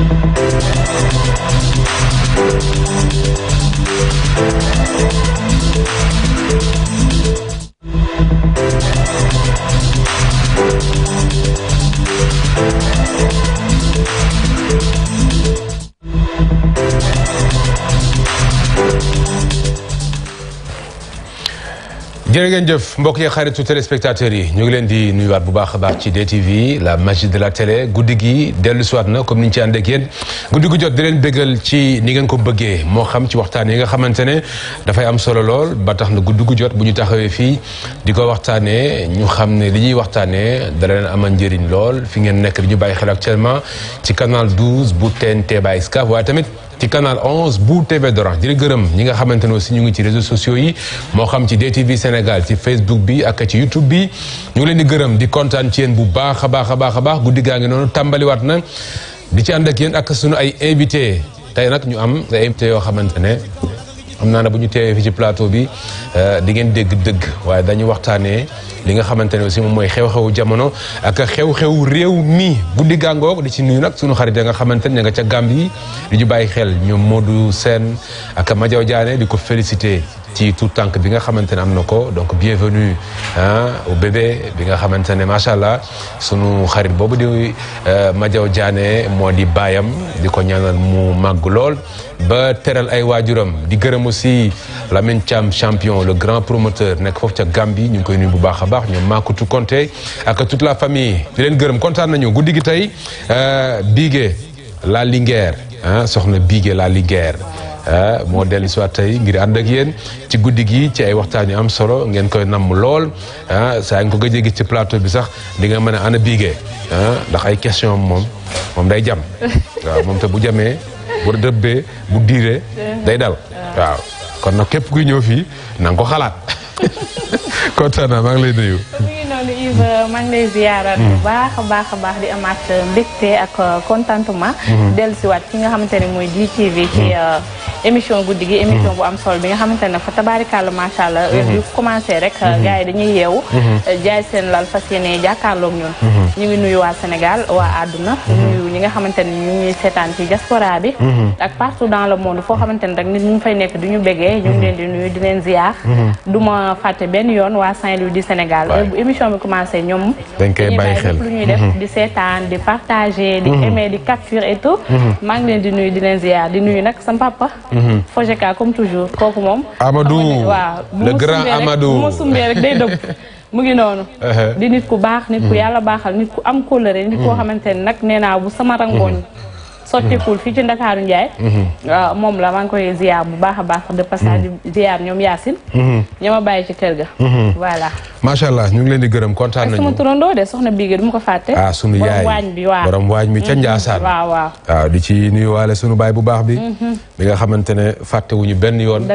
Música jërë ngeen jëf mbokk yi xaritu téléspectateurs yi ñu ngi leen di nuyuwaat bu baax a baax ci DTV la magie de la télé guddi gi dellu siwaat na comme ni ñu ci ànd ak yéen guddi gu jot di leen bégal ci ni ngeen ko bëggee moo xam ci waxtaan yi nga xamante ne dafay am solo lool ba tax na guddi gu jot bu ñu taxawee fii di ko waxtaanee ñu xam ne li ñuy waxtaanee dala leen amal njëriñ lool fi ngeen nekk di ñu bàyyi xel actuellement ci canal 12 bu TNT by Excaf waaye tamit ci canal 11 bu TV d'Orange di gërëm ñi nga xamante ne aussi ñu ngi ci réseaux sociaux yi moo xam ci DTV Sénégal ci Facebook bi ak ci YouTube bi ñu ngi leen di gërëm di kontaan ci yéen bu baax a baax a baax a baax guddi gaa ngi noonu tàmbaliwaat na di ci ànd ak yéen ak sunu ay invité tey nag ñu am ay invité yoo xamante ne. am naa ne bu ñu teewee fi ci plateau bi euh, di ngeen dégg dëgg waaye dañu waxtaanee li nga xamante ne aussi moom mooy xew-xewu jamono ak xew-xew réew mi guddi gàngoog di ci nuyu nag sunu xarit ya nga xamante ne ña nga ca Gambie di ñu bàyyi xel ñoom Modou seen ak Madiaw Diané di ko félicité ci tout tànk bi nga xamante ne am na ko donc bienvenue au bébé bi nga xamante ne macha allah sunu xarit boobu di euh, Madiaw Diané moo di baayam di ko ñaanal mu màgg lool ba teral ay wajuram di gëreum aussi Lamine cham champion le grand promoteur Nek foofu ca gambi ñu koy nuy bu baax a baax ñoom Makutu Konté ak toute la famille di len gëreum contane nañu guddigi tay euh Bigué la Linguère hein soxna Bigué la Linguère eh moo dellu si waat ngir and ak yeen ci guddigi ci ay waxtani am solo ngeen koy nam lool ah sa ngi ko gëj a ci plateau bi sax di nga mën ana Bigué ah ndax ay question mom mom day jam waaw mom te bu jame bu dëbbee bu diiree day dal waaw kon nag képp kuy ñëw fii na ko xalaat kontaan naa maa ngi lay nuyu. noonu maa ngi lay ziaral bu mm. baax a baax a baax di amaat mbégte ak euh, contentement mm-hmm. dellusiwaat ki nga xamante ne mooy di ci mm. euh, émission guddi gi émission bu am solo bi nga xamante ne fa tabaarikàlla macha allah heure bi mhm. commencé rek mhm. gars yi dañuy yeewu mhm. euh, jaay seen lal fas yéene jàkkaarloog ñun ñu ngi nuyu waa Sénégal waa àdduna nuyu ñi nga xamante ne ñu ngi seetaan ci diaspora bi ak partout dans le monde foo xamante ne rek nit ñu fay nekk du ñu bégee ñu ngi leen di nuyu di leen ziar du ma fàtte benn yoon waa Saint-Louis du Sénégal heure bu émission bi commencé ñoom dañ koy bàyyi xel lu ñuy def di seetaan di partager di aimer di capture et maa ngi leen di nuyu di leen ziar di nuyu nag sama papa Fojeka comme toujours kooku moom. Amadou waaw le bu ma sumbee rek day dëpp mu ngi noonu. di nit ku baax nit ku mm. yàlla baaxal nit ku am kóllëre. nit koo mm. xamante ne nag nee naa bu sama rangoon. Mm. sottikul mhm. fii ci Ndakaaru Ndiaye mhm. ah, moom la maa ngi a baax de passage mhm. ñoom Yacine ñoo macha allah ñu ngi leen di gërëm kontaan nañu sama turandoo de soxna Bigé du ma ko fàtte ah sunu yaay borom waañ bi waaw waañ bi ca Ndiassane waaw waaw waaw ah, di ci waale sunu baay bu baax bi bi nga xamante ne fàttewuñu benn yoon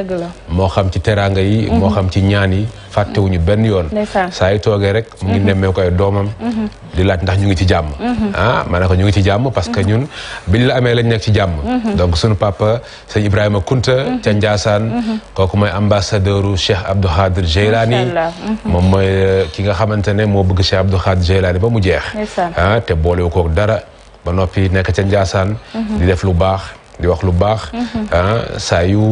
moo xam ci teraanga yi moo xam ci ñaan yi fàttewuñu benn yoon saa yi toogee rek mu ngi nemmee koy doomam di laaj ndax ñu ngi ci jàmm ah ma ne ko ñu ngi ci jàmm parce que ñun biñ la amee lañ nekk ci jàmm mhm. donc sunu papa sëñ ibrahima kunta ca mhm. njaasaan mhm. kooku mooy ambassadeuru cheikh abdou khadir jeylani moom mooy eh, ki nga xamante ne bëgg cheikh abdou khadir jeylani ba mu jeex ah te boolewu koog dara ba noppi nekk ca di def lu di wax lu baax ah sayu.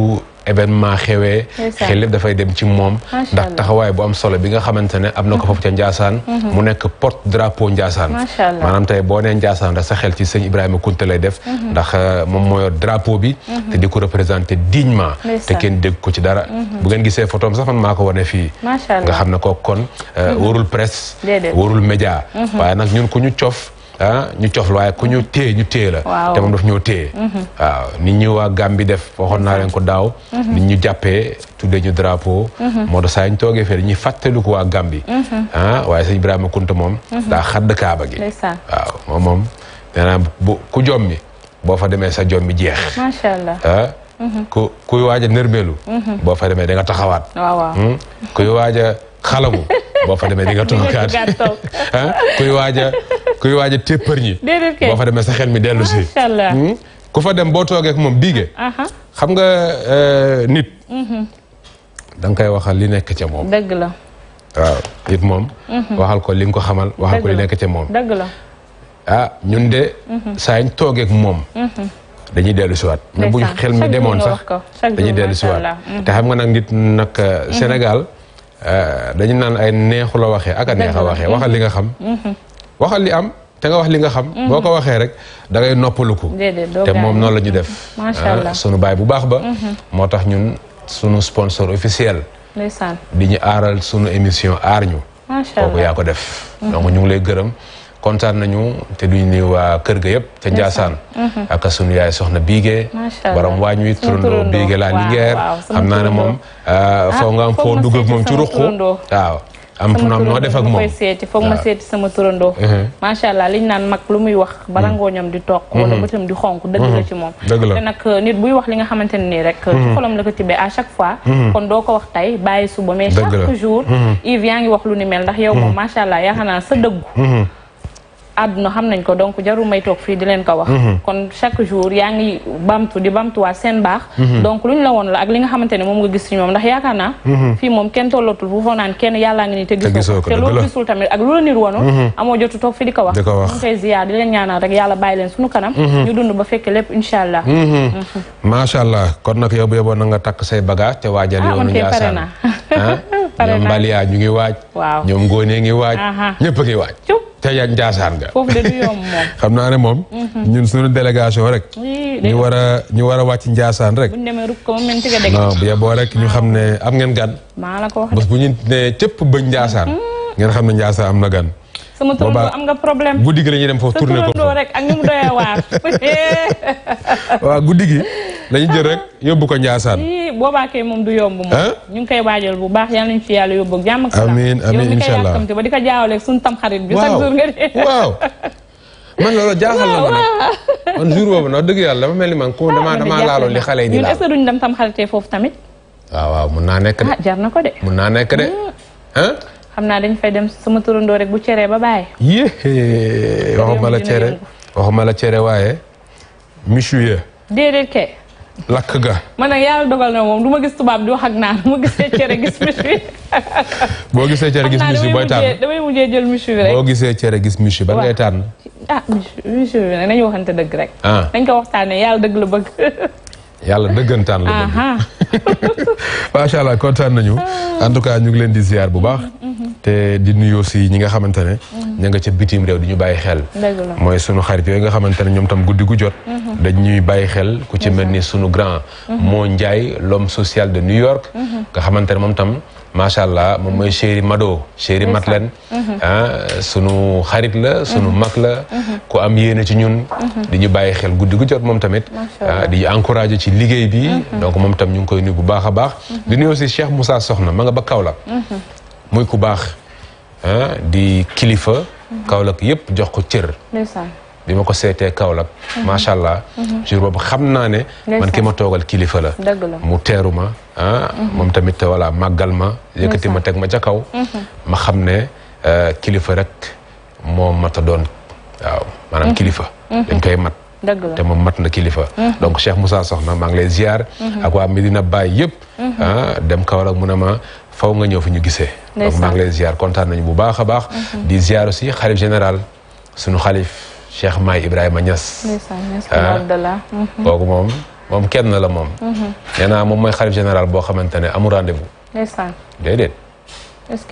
événement xewé xel lépp fay dem ci mom ndax taxaway bu am solo bi nga xamantene amna ko foofu ci Ndiassane mu nek porte drapeau Ndiassane manam tay bo né Ndiassane da sa xel ci seigne Ibrahima kunte lay def ndax mom mooy drapeau bi te di représenter dignement te ken deg ko ci dara bu ngeen gisee photo sax man mako woné fi nga xam ko kon warul presse warul média waye nak ñun ku ñu ciof ah ñu cof la waaye ku ñu téye ñu téye la te moom daf ñoo téye mhm. waaw nit ñuy waa Gambie def waxoon naa leen ko daaw mhm. nit ñu jàppee tuddee ñu drapeau mhm. moo tax saa ñu toogee fee dañuy fàttaliku waa Gambie ah waaye sëñ Ibrahima Kunta moom daa xadd gi waaw moom moom nee ku jommi boo fa demee sa jommi jeex macha allah ah, kuy waaj a nërmeelu boo fa demee da nga taxawaat kuy waaj a boo fa demee di nga hmm? kuy waaj kuy waaj a téppar ñi boo fa demee sa xel mi dellu si hmm? ku fa dem ak xam nga euh, nit mhm. da nga waxal li nekk ca la waaw nit mhm. waxal ko li nga ko xamal waxal ko li nekk ca moom dëgg la ah ñun de mhm. saa ñu toogee ak moom dañuy dellu siwaat mais bu xel mi demoon sax dañuy dellu siwaat te xam nga nag nit nag euh, Sénégal euh, dañu ay neexu la waxee ak a neex waxal li nga xam waxal li am té nga wax li nga xam. Mhm. boko waxé rek da ngay noppaluku. te moom noonu la ñu def. macha ah, allah sunu bay bu baax ba. Mhm. motax ñun sunu sponsor officiel. ndaysane di aral sunu émission aar ñu. macha allah ko def. Mhm. donc ñu ngi lay gëreum kontaan nañu té duñ ni wa kër ga yépp té ndiasane ak sunu yaay soxna Biige. macha allah borom waa ñuy turandoo la ligère amna na mom euh fo nga am ah, fo dugg ak moom ci ruxu waaw. am pour am noo def ak moom koy seeti foog ma seeti sama turandoo macha allah liñ naan mag lu muy wax ba rangooñam mm-hmm. di toog wala mm-hmm. bëtam di xonk dëgg la mm-hmm. ci moom te nag euh, nit buy wax li nga xamante ne nii rek euh, ci xolam la ko tibbee à chaque fois kon doo ko wax tey bàyyi suba mais chaque jour Yves yaa ngi wax lu ni mel ndax yow moom macha allah yaa xanaa sa dëggu àdduna xam nañ ko donc jarul may toog fii di leen ko wax mhm. kon chaque jour yaa ngi bamtu di bamtuwaat seen baax mhm. donc lu ñu la woon la ak li nga xamante ne moom nga gis ci ñoom ndax yaakaar naa mhm. fii moom kenn tollatul bu foo naan kenn yàllaa ngi nii te gisoo ko te loolu gisul tamit ak lu la nit woon amoo jotu toog fii di ko wax ñu leen ñaanal rek yàlla bàyyi leen suñu kanam ñu allah macha allah kon nag yow bu yoboon na nga takk say baga te waajal ah, yoonu Njaasaan pare ñoom ñu ngi waaj. waaw ñoom Ngone ngi waaj. ñëpp a ngi waaj. te yaa Njaasaan nga. xam naa ne moom. Mhm. ñun suñu délégation rek. ñu war a ñu war a wàcc Njaasaan rek. bu ñu xam ne ah. am ngeen gan. bu ñu nee cëpp ba Njaasaan. Mhm. ngeen xam ne Njaasaan am na gan. sama turandoo am nga problème dem foofu tourné ko. rek ak ñu mu doyee dañu jël rek yobbu ko Ndiassane. yi boobaa kay mom du yomb moom. ñu ngi koy wajjal bu baax yalla ñu fi yalla yobbu jamm ak amin amin inshallah incha allah yow mi ba di ko tam xarit bi. sax jour nga dee waaw. man lolo jaaxal na ma on jour bobu nag deug yalla dama melni man ko ah, dama dama laalo li xalé ni la ñu ñun est-ce que dem tam xaritee fofu tamit. waaw waaw mu na nek de. ah jar na ko de. mu na nek de. Hmm. hein xamna dañ fay dem sama turundo rek bu ciéré ba bàyyi. yéé waxuma la ciéré waxuma la cere waaye. monsieur. Ya. dédé kay. lakk ga. man na yàlla dogal na moom du ma gis tubaab di wax ak naan ma gisee cere gis miche bi. boo gisee cere gis miche bi booy tànn damay mujjee boo gisee cere gis miche bi ngay tànn. ah miche bi nag nañu waxante dëgg rek. Ah. nañ ko waxtaanee yàlla dëgg la bëgg. yàlla dëggantaan la bëgg. macha allah kontaan nañu. Ah. en tout cas ñu ngi leen di ziar bu baax. Mm-hmm. te di nuyu aussi ñi nga xamante ne mhm. ña nga ca bitim réew di ñu bàyyi xel mooy sunu xarit yooyu nga xamante ne ñoom tam guddi gu jot mhm. dañ ñuy bàyyi xel ku ci mel ni sunu grand mhm. moo Ndiaye l'homme social de New York nga xamante ne moom tam macha allah moom mooy chéri Mado chéri Matlen ah sunu xarit la sunu mag la ku am yéene ci ñun di ñu bàyyi xel guddi gu jot moom tamit ah, di encouragé ci liggéey bi donc moom tam ñu ngi koy nuyu bu baax a baax di nuyu aussi Cheikh Moussa Soxna ma nga ba Kaolack muy ku baax ah, di kilifa. Kaolack yépp jox ko cër. bi ma ko seetee Kaolack. Mhm. macha allah. Mhm. jour boobu xam naa ne. man ki ma toogal kilifa la. mu teeru ma ah, mhm. moom tamit walla màggal ma. yëkkati teg ma ca kaw. ma xam ne eh, kilifa rek moo mat a doon waaw maanaam kilifa. dañ koy mat. moom mat na kilifa. donc Cheikh Moussa Soxna maa ngi lay yëpp. Ah, dem Kaolack mu ne ma faw nga ñëw fi ñu gisee donc maa ngi lay ziar kontaan nañu bu baax a baax mhm. di ziar aussi xalif général sunu xalif Cheikh May Ibrahima Niass ah. mhm. kooku moom moom kenn la moom mhm. nee naa moom mooy général boo xamante ne rendez-vous déedéet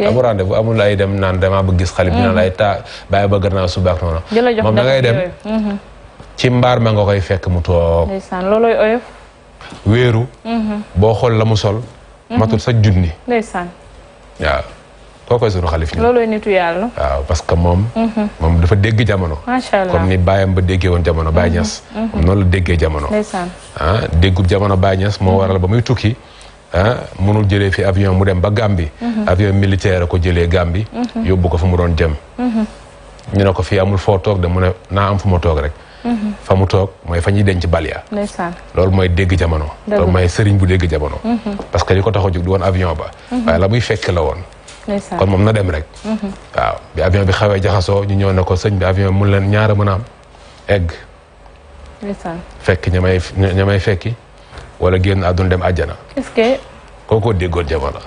amul rendez-vous amul ay dem naan damaa bëgg gis xalif dinaa lay taa bàyyi ba gannaaw suba ak noonu moom da ngay dem ci mbaar ma nga koy fekk mu toog wéeru boo xool la mu sol Mhm. matul sax junni. ndeysaan. waaw kookoy sunu xalif ñu. waaw parce que moom. Mhm. moom dafa dégg jamono. macha allah comme ni baayam ba déggee woon jamono Baay Ñas. Mhm. noonu déggee jamono. ndeysaan ah jamono Baay moo waral ba muy tukki. ah mënul jëlee fi avion mu dem ba Gambie. avion militaire ko jëlee Gambie. yóbbu ko fu mu doon jëm. ñu ne ko fii amul foo toog de mu ne naa am fu ma toog rek. Mm-hmm. fa mu toog mooy fa ñuy denc balya loolu mooy dégg jamono loolu mooy sëriñ bu dégg jamono mm-hmm. parce que li ko tax jóg du woon avion ba mm-hmm. waaye la muy fekk la woon kon moom na dem rek waaw bi avion bi xawee jaxasoo ñu ñëw ne ko sëñ bi avion mun leen ñaara mën am egg fekk ña may ña may fekki wala génn adun dem àjjana est-ce que kookoo déggoon jamono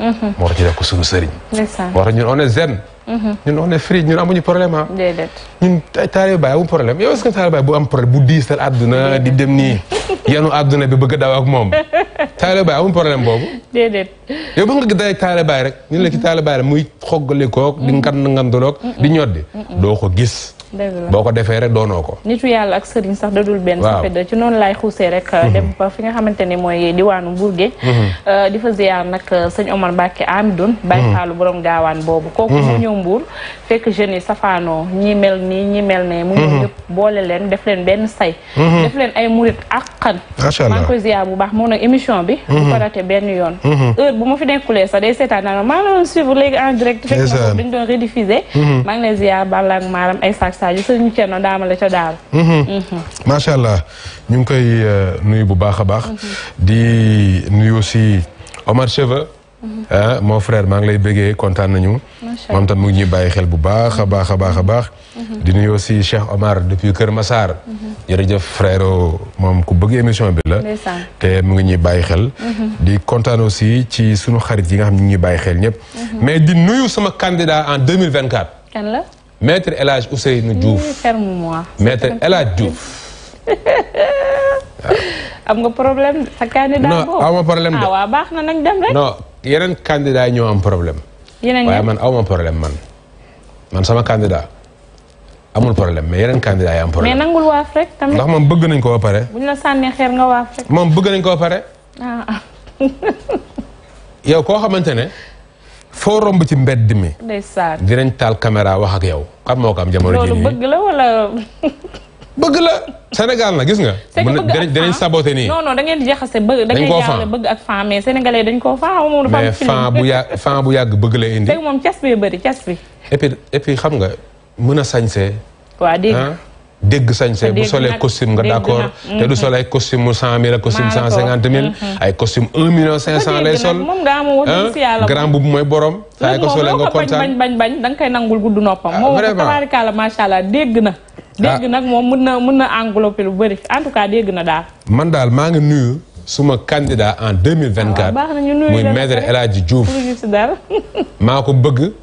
moo tax ñu def ko suñu sëriñ tax ñun on est zen ñun on est free ñun amuñu problème ah. déedéet ñun taalibe baay amuñu problème yow est-ce que taalibe baay bu am problème bu diisal àdduna di dem nii yanu àdduna bi bëgg a daw ak moom taalibe baay amuñu problème boobu. déedéet yow ba nga day taalibe baay rek ñu ne la ki rek mm-hmm. muy xoggali koog di mm-hmm. ngan ngandaloog di ñoddi doo ko gis. boo ko defee rek doonoo ko nitu yàlla ak sëriñ sax dadul benn sapedda ci noonu laay xuusee rek mhm. dem ba fi nga xamante ne mooy diwaanu Mbour Géej mhm. euh, di fa ziyaar nag euh, sëñ Omar Mbacke Amidoun mhm. Baye Fallou borom gaawaan boobu kooku mu ñëw Mbour fekk jeunes yi safaanoo ñi mel nii ñi mel ne mu ñëw boole leen def leen benn say def leen ay murit àqan maa ngi koy bu baax moom nag émission bi bu ko raté benn yoon heure bu ma fi nekkulee sax day seetaan naa maa la doon suivre léegi en direct fekk na ko dañ doon rediffuser maa ngi passage sëriñ Thierno daamale ca daaru mhm. mhm. macha allah ñu ngi koy euh, nuyu bu baax a baax mhm. di nuyu aussi Omar Cheva ah mon frère maa ngi lay bëggee kontaan nañu moom tam mu ngi ñuy bàyyi xel bu baax a baax a baax a baax di nuyu aussi Cheikh Omar depuis Kër Massar jërëjëf frère moom ku bëgg émission bi la te mu ngi ñuy bàyyi xel di kontaan aussi ci sunu xarit yi nga xam ñu ñuy bàyyi xel ñëpp mais di nuyu sama candidat en 2024 kan la maître El Hadj Ousseynou Diouf ferme-moi maître am nga problème sa candidat boobu non problème de. ah baax na nag dem rek. yeneen candidat yi ñoo am problème. man aw problème man man sama candidat amul problème mais yeneen candidat yi am problème. mais nangul waaf rek ndax moom bëgg nañ ko pare. bu ñu la sànnee nga waaf rek. moom bëgg nañ koo pare. Ah. yow koo xamante ne. foo romb ci mbedd mi. ndeysaan dinañ taal caméra wax ak yow. xam moo ko am jamono jii nii bëgg la wala. bëgg la Sénégal na gis nga. c'est que dinañ saboté nii. non non da ngeen jaxase bëgg. dañ koo fan bëgg ak fan mais sénégalais dañ koo fan. amul fan mais fan bu yàgg bu yàgg bëgg la indi. tey moom cas bi bëri cas xam nga mën a sañse. waa dégg dégg sañse bu solee costume nga d' mm-hmm. te du sol ay costume mu cent mille costume cent cinquante mille mm-hmm. ay costume un million cinq cent lay sol grand boobu mooy borom saa ko solee nga kontaan bañ bañ da nga koy nangul gudd noppam ah, moom tabaarikaala macha allah dégg na dégg ah. nag moom mën na mën na englober lu bëri en tout dégg na daal man daal maa ngi nuyu suma candidat en 2024 muy maître El Hadji Diouf maa ko bëgg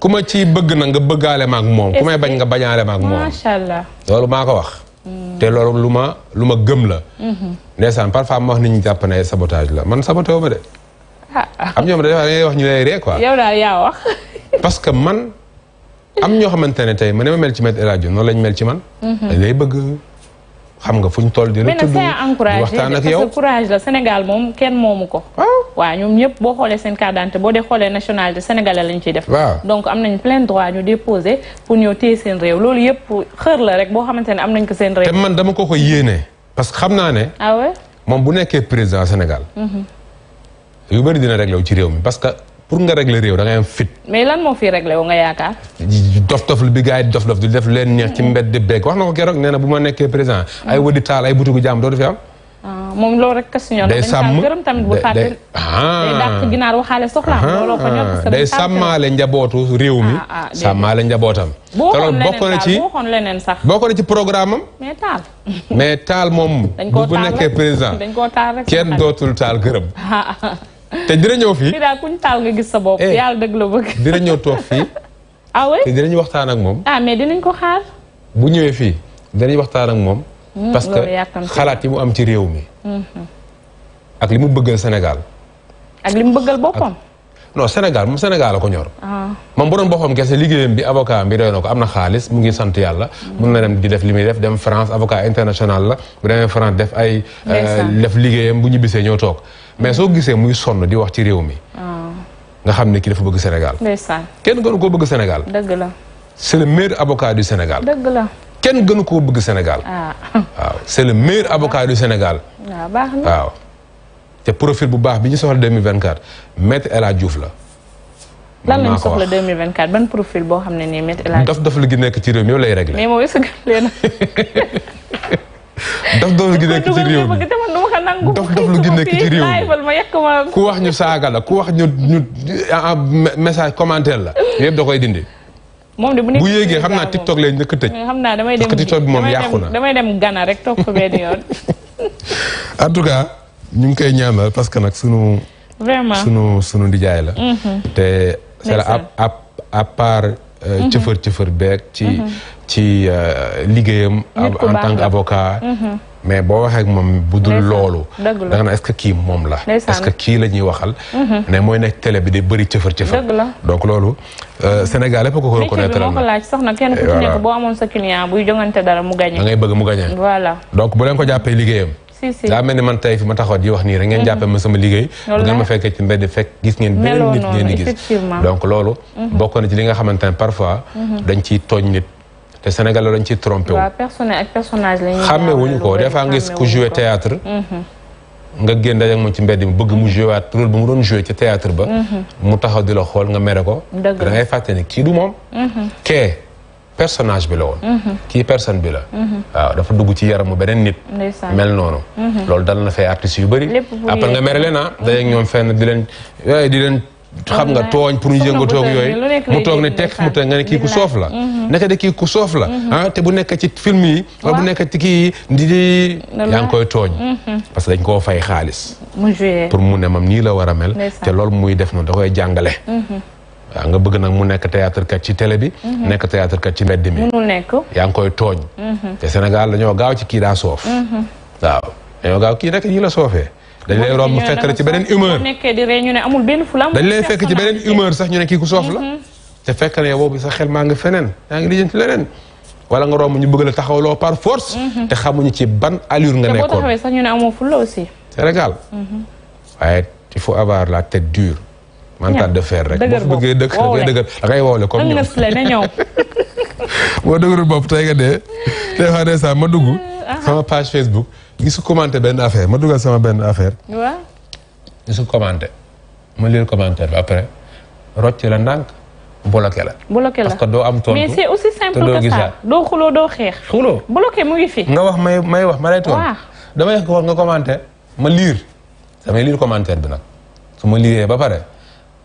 ku ma ci bëgg na nga bëggaale ma moom ku may bañ nga bañaale ma ak moom macha allah loolu maa ko wax te loolu lu ma lu ma gëm la mhm. ndeysaan parfois ma wax nit ñi jàpp ne sabotage la man saboté wu de ah. am ñoom dafa wax ñu lay ree quoi yow parce que man am ñoo xamante ne tey ma ne ma mel ci Maître El Hadji noonu lañ mel ci man mhm. dañ lay bëgg xam nga fu ñu toll di courage la Sénégal moom kenn moomu ko waaw ñoom ñëpp boo xoolee seen carte d'identité boo dee xoolee nationalité sénégalais lañ ciy def donc am nañ plein droit ñu déposer pour ñëw téye seen réew loolu yëpp xër la boo xamante ne am nañ ko seen réew te man dama ko ko yéenee parce que xam naa ne ah ouais moom bu nekkee président Sénégal mhm. yu bëri dina réglé wu ci réew mi pour nga régler réew da ngay am fit. mais lan moo fi réglé wu nga yaakaar. dof-dof bi gars yi dof-dof di def leen neex ci mbedd beeg wax na ko keroog nee na bu ma nekkee président. Mm. am. Ah, moom loolu rek kasi ñor. sàmm gërëm tamit bu ah. ginaar waxaale soxlaam. looloo ko ñor day sàmmaale réew mi. ah, ah sàmmaale njabootam. boo xoon leneen sax bokk na ci programme am. mais taal. moom. dañ koo taal bu nekkee président. taal rek kenn dootul taal gërëm. te dina ñëw fii. nga gis sa eh, la bëgg. dina ñëw toog fii. ah oui te waxtaan ak moom. Ah, mais dinañ ko xaar. bu ñëwee fii dinañ waxtaan ak moom. Hmm, parce que xalaat yi mu am ci réew mi. Hmm, hmm. ak li mu bëggal Sénégal. ak li mu bëggal boppam. non Sénégal moom Sénégal la ko ñor. Ah. moom bu doon boppam kese liggéeyam bi avocat bi doy ko am na xaalis mu ngi sant yàlla. mun na dem di def li muy def dem France avocat international la bu demee France def ay. Euh, def liggéeyam bu ñibbisee ñëw toog. mais soo gisee muy sonn di wax ci réew mi. Ah. nga xam ne kii dafa bëgg Sénégal. kenn gënu koo bëgg Sénégal. dëgg la c'est du Sénégal. la kenn gënu koo bëgg Sénégal. Ah. waaw c'est le meilleur avocat ah, baax na waaw. te profil bu baax bi ñu soxla 2024 maître El Hadj Diouf la. lan lañu soxla 2024 ban profil boo xam ne nii maître El Hadj. daf daf gi nekk ci réew mi yow lay réglé. mais moom est-ce daf daf li gi nekk ci réew mi. nangu dof dof lu ginne ki ci réew mi ku wax ñu saaga la ku wax ñu ñu message commentaire la yëpp da koy dindi moom de bu yéegee xam naa TikTok lay njëkk a tëj. naa damay dem TikTok moom yàqu na damay dem rek toog fa benn yoon. en ñu ngi koy ñaanal parce que nag sunu. vraiment sunu sunu la. Mhm. te c'est la à à part. Euh, mhm. cëfër cëfër beeg. ci mhm. ci euh, liggéeyam. en tant avocat. mais boo waxee moom bu dul loolu da nga naan est-ce que kii moom la est-ce que kii la ñuy waxal mhm. ne mooy nekk tele bi de bëri cëfër cëfër donc loolu euh, mhm. Sénégal yëpp ko reconnaître moo ko laaj sax na kenn ku ci nekk sa client buy jongante dara mu gagné da ngay bëgg mu gagné voilà donc bu leen ko jàppee liggéeyam daa mel ni man tey fi ma taxaw di wax nii rek ngeen mhm. jàppee ma sama liggéey bu ngeen ma fekkee ci mbedd fekk gis ngeen beneen nit ngeen di gis donc loolu bokk na ci li nga xamante ne parfois dañ ciy tooñ nit te Sénégal lañ ci trompé wu. waaw personnage ak personnage la ñuy xàmmee wuñu ko des fois nga gis ku joué théâtre mhm. nga génn daje moom ci mbedd mi bëgg mu mhm. joué waat rôle bu mu doon joué ci théâtre ba. Mhm. mu taxaw di la xool nga mere ko. da ngay fàtte ni kii du moom. kee personnage bi la woon. kii personne bi la. waaw dafa dugg ci mu beneen nit. mel noonu. loolu dal na fay artistes yu bëri. après nga mere leen ah. ñoom fenn di leen. Eh, xam nga tooñ pour ñu yëngatoo ak yooyu mu toog ne teg mu toog nga ne kii ku soof la mm-hmm. naka de ku soof la mm-hmm. ah, te bu nekk ci film yi wala bu nekk ci kii di di yaa ngi koy tooñ mm-hmm. parce que dañ koo fay xaalis pour mu ne mam nii la war a mel te loolu muy def moom da koy jàngale waaw ah, nga bëgg nag mu nekk théâtre kat ci télé bi nekk théâtre kat ci mbedd mi munul nekk yaa ngi koy tooñ te dañoo gaaw ci kii daa soof waaw dañoo gaaw kii rek ñii la soofee dañ lay romb fekk la ci beneen humeur nekkee di ree ñu ne amul benn fulam dañ lay fekk ci beneen humeur sax ñu ne kii ku soof la mm-hmm. te fekk na boobu sa xel maa ngi feneen yaa ngi lijjanti leneen wala nga romb ñu bëgg la taxawloo par force mm-hmm. te xamuñu ci ban allure nga nekkoon te boo taxawee sax ñu ne amoo fulla aussi Sénégal mm-hmm. waaye il faut avoir la tête dure mental de fer rek boo bëggee dëkk da ngay dëgër da ngay woowle comme ñoom boo dëgërul bopp tey nga dee tey xaa ndeysaan ma dugg ah. sama page Facebook gisu commenté benn affaire ma dugal sama benn affaire. waaw. gisu commenté ma lire commentaire bi après rocc la ndànk bloqué la. bloqué la parce doo am tontu mais c'est aussi doo xuloo doo xeex. xuloo nga wax may may wax ma lay tontu. waaw damay wax nga commenté ma liir damay lire commentaire bi nag su ma liree ba pare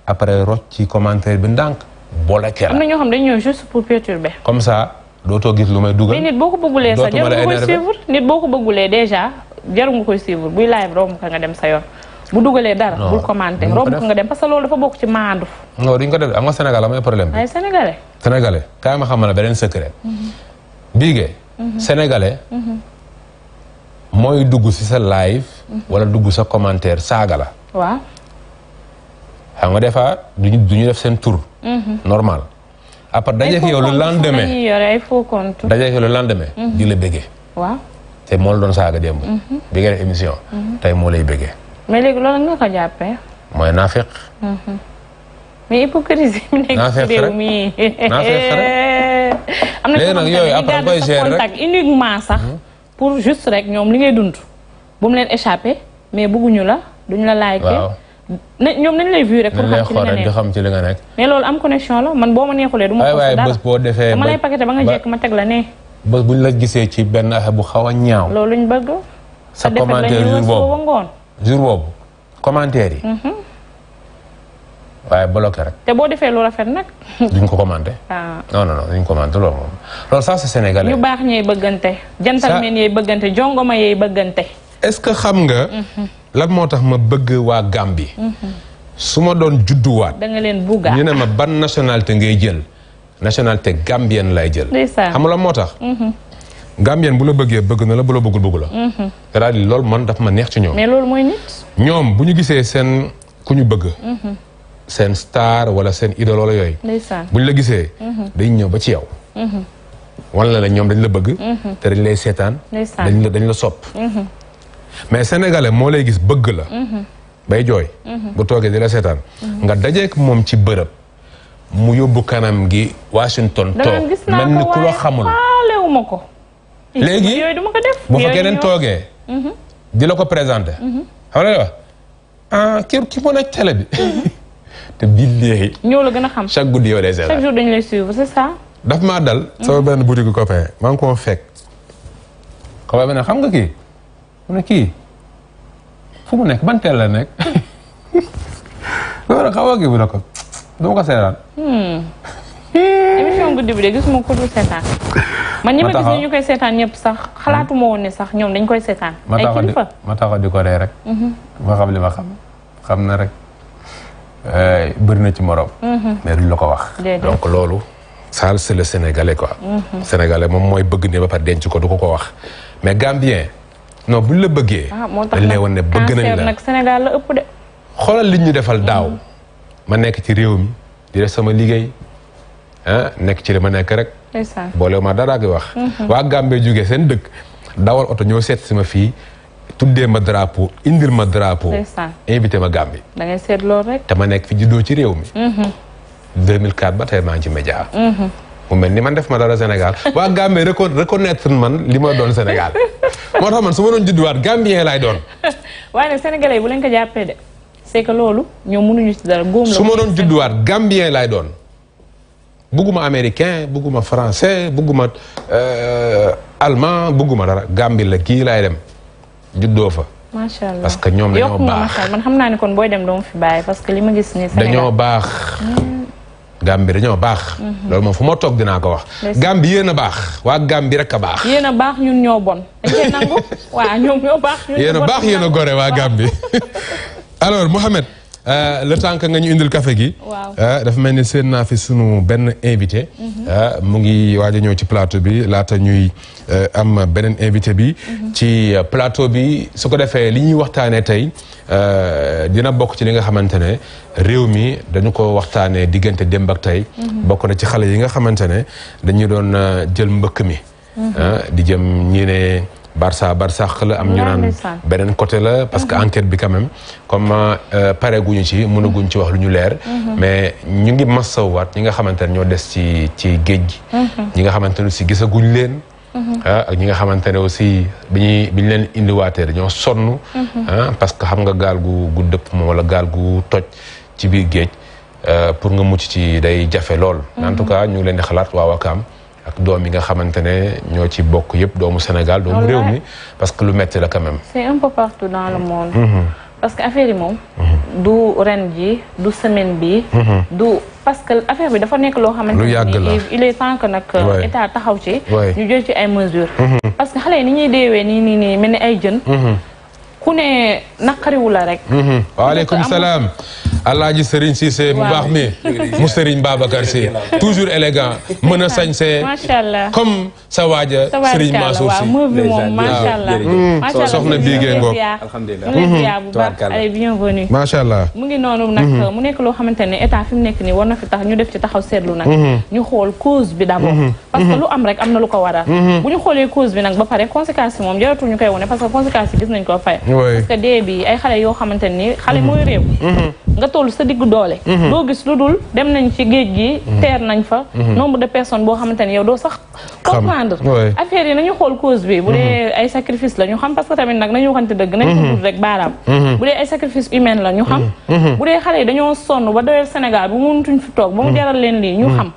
après rocc ci commentaire bi ndànk bloqué la. am na ñoo xam dañu juste pour perturber. comme ça. dootoo gis lu may dugal. mais nit boo ko bëggulee sax jarul nga koy suivre boo ko bëggulee déjà jarul nga koy suivre buy live romb ka nga dem sa yoon. bu dugalee dara bul commenté romb ko nga dem parce que loolu dafa bokk ci maandu. non duñ ko def am nga Sénégal am nga problème bi. ay sénégalais. sénégalais kaay ma xamal mhm. Mhm. Mhm. mooy dugg si sa wala dugg sa commentaire saaga la. waaw. xam nga des du duñu def seen tour normal. après dajeek yow le lendemain dajeek yow le lendemain di la bëggee waaw te moo la doon saaga démb bi nga def émission mhm. tey moo lay bëggee mais léegi loolu nga ko jàppee mooy naafeq mhm. mais hypocrisie mi nekk ci réew yooyu après sax mhm. pour rek ñoom li ngay dund bu mu leen échappé mais bëgguñu la duñu la like na ñoom nañ lay vu rek. pour xam ci xam ci li nga nekk. mais loolu am connexion la man boo ma neexulee. du ma ko dara boo defee ba ma lay paqueté ba nga jekk ma teg la ñu la gisee ci benn affaire bu xaw a ñaaw. loolu ñu bëgg. sa commentaire yi. Mhm. waaye bloqué rek. te boo defee lu rafet nag. duñ ko commenté. waaw ah. non non non duñ commenté loolu moom loolu ça c'est sénégalais. ñu baax ñooy bëggante. jantalmeen yee bëggante jongoma yee bëggante. est-ce que xam nga. Mhm. lan motax ma bëgg wa Gambie. su ma doon judduwaat. da nga len buga ñu ne ma ban nationalité ngay jël nationalité gambienne lay jël. xam nga lan moo tax. Mhm. Gambien bu la bëgge bëgg na la bu la bëggul bëggul la. c'est-à-dire mhm. man daf ma neex ci ñoom. mais lool moy nit. ñoom bu ñu gisee seen ku ñu bëgg. Mhm. sen star wala sen idole wala yoy bu ñu la gisé dañ ñëw ba ci yow. wala la ñoom dañ la bëgg. té dañ lay sétane dañ la dañ la sopp. mais sénégalais moo lay gis bëgg la. Mhm. bay jooy. Mhm. bu toogee di la seetaan. Mhm. nga dajeek moom ci bërëb. mu yóbbu kanam gi Washington toog mel ni ku la xamul. léegi bu fa toogee. di la ko présenté. xam nga wax ah kii ki mu nekk télé bi. te billahi. ñoo la gën a xam chaque guddi yow day seetaan chaque jour dañu lay suivre c'est ça. daf maa dal. sama benn boutique copain maa ngi koo fekk. xam nga ki mu ne kii fu mu nekk ban teel la nekk loolu xaw ma kii bu ne ko ma ko seeraan. Hmm. émission guddi de gisuma ko du seetaan. ma gis ne koy seetaan ñëpp sax xalaatuma woon ne sax ñoom dañ koy seetaan. ay kilifa ma taxaw di ko ree rek. Mhm. ma xam li ma xam na rek bëri na ci morom. Mhm. mais duñ la ko wax. donc loolu. ça c'est le sénégalais quoi. Mhm. moom mooy bëgg ne ba pare denc ko du ko ko wax mais gambien. bu buñ la bëggee. Ah, dañ lay wan ne bëgg nañ la nag Sénégal la ëpp de. xoolal li ñu defal daaw mm-hmm. ma nekk ci réew mi di def sama liggéey ah, nekk ci li ma nekk rek. boole ma dara gi wax. Mm-hmm. waa Gambey jógee seen dëkk dawal oto ñoo seet si ma fii. tuddee ma drapeau indir ma drapeau. invité ma Gambie. da ngay seet loolu te ma nekk fi juddoo ci réew mi. Mm-hmm. de 2004 ba te maa ngi ci média. mu mel ni man def ma dara Sénégal waa Gambie reconnaître man li ma doon Sénégal moo tax man su ma doon judduwaat Gambien laay doon. waaye nag ko jàppee de c'est que loolu ñoom mënuñu ma doon judduwaat Gambien laay doon bugguma américain bugguma français bugguma euh, allemand bugguma dara Gambie la kii lay dem juddoo fa. macha allah parce que ñoom dañoo baax. Gàmbi dañoo baax. Mhm. loolu ma fu ma toog dinaa ko wax. Gàmbi yéen a baax waa Gàmbi rek a baax. yéen a baax ñun ñoo bon dañ nangu waa ñoom ñoo baax. ñun ñoo bon yéen a baax yéen a gore waa Gàmbi alors Mouhamed. Euh, le temps nga ñu indil café gi. waaw euh, dafa mel ni seen naa fi sunu benn invité. Mhm. Euh, mu ngi waaj a ñëw ci plateau bi laata ñuy am beneen invité bi. Mhm. ci plateau bi su ko defee li ñuy waxtaanee tey dina bokk ci li nga xamante ne réew mi dañu ko waxtaanee diggante démb ak tey. Mhm. bokk na ci xale yi nga xamante ne dañu doon jël mbëkk mi. di jëm ñi ne. Barça Barsax la am ñu naan beneen côté la parce que mhm. enquête bi quand même comme euh, pare guñu ci mënaguñ ci wax lu ñu leer mhm. mais ñu ngi massawwaat ñi nga xamante ne ñoo des ci ci géej gi mhm. ñi nga xamante ne aussi gisaguñ leen ah, ak ñi nga xamante ne aussi bi ñuy bi ñu leen indiwaatee dañoo sonn ah, parce que xam nga gaal gu gu dëpp moom wala gaal gu toj ci biir géej euh, pour nga mucc ci day jafe lool en tout cas ñu ngi leen di xalaat waa Wakaam ak doom yi nga xamante ne ñoo ci bokk yëpp doomu Sénégal doomu réew mi parce que lu metti la quand même c'est un peu partout dans le monde mm-hmm. parce que affaire yi moom mm-hmm. du ren ji du semaine bi mm-hmm. du parce que affaire bi dafa nekk loo xamante ni il est temps que nag état taxaw ci ñu jël ci ay mesures parce que xale yi ni ñuy deewee nii nii nii mel ni ay jën ku ne naqariwu la rek waaleykum salaam alaaji sëriñ Cissé mu baax mi mu sëriñ Babacar Sy toujours élégant mën a sañsee comme sa waaja sëriñ Mansour Sy waaw mm. soxna biigee ngoog alhamdulilah macha allah mu ngi noonu nag mm-hmm. mu nekk loo xamante ne état mu nekk nii war na fi tax ñu def ci taxaw seetlu nag mm-hmm. ñu xool cause bi d'abord mm-hmm. parce que lu am rek am na lu ko waral bu ñu xoolee cause bi nag ba pare conséquence moom jaratul ñu koy wone parce que conséquence yi gis nañ ko fay parce que dee bi ay xale yoo xamante ni xale mooy réew nga toll sa diggu doole mhm. doo gis lu dul dem nañ ci géej gi mhm. teer nañ fa mhm. nombre de personnes boo xamante ne yow doo sax comprendre affaire yi nañu xool cause bi bu dee ay sacrifice la ñu xam parce que tamit nag nañu waxante dëgg nañ dul rek baaraam bu dee ay sacrifice la ñu xam bu dee xale yi dañoo sonn ba doyal Sénégal bu mënutuñ fi toog ba mu jaral leen lii ñu xam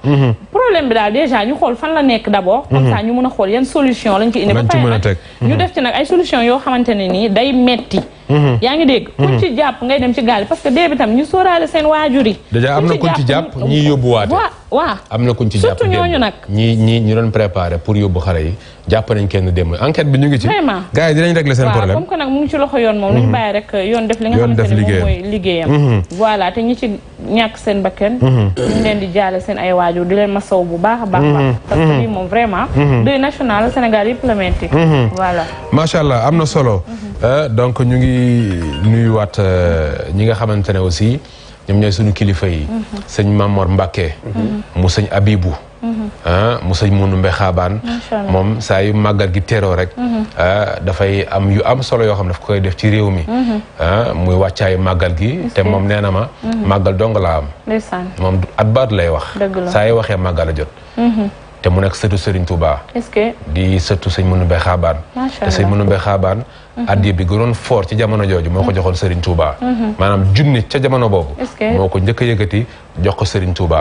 problème bi daal déjà ñu xool fan la nekk d'abord comme ça ñu mun a xool yan solution lañ ci indi ba pare ñu def ci nag ay solution yoo xamante ne nii day metti Mm-hmm. yaa ngi dégg mm-hmm. kuñ ci jàpp ngay dem ci gaal parce que dee bi tam ñu sóoraale seen waajur yi déjà am na kuñ ci jàpp ñiy yóbbuwaate waaw am na kuñ ci jàpp surtout ñooñu nag ñi ñi ñu doon préparé pour yóbbu xale yi jàpp nañ kenn démb enquête bi ñu ngi ci vraiment gars yi dinañ régler seen problème comme que nag mu ngi ci yoon moom nañ mhm. yoon def li nga xamante ne mhm. ci ñàkk seen bakken mhm. ñu leen seen ay waajur di leen ma sow bu baax a baax vraiment deuil national Sénégal yëpp la voilà macha allah am na solo euh, donc ñu ngi nuyuwaat euh, ñi nga xamante ne aussi ñoom ñooy suñu kilifa yi mhm. sëñ Mamor Mbacke mhm. mu sëñ Abibu mhm. ah, mu sëñ Munu Mbe Xaabaan moom saa yu màggal gi teroo rek ah, dafay am yu am solo yoo xam ne daf koy def ci réew mi ah muy wàccaayu màggal gi te moom nee na ma màggal dong laa am moom at baat lay wax saa yu waxee màggal a jot te mu nekk sëtu sëriñ Touba. est di sëtu sëñ Munu Mbe Xaabaan te sëñ Munu Mbe Xaabaan Mm-hmm. addiya bi gënoon foor ci jamono jooju moo ko mm-hmm. joxoon Serigne Touba mm-hmm. maanaam junni ca jamono boobu moo ko njëkk a yëkkati jox ko Serigne Touba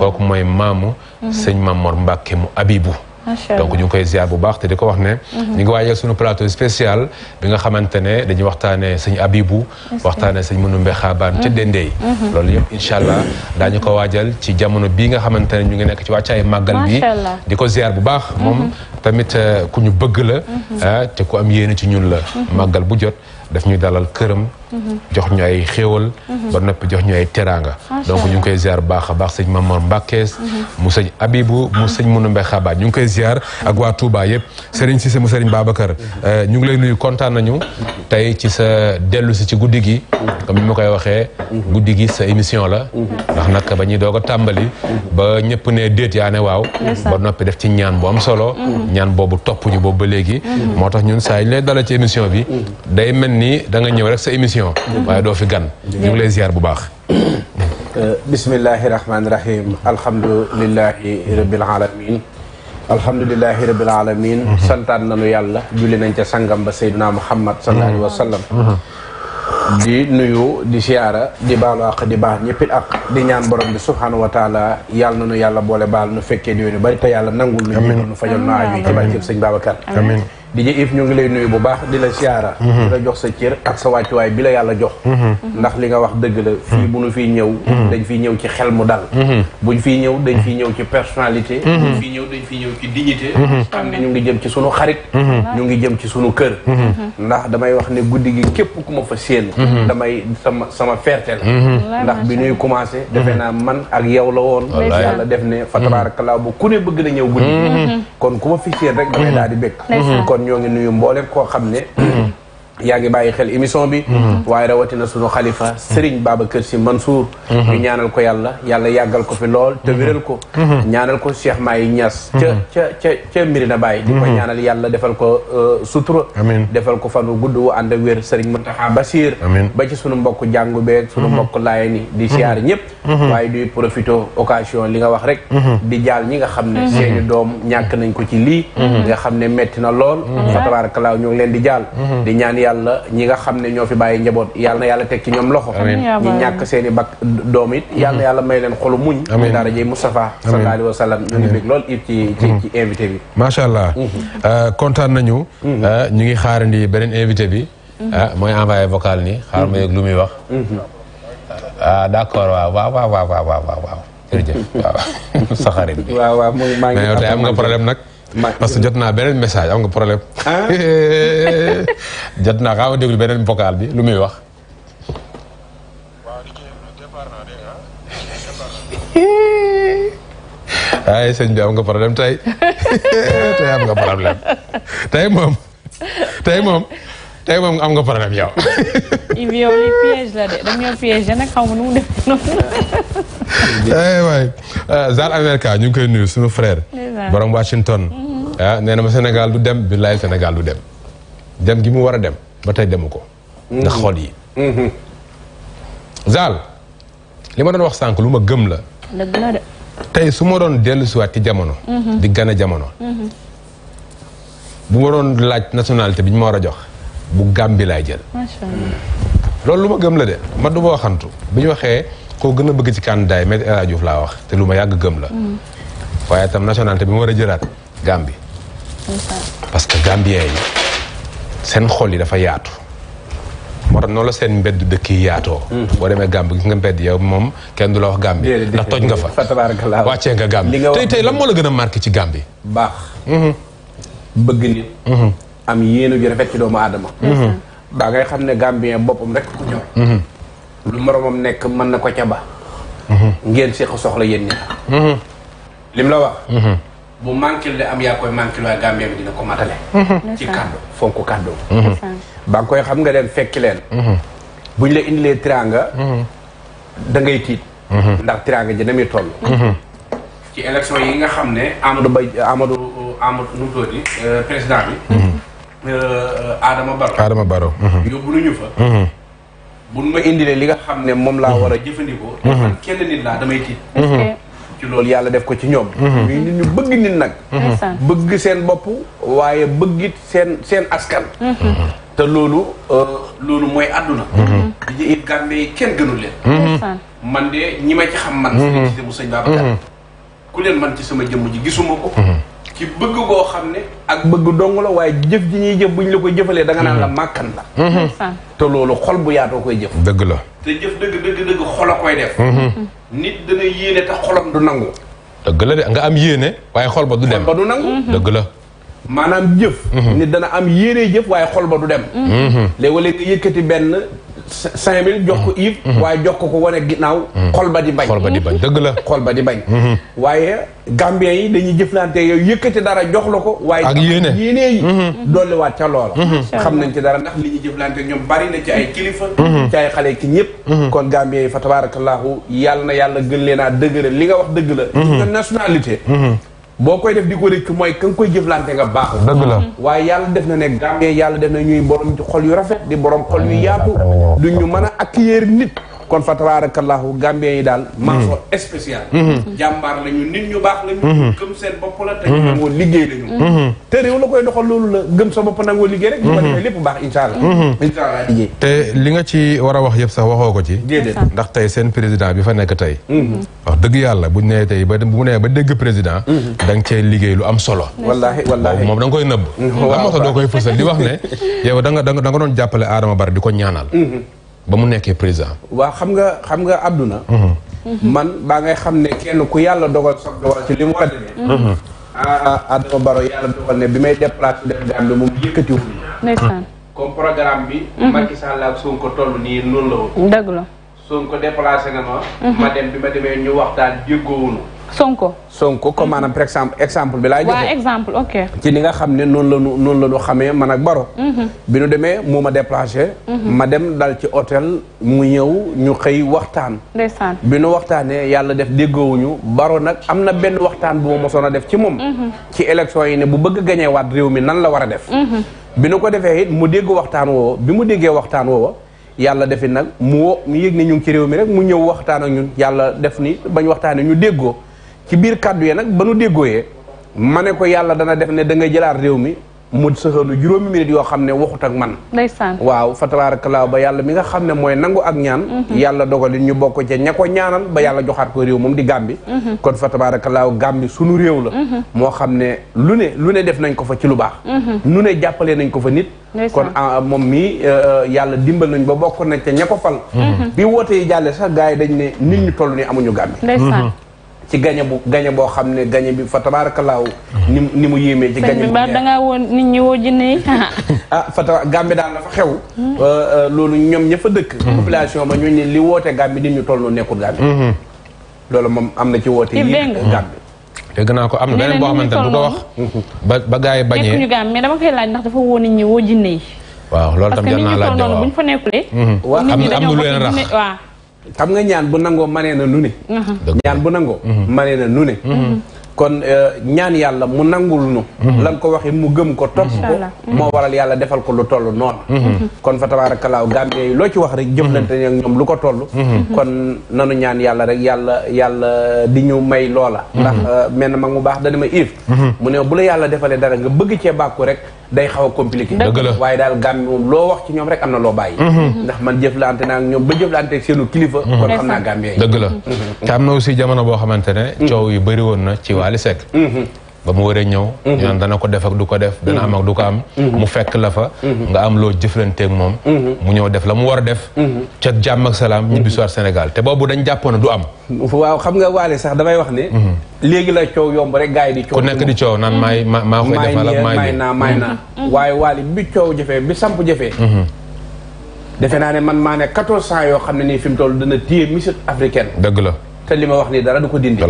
kooku mooy maamu sëñ Mamor Mbàkke mu Abibu donc ñu ngi koy ziar bu baax te di ko wax ne mhm. ñu ngi waajal suñu plateau spécial bi nga xamante ne dañuy waxtaane sëñ Abibu waxtaane sëñ Mënu Mbe Xaabaan ca mhm. Dendey mhm. loolu yëpp incha allah daañu ko waajal ci jamono bii nga xamante ne ñu ngi nekk ci wàccaay màggal bi di ko ziar bu baax moom tamit eh, ku ñu bëgg la eh, te ku am yéene ci ñun la màggal bu jot daf ñuy dalal këram Mhm. jox ñu ay xéewal mhm. ba nopi jox ñu ay teranga donc ñu koy ziar baaxa baax señ mamor mbakees mhm. mu señ abibu mu ah. señ munu mbé xaba ñu koy ziar ak wa touba yépp señ cissé mu señ babacar euh, ñu ngi lay nuyu contane nañu tay ci sa dellu ci ci guddigi comme ni koy waxee sa émission la ndax nak ba doga tambali ba ñepp né déet ya né waw ba nopi def ci ñaan bu am solo ñaan bobu topu ñu bobu légui motax ñun say lay dala ci émission bi day melni da nga ñëw rek sa émission émission waaye doo fi gan ñu ngi lay ziar bu baax bismillahi rahmaani rahim alhamdulilahi rabbil alamin alhamdulilahi rabbil alamin santaan nañu yàlla julli nañ ca sangam ba sayduna muhammad sallallahu alayhi wa sallam di nuyu di siyaara di baalu ak di baal ñëppit ak di ñaan borom bi subhanahu wa taala yàlla na nu yàlla boole baal nu fekkee di yoon yu bari te yàlla nangul nu ñu nu fajal nu aaju yi ci barkeb sëñ Babacar amiin DJ Yves ñu ngi lay nuyu bu baax di la siyaara mm-hmm. di la jox sa cër ak sa wàccuwaay bi la yàlla jox mm-hmm. ndax li nga wax dëgg la mm-hmm. fii bu ñu fiy ñëw dañ fiy ñëw ci xel mu dal buñ fiy ñëw dañ fiy ñëw ci personnalité buñ fiy ñëw dañ fiy ñëw ci dignité xam ne ñu ngi jëm ci sunu xarit ñu ngi jëm ci sunu kër ndax damay wax ne guddi gi képp ku ma fa séen damay sama sama fierté la ndax bi ñuy commencé defe naa man ak yaw la woon yàlla def ne fa a bu ku ne bëgg na ñëw guddi kon ku ma fi séen rek damay kon ñoo ngi nuyu mboolem koo xam ne mm-hmm. yaa ngi bàyyi xel émission bi mhm. waaye rawatina sunu xalifa mhm. Serigne Babacar Sy Mansour mhm. ñu ñaanal ko yàlla yàlla yàggal ko fi lool te ko ñaanal ko Cheikh Maye Niass ca ca ca ca Medina Baye di ko ñaanal yàlla defal ko euh, sutura defal ko fanu gudd wu ànd ak wér Serigne Mountakha Bassir ba ci sunu mbokk jàngu beeg sunu mbokk laay ni di siyaar ñëpp waaye duy profité occasion li nga wax rek di jaal ñi nga xam ne seeni ko ci lii nga xam na lool fa tabarakallah ñu leen di jaal di ñaan yalla ñi nga xamne ne ñoo fi bàyyi njaboot yàlla na yàlla ci ñom loxo ñi ñak seeni bak domit, yalla yalla may leen xolu muñ dara jey mustafa sallallahu alaihi wasallam ñu ngi bëgg lool it ci ci mm-hmm. invité bi sha allah contane mm-hmm. euh, nañu mm-hmm. euh, ñu ngi xaarandi benen invité bi moy euh, envoyé vocal ni xaar ma yëg lu muy wax ah d'accord wa wa wa wa wa wa wa jërëjëf wa wa xarit wa wa waaw maa ngi am problème nag parce que jot naa beneen message am nga problème. Ah. jot naa xaaral ma déglu beneen vocal bi lu muy wax. Ah. ay sëñ bi am nga problème tey tey am nga problème tey moom tey moom. tey moom am nga problème yow. yow li piège la de dañoo piégé nag xaw ma nu mu def noonu. eh America ñu ngi koy nuyu suñu frère. borom Washington. ah na ma Sénégal du dem lay Sénégal du dem. dem gi mu war a dem ba tey demu ko. ndax xol yi. Zal li ma doon wax sànq lu ma gëm la. dëgg tey su ma doon dellu siwaat ci jamono. Mhm. di gana jamono. Mhm. bu ma doon laaj nationalité bi ñu ma war a jox. bu gambi lay jël lolou luma gëm la dé ma du ma waxantu bu ñu waxee koo gën bëgg ci candidat yi Me El Hadji Diouf wax té luma yag gëm la mm. waye tam nationalité bi mo wara a gambi parce que Gambien yi seen xol yi dafa yaatu mo tax noonu la mbedd dëkk yi yaato mm. bo démé gambi gis nga mbedd yow mom kenn du la wax gambi ndax toj nga fa wàccee nga gambi tay tay lam mo la gëna marqué ci bax hmm bëgg nit mm-hmm. am yéene ju rafet ci doomu aadama mhm. daa ngay xam ne gambien boppam rek ko ñor mhm. lu moromam nekk mën na ko ca ba mhm. ngeen seq soxla yéen ñaar lim la wax bu manqué le am yaa koy manqué waaye gambien bi dina ko matale ci kàddu fonk kàddu ba nga koy xam nga leen fekki leen buñ la indilee tiranga da ngay tiit ndax tiranga ji na muy toll ci élection yi nga xam ne Amadou Ba Amadou Amadou euh, président bi Euh, euh, Adama Baro. Adama Baro. Mhm. yóbbu nañu fa. buñ mhm. ma indilee li nga xam ne moom laa mhm. war a jëfandikoo. man kenn nit laa damay tiit. ci loolu yàlla def ko ci ñoom. ñuy nit ñu bëgg nit nag. bëgg seen bopp waaye bëggit seen seen askan. te loolu euh, loolu mooy àdduna. di it gànne yi kenn gënul leen. man de ñi ma ci xam man. ci mu sëñ Babacar. ku leen man ci sama jëmm ji gisuma ko. ci bëgg boo xam ne ak bëgg dong la waaye jëf ji ñuy jëf bu ñu la ko jëfalee da nga naan la mhm. màkkan la mhm. te loolu xol bu yaatoo koy jëf dëgg la te jëf dëgg dëgg dëgg xol a koy def mhm. nit dana yéene te xolam du nangu dëgg la de nga am yéene waaye xol ba du dem xol ba du nangu dëgg la maanaam jëf nit dana am waaye xol ba du dem léeg nga yëkkati benn cinq mille jox ko Yves mhm. waaye jox ko ko wane ginnaaw mhm. xol ba di bañ xol ba di bañ dëgg la xol ba di bañ mhm. waaye Gambien yi dañuy jëflante yow yëkkati dara jox la ko waaye ak yéene yéene yi dolliwaat ca loola xam nañ ci dara ndax li ñuy jëflante ñoom bari na ci ay kilifa ci ay xale ki ñëpp kon Gambien yi fa tabaarakallaahu yàlla na yàlla gën leen a li nga wax dëgg la nationalité boo koy def di ko rëcc mooy ka nga koy jëflante nga baaxul. dëgg la waaye yàlla def na ne gàmmee yàlla def na ñuy borom xol yu rafet di borom xol yu yaatu. du ñu mën a accueillir nit. kon fa tabaarakallaahu gambien yi daal mention mhm. spéciale mhm. jàmbaar la ñu nit ñu baax la mhm. ñu gëm seen bopp la te ñu liggéey la ñu te loolu la gëm sa bopp nangoo liggéey rek ñu ko baax incha allah te li nga ci war a wax yëpp sax waxoo ko ci ndax tey seen président bi fa nekk tey wax dëgg yàlla buñ nee tey ba bu nee ba dégg président da nga liggéey lu am solo wallaahi wallaahi moom da nga koy nëbb da moo koy fësal di wax yow da nga da nga doon jàppale Adama bari di ko ñaanal ba mu nekkee président. waa xam nga xam nga àdduna. Mhm. Mhm. man baa ngay xam ne kenn ku yàlla dogal soog dogal ci li mu war a demee. Mhm. Ah, ah, ah Adama Baro yàlla dogal bi may déplacé def Gambie moom yëkkatiwul. ndeysaan. comme programme bi. Macky Sall ak Sonko toll nii noonu la woon. dëgg la. Sonko déplacé na ma. ma dem bi ma demee ñu waxtaan jéggoowuñu. Sonko. Sonko comme par exemple exemple bi laay joxe. exemple ok. ci ni nga xam ne noonu la ñu noonu la ñu xamee man ak Baro. Mhm. bi nu demee moo ma déplacé. Mhm. ma dem dal ci hôtel mu ñëw ñu xëy waxtaan. ndeysaan bi nu waxtaanee yàlla def déggoowuñu Baro nag am na benn waxtaan bu ma mosoon a def ci moom. Mhm. ci élection yi ne bu bëgg a réew mi nan la war a def. bi nu ko defee mu dégg waxtaan woowa bi mu déggee waxtaan woowa. yàlla defi nag mu woo yëg ne ñu ngi ci réew mi rek mu ñëw waxtaan ak ñun yàlla def ni bañ waxtaanee ñu déggoo. ci biir kàddu yi nag ba nu déggooyee ma ne ko yàlla dana def ne da nga jëlaat réew mi mu sëxanu juróomi minute yoo xam ne waxut ak man ndeysaan waaw fa laaw ba yàlla mi nga xam ne mooy nangu ak ñaan mhm. yàlla dogalin ñu bokk ca ña ko ba yàlla joxaat ko réew moom di Gàmbi mhm. kon fa tabaarakallaa Gàmbi sunu réew la mhm. moo xam ne lu ne lu ne def nañ ko fa ci lu baax nu ne jàppale nañ ko fa nit kon ah, moom mii euh, yàlla dimbal nañ ba bokk nañ ca ña ko bi woote yi jàlle sax gaa yi dañ ne nit ñu toll ni amuñu Gàmbi ci gañe bu gañe boo xam ne gañe bi fa tabaarakallaahu ni mu ni mu yéemee ci gañe bi ba dangaa woon nit ñi woo jinne ah fa taba Gàmbi daal dafa xew euh, euh, loolu ñoom ña fa dëkk mm-hmm. population ba ñu ne li woote Gàmbi nit ñu toll noonu nekkul Gàmbi mm-hmm. loolu moom am na ci woote yi Gàmbi dégg naa ko am na beneen boo xamante ne du ko wax ba ba gars yi bañee nekkuñu gàmm mais dama koy laaj ndax dafa woo nit ñi woo jinne yi waaw loolu tam jar naa laaj de waaw parce que mm-hmm. nit ñi toll noonu bu ñu fa nekkulee waaw am na lu leen rax waaw xam nga ñaan bu nangoo manee na nu ne ñaan bu nangoo mhm. manee na nu ne mhm. kon euh, ñaan yàlla mu nangul nu mhm. lan ko waxee mu gëm ko topp ko moo waral yàlla defal ko lu toll noonu kon fa tabarakalaaw Gambie yi loo ci wax rek jëflante ak ñoom lu ko toll kon nanu ñaan yàlla rek yàlla yàlla di ñu may loola ndax euh, mel mag mu baax dana ma iif mu ne bu la yàlla defalee dara nga bëgg cee bàkku rek day xaw a compliqué waaye daal gàmmi moom loo wax ci ñoom rek am na loo bàyyi mhm. Mhm. ndax man jëflante naa ñoom ba jëflante ak seenu kilifa mhm. kon xam naa gàmmi yooyu dëgg la te na aussi jamono boo xamante ne coow yu bëri na ci Wally Seck ba mu waree ñëw mhm. ñu dana ko def ak du ko def dana mhm. am ak du ko am mhm. mu fekk la fa nga am loo jëflanteeg moom mu ñëw def la mu war a def ca jàmm ak salaam ñibbi soir Sénégal te boobu dañ jàppoon du am waaw xam waale sax damay wax ne léegi la coow yomb rek gars yi di coow ku nekk di coow naan maay ma maa koy defal ak maay naa maay naa waaye waale bi coow jafee bi samp jafee defe naa ne man maa ne quatorze cent yoo xam ne nii fi mu toll dana téye Miss Africaine dëgg la te lima wax ni dara du ko dindi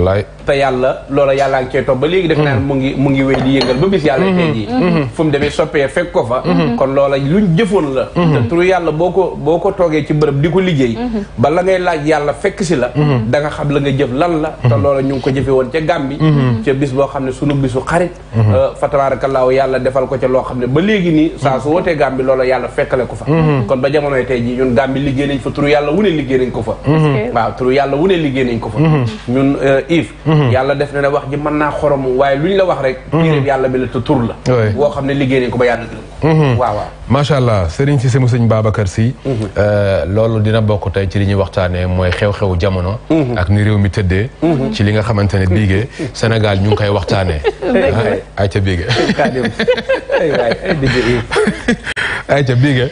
te yalla lolo yalla ngi cee to ba legi def naan mu ngi mu ngi wey di yeugal ba bis yalla tey jii mm-hmm. Mm-hmm. fu mu demee soppee fekk ko fa mm-hmm. kon lolo luñ jëfoon la te turu yalla boko boko boo ci bërëb diko liggéey ba la ngay laaj yalla fek ci la da nga xam la nga jëf lan la te lolo ñu ko jëfé won ci gambi ci bis bo xamné suñu sunu bisu xarit euh, fa tabaarakallaahu yalla defal ko ci lo xamné ba legi ni sa su wootee gambi lolo yalla fekkale ko fa kon ba jamono tey ji ñun gambi liggéey nañ fa turu yalla wune liggéey nañ ko fa waaw turu yalla wune liggéey nañ ko ko fa ñun euh, Yves mhm. yàlla def na ne wax ji mën naa xorom waaye lu ñu la wax rek piréb mhm. yàlla bi la te tur la boo xam ne liggéey nañ ko ba yàlla gërëm Mm-hmm. waaw waaw macha allah Serigne si sama sëñ Babacar si. Mm-hmm. Euh, loolu dina bokk tey ci li ñuy waxtaanee mooy xew-xewu jamono. Mm-hmm. ak ni réew mi tëddee. ci li nga xamante ne biige Sénégal ñu ngi koy waxtaane ah, ay ca biige. ay na biige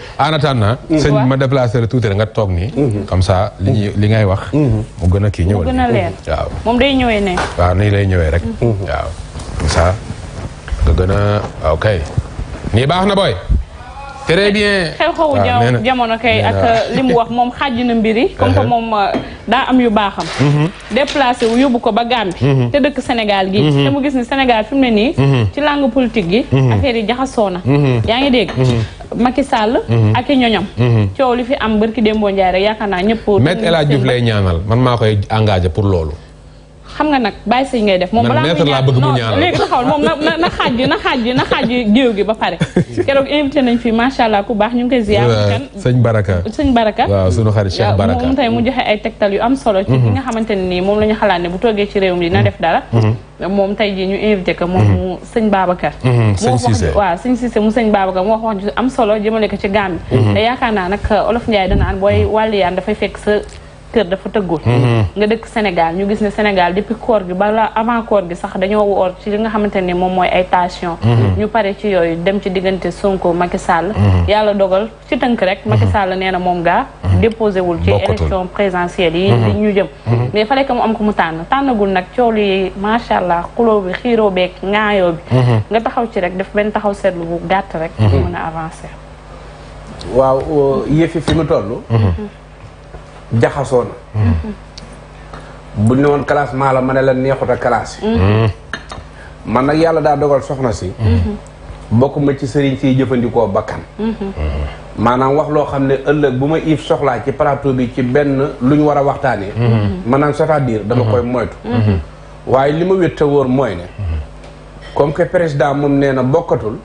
en ma déplacé la tuuti nga toog nii. comme ça li ngay wax. mu gën a ki ñëwal moom day ñëwee ne. waaw nii lay ñëwee rek. waaw comme ça nga gën a waaw nii baax na booy. très bien xew-xewu ah, jamono kay ak uh, li mu wax moom xàjj na mbiri comme que uh-huh. moom uh, daa am yu baaxam mm-hmm. deplace wu yóbbu ko ba Gambie mm-hmm. te dëkk Sénégal gi mm-hmm. te mu gis ni Sénégal fi mu ne nii ci langue politique gi affaire yi jaxasoo na yaa ngi dégg Macky Sall ak i ñoñom coow li fi am barki démboo Ndiaye rek yaakaar naa ñëpp Maître El Hadj Diouf lay ñaanal man maa koy engagé pour loolu xam nga nag bàyyi sëñ ngay def moom balaa muy ñaan léegi na xaaj na na xaaj géew gi ba pare keroog invité nañ fi macha allah ku baax ñu ngi koy ziar kan sëñ Baraka sëñ Baraka waaw sunu xarit Cheikh Baraka mu joxe ay tegtal yu am solo ci li nga mhm. xamante ne nii moom la ñu xalaat ne bu toogee ci réew mi na mhm. def dara mhm. moom tey jii ñu invité ko moom mu sëñ Babacar sëñ Cissé waaw sëñ Cissé mu sëñ Babacar mu wax wax ju am solo jëmale ko ci Gàmbi te yaakaar naa nag olof Njaay danaan booy wàlli yaan dafay fekk sa kër dafa tëggul mm-hmm. nga dëkk Sénégal ñu gis ne Sénégal depuis koor gi bala avant koor gi sax dañoo woor ci li nga xamante ni moom mooy ay tension mm-hmm. ñu pare ci yooyu dem ci diggante Sonko Macky sàll mm-hmm. yàlla dogal ci tënk rek Macky Sall nee na moom gaa déposé wul ci élection présidentielle yi li ñu jëm mais fallait que mu am ko mu tànn tànnagul nag coolu li macha allah xuloo bi xiiroo beek ŋaayoo bi nga taxaw ci rek daf benn taxaw seetlu bu gàtt rek mën a avancer waaw jaxasoo na buñ ne woon classement la ma ne la neexut a classé man nag yàlla daa dogal soxna si bokk ci sëriñ siy jëfandikoo bakkan maanaam wax loo xam ne ëllëg bu ma iif soxlaa ci palaato bi ci benn lu ñu war a waxtaanee maanaam c'est-à-dire dama koy moytu waaye li ma wét a wóor mooy comme que président moom nee na bokkatul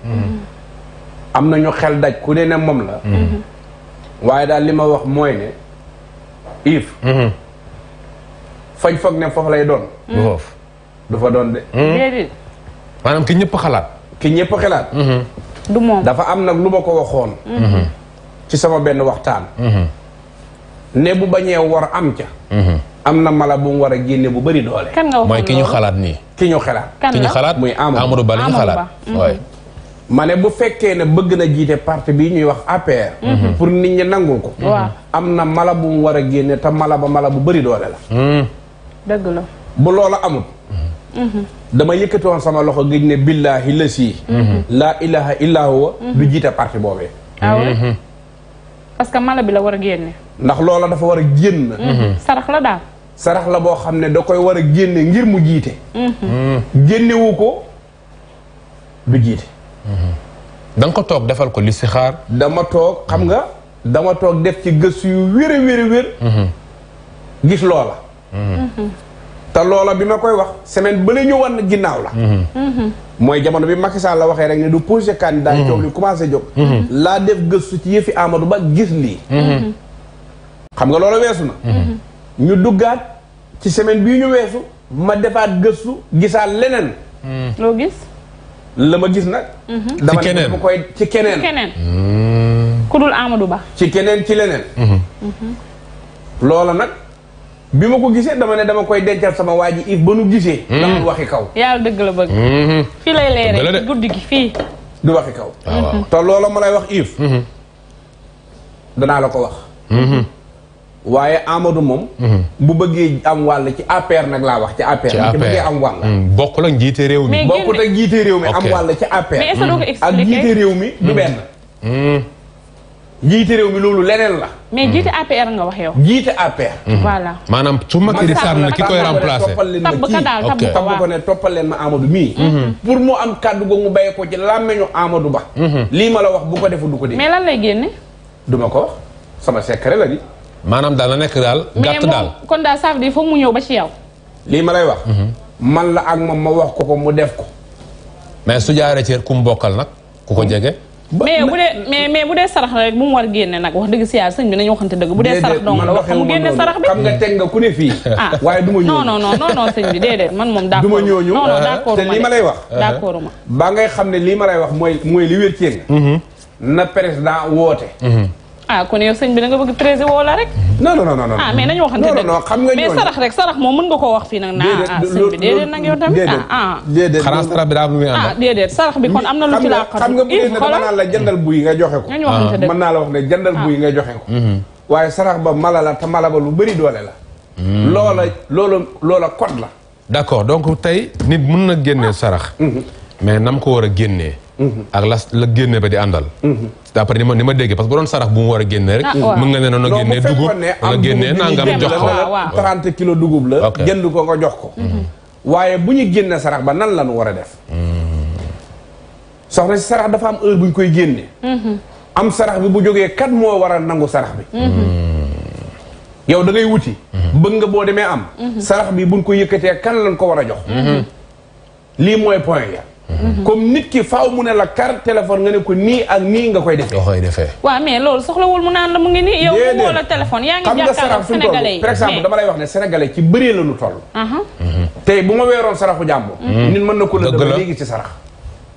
am na ñu xel daj ku ne ne moom la waaye daal li ma wax mooy if mm-hmm. fañ foog ne foofu lay doon mm. fof du fa doon de mm. déedéet manam ki ñëpp xalaat ki ñëpp xalaat mm-hmm. du mom dafa am nak lu ma ko waxoon mm-hmm. ci sama benn waxtaan ne bu bañee wor am ca am na mala bu mu war a bu bari doole kan moy ki ñu xalaat ni kan ki ñu xalaat ki ñu xalaat muy Amadou Ba ñu xalaat ma ne bu fekkee ne bëgg na jiite parti bi ñuy wax APR. Mhm. pour nit ñi nangul ko. Mhm. am na mala bu mu war a génne te mala ba mala bu bëri doole la. Mhm. dëgg la bu loola amul. dama yëkkati sama loxo gëj ne billaahi la sii. laa ilaha illa huwa du jiite parti boobee. Ah parce que mala bi la war a génne. ndax loola dafa war a génn. sarax la daal. sarax la boo xam ne da koy war a génne ngir mu jiite. génnewu ko du jiite. da nga ko toog defal ko listixaar dama toog xam nga dama toog def ci gëstu yu wér a wér a mhm. gis loola mhm. Mhm. te loola bi ma koy wax semaine ba la ñu wan ginnaaw la mooy jamono bi Macky Sall la waxee rek ne du projet candidat coow li commencé jóg laa def gëstu ci yëfi Amadou Ba gis lii xam nga loola weesu na ñu duggaat ci semaine bii ñu weesu ma defaat gëstu gisaat leneen loo gis la ma gis nag. Mhm. dama ne dama koy ci keneen. ci keneen. Hmm. ku dul Amadou Ba. ci keneen ci leneen. Mhm. Mhm. loola nag bi ma ko gisee dama ne dama koy dencal sama waa ji if ba nu gisee. mu waxi kaw. yàlla dëgg la bëgg. fii lay leeree guddi gi fii. du waxi kaw. Ah, te loola ma lay wax if. danaa la ko wax. waaye Amadou moom. Mhm. bu bëggee am wàll ci APR nag laa wax ci APR. ci APR bëggee am wàll. Hmm, bokkul ak jiite réew mi. bokkul ak jiite réew mi am wàll ci APR. mais hmm. ak jiite réew mi du hmm. benn. jiite réew mi loolu leneen la. mais jiite APR nga wax yow. jiite APR. voilà maanaam su Macky Sall la ki koy remplacer. tab ka daal tab ka waaw ko ne toppal leen ma Amadou mii. pour mu am kàddu googu mu bàyyi ko ci làmmeñu Amadou Ba. lii ma la wax bu ko defu du ko dégg. mais lan lay génne. du ma ko wax sama secret la di. maanaam daal na nekk daal gatt daal kon daal ça veut mu ñëw ba ci yow. lii ma lay wax. Mhm. man la ak moom ma wax ko ko mu def ko. mais su jaare ci ku mu bokkal nag ku ko jégué mais bu dé mais mais bu dee sarax rek bu mu war génne nag wax dëgg si yàlla sëñ bi nañu waxante dëgg bu dé sarax dong la wax mu génné sarax bi xam nga teg nga ku ne fii waye ah. waaye du ma ñëw non non non non sëñ bi dédé man moom d'accord du ma ñëw ñu non d'accord té li ma lay wax d'accord ma baa ngay xam ne lii ma lay wax mooy mooy li wér ci nga mhm. na président woote mhm. ah kon yow sëñ bi da nga bëgg treize woo la rek. non non non non ah mais nañu waxante dëgg. non non xam nga mais sarax rek sarax moom mën nga koo wax fii nag. déedéet ah sëñ bi déedéet nag yow tamit ah, ah. déedéet xanaa sarax bi daa am lu muy àndal. ah déedéet sarax bi kon am na lu ci laa xam nga bu dee ne dama naan la jëndal buy nga joxe ko. nañu waxante ah. dëgg mën naa la wax ne jëndal buy nga joxe ko. Mhm. waaye sarax ba mala la te mala ba lu bëri doole la. Mhm. loola loola loola code la. d'accord donc tey nit mën na génnee sarax. Mhm. mais nam ko war a génnee. ak la la génne ba di àndal Tak ni ma mhm. kan ni ma déggee parce que bu sarax bu mu war a génne rek. mën nga ne noonu génne dugub nga génne nangam jox ko. waaw 30 kilos dugub la. jënd ko nga jox ko. waaye bu ñu sarax ba nan def. soxna sarax dafa am heure bu ñu koy génne. am sarax bi bu jógee kat moo war nangu sarax bi. yow da ngay wuti. bëgg nga boo am. sarax bi buñ ko yëkkatee kan lañ ko war a jox. Mhm. point ya Mhm. comme nit ki faaw mu ne la carte téléphone nga ne ko nii ak nii nga koy defee. nga koy defee waaw mais loolu soxlawul mu naan la mu ngi nii. yow mu woo la téléphone yaa ngi jàkkaarloog sénégalais yi par exemple dama lay wax ne sénégalais ci bëree la ñu toll. Mhm. tey bu ma weeroon saraxu jàmbur. Mhm. nit mën na ko la dëgg léegi ci sarax.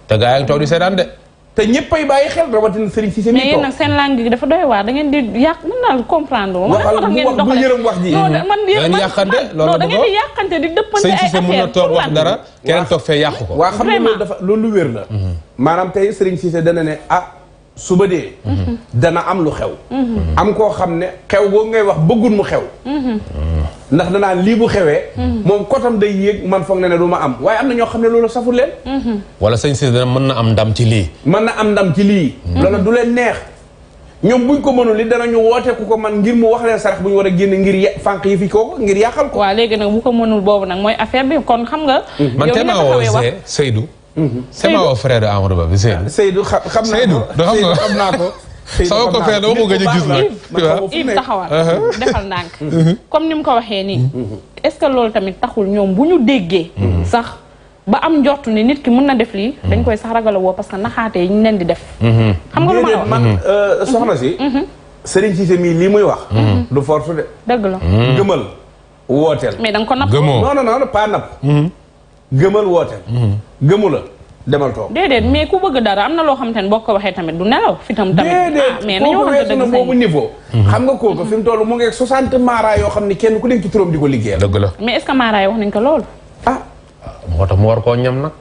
te gaa toog di seetaan de. te ñëppay bàyyi xel rawatina Serigne Cissé mi. mais yéen nag seen langue gi dafa doy waa da ngeen di yàq mën naa comprendre. waxal bu wax ji. non man yéen yàqante loolu da ngeen di yàqante di dëppante ay affaire Cissé mën na toog wax dara keneen toog fee yàqu ko. waa xam ne loolu dafa lu wér la. maanaam tey Serigne Cissé dana ne ah suba dee. dana am lu xew. Mhm. am koo xam ne xew boobu ngay wax bëggul mu xew. Mhm. ndax danaan lii bu xewee mhm. moom kotam day yéeg man foog ne ne du ma am waaye am na ñoo xam ne loolu saful leen mhm. wala sëñ si dana mën na am ndam ci lii mën na am ndam ci lii mhm. loolu du leen neex ñoom buñ ko mënul li danañu woote ku ko man ngir mu wax leen sarax bu war a génn ngir fànq yi fi kooku ngir yàqal ko waaw léegi nag bu ko mënul boobu nag mooy affaire bi kon xam nga man tee maa woo Seydou c'est ma woo frère Amadou Ba xam naa xam naa ko sama ko fee dama ko gëj a gis nag Yves taxawal defal ndànk mhm. comme ni mu ko waxee nii est-ce que loolu tamit taxul ñoom bu ñu déggee mhm. sax ba am njortu ni nit ki mën na def lii mhm. dañ koy sax ragal a woo parce que naxaate ñu leen di def xam nga lu ma la wax man euh, soxna si Serigne wax du force de dëgg la gëmal wooteel mais da ko napp gëmoo non non non pas napp gëmal wooteel gëmu demal toog déedéet mais ku bëgg dara am na loo xam te ne boo ko waxee tamit du nelaw fi tam tamit ah, mais kooku weesu na boobu xam nga kooku fi mu toll mu ngi soixante maara yoo xam ne kenn ku nekk ci turam di ko liggéeyal dëgg la mais est ce wax nañ ko loolu ah. ah moo tax mu war koo ñam nag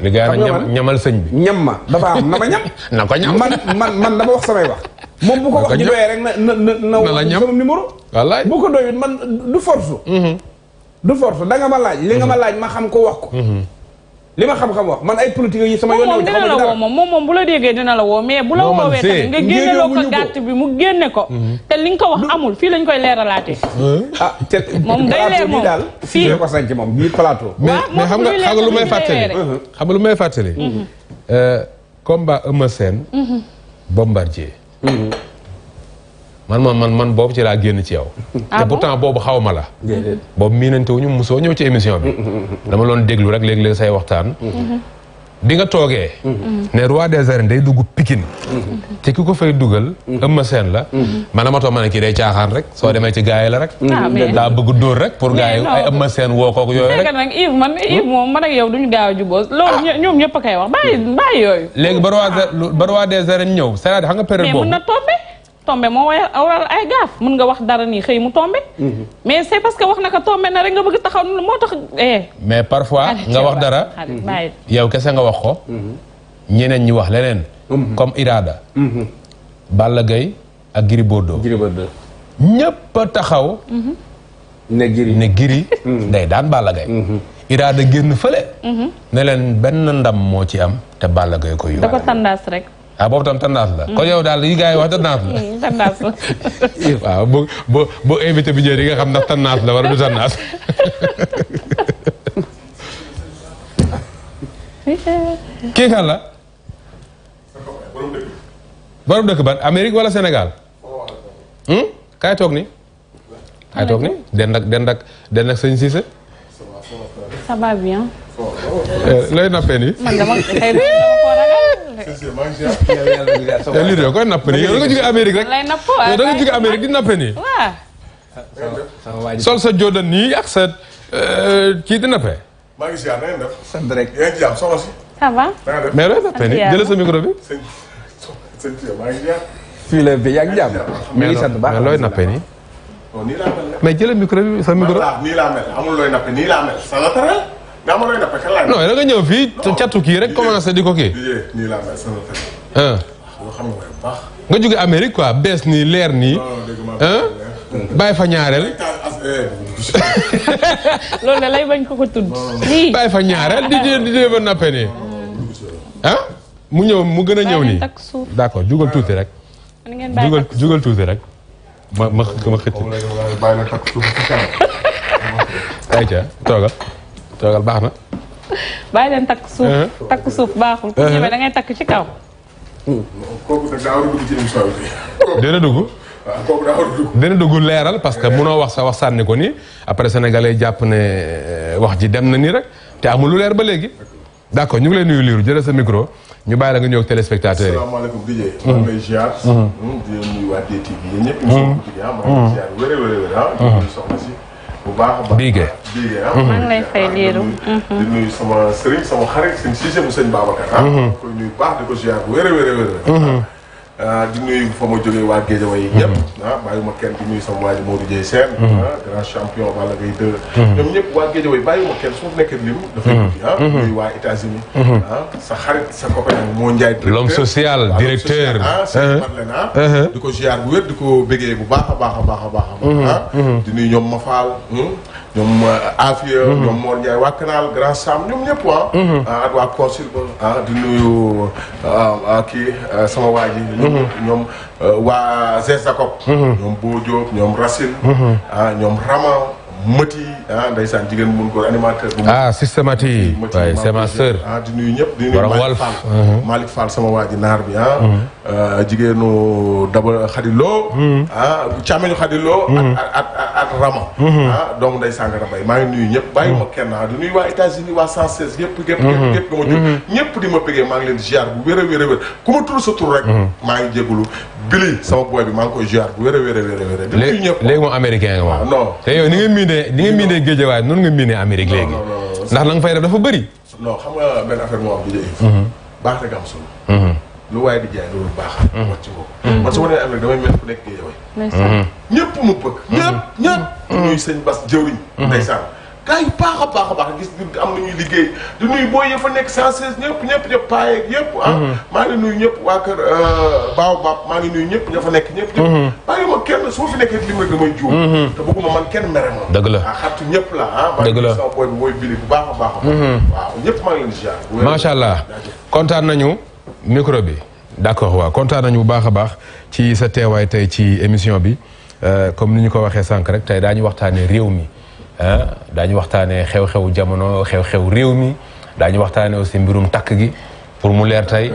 liggéey na ñamal sëñ bi ñam ma dafa am na ma ñam na ko ñam man man man dama wax samay wax moom bu ko wax ji doyee rek na na na wax sama numéro ko doyut man du force mm-hmm. du force da nga ma laaj li mm-hmm. laaj ma xam ko wax ko mm-hmm. li ma xam-xam wax man ay politique yi sama yoon moom dina la moom moom moom bu la déggee dina la woo mais bu la woowee tamit nga génneloo ko gàtt bi mu génne ko mm-hmm. te li nga ko wax amul fii lañ koy leeralaatee ah te moom day leer moom daal fii moom bii plateau mais xam nga uh-huh. xam nga lu may fàttali xam nga lu may fàttali combat Eumeu mm-hmm. Bombardier mm-hmm. man man man man boobu ci laa génn ci yow. Ah te temps boobu xaw ma la. boobu miinante wu ñu musoo ñëw ci émission bi. dama loon déglu rek léeg-léeg say waxtaan. Mm-hmm. bi nga toogee. Mm-hmm. ne roi des arènes day dugg Pikine. Mm-hmm. te ki ko fay dugal. Eumeu Sène la. man ma ma ne kii day caaxaan rek soo demee ci gaay la rek. Ah, daa bëgg dóor rek pour gaay yi ay Eumeu Sène woo koog yooyu rek. nag hmm? yow duñu gaaw a jubóo ah. loolu ñëpp a koy wax bàyyi bàyyi yooyu. léegi ba roi ba roi ñëw c'est-à-dire xam nga période boobu. tombe moo waral ay gaaf mën nga wax dara nii xëy mu tombe mhm. mais c'est parce que wax na ko tombe na rek nga bëgg taxaw moo tax eh. mais parfois nga wax dara mhm. yow kese nga wax ko mhm. ñeneen ñi wax leneen comme Irada Balla Gaye ak Gris ñépp taxaw ne Gris ne Gris day daan Balla Gaye Irada génn fële ne leen benn ndam moo ci am te Balla gay ko yóbbu rek ah boobu tam tandaas la. kon yow daal yi gars yi wax tandaas la. tandaas la. waaw bu bu bu invité bi ñëwee di nga xam ndax tandaas la wala du tandaas. kii kan la. borom dëkk ban Amérique wala Sénégal. Hmm? kaay toog ni kaay toog ni dend ak dend ak dend ak sëñ te lii de koy napp nii yow da nga jóge Amérique di nappe nii. sol sa Jordan nii ak sa euh, kii di nappe. maa ngi si waat na ngeen def. sant rek yéen looy nappe nii jëlee sa micro bi. sëñ sëñ mi ngi sant looy nappe nii. mais jëlee micro sa micro. daa ma looy nappe kan nga ñëw fii catu kii rek commencé di ko kii. nii laa ah. nga baax. nga jóge Amérique quoi bees nii leer nii. Ah. bàyyi fa ñaareel. Eh, loolu da lay bañ ko ko tudd. bàyyi fa ñaareel di di ba nappe nii. Ah? mu ñëw mu gën a ñëw nii. d' accord jugal tuuti rek. jugal jugal tuuti rek. ma ma ma tooga. togal baxna bay len tak suuf eh. tak suuf baaxul. ku eh. da ngay tak ci kaw. kooku nag daa ah, parce que mëno wax sa wax ko ni après sénégalais japp né eh, wax ji dem na ni rek té amul lu leer ba légui d'accord ñu ngi lay nuyu liru jëlee sa micro ñu bay la nga ñëw téléspectateur yi. bu baax a baax Biige. Biige ah. maa lay fay liiru. di nuyu sama sëriñ sama xarit seen sixième mu sëñ Babacar ah. Mhm. koy nuyu baax di ko ziar wéer a wéer Ah, di nuyu fa ma jógee waa Géejawaay yi yëpp mm-hmm. ah bàyyiwuma kenn di nuyu sama waa ji Modou Dieye Sène mm-hmm. ah, grand champion Balla Gaye 2 mm-hmm. ñoom ñëpp waa Géejawaay bàyyiwuma kenn su ma nekkee lim dafay guddi ah waa États-Unis ah, sa xarit sa copain moo njaay directeur l'homme social directeur ah sëñ uh-huh. Madeleine ah uh-huh. di ko ziar bu wér di ko bégee bu baax a baax a baax a baax a baax ah di nuyu ñoom euh, Afia mhm. ñoom Mor Ndiaye waa Canal Grand Sam ñoom ñëpp ah, mhm. ah ak waa consul ah di nuyu ah, ah, kii euh, sama waa ji wa mhm. euh, waa Zesakop ñoom Bo Diop ñoom Racine ah ñoom Rama mëti ah ndeysaan jigéen mun ko animateur bu ah systématique waay c'est ma sœur ah di nuyu ñëpp di nuyu malik Fall malik Fall sama waa ji naar bi ah jigéenu daba xadiloo ah càmmeñu xadiloo ak ak Sarr Rama. Mhm. ah doomu nday Sangara Mbaye maa ngi nuyu ñëpp bàyyi ma kenn ah di nuyu waa États-Unis waa 116 ñëpp. ñëpp ñëpp nga ma jóg ñëpp di ma bëggee maa ngi leen ziar bu wér a wér a wér ku ma tudd sa tur rek. Mhm. maa ngi jégalu bili sama boy bi maa ngi koy ziar bu wér a wér a wér a wér. di nuyu ñëpp léegi moom américain nga moom. Ah, non te yow ni nga miinee ni nga miinee géej waaye noonu nga miinee Amérique léegi. ndax la nga fay def dafa bëri. non xam nga benn affaire moo am bi mhm. baax rek am solo lu waaye di jaay loolu baax. Mm-hmm. wax ci woo. man su ma nee am rek damay mel ku nekk Guédiawaye. Mm-hmm. ñëpp mm-hmm. baax baax gis am na ñuy liggéey di nuyu booy fa nekk 116 ñëpp ñëpp ñëpp paaye ñëpp ah. ñëpp waa kër Baaw maa ngi nuyu ñëpp euh, ña fa nekk ñëpp. Ah, ah. maa ngi ma kenn su ma fi nekkee lim rek damay juum. te ñëpp la ah. dëgg la maa ngi nuyu bi bu baax a ñëpp maa ngi leen di ziar. macha allah kontaan nañu micro bi d'accord waa kontaan nañu bu baax a baax ci sa teewaay tey ci émission bi euh, comme ni ñu ko waxee sànq rek tey daañu waxtaanee réew mi ah daañu waxtaanee xew-xewu jamono xew-xew réew mi daañu waxtaane aussi mbirum takk gi pour mu leer tey.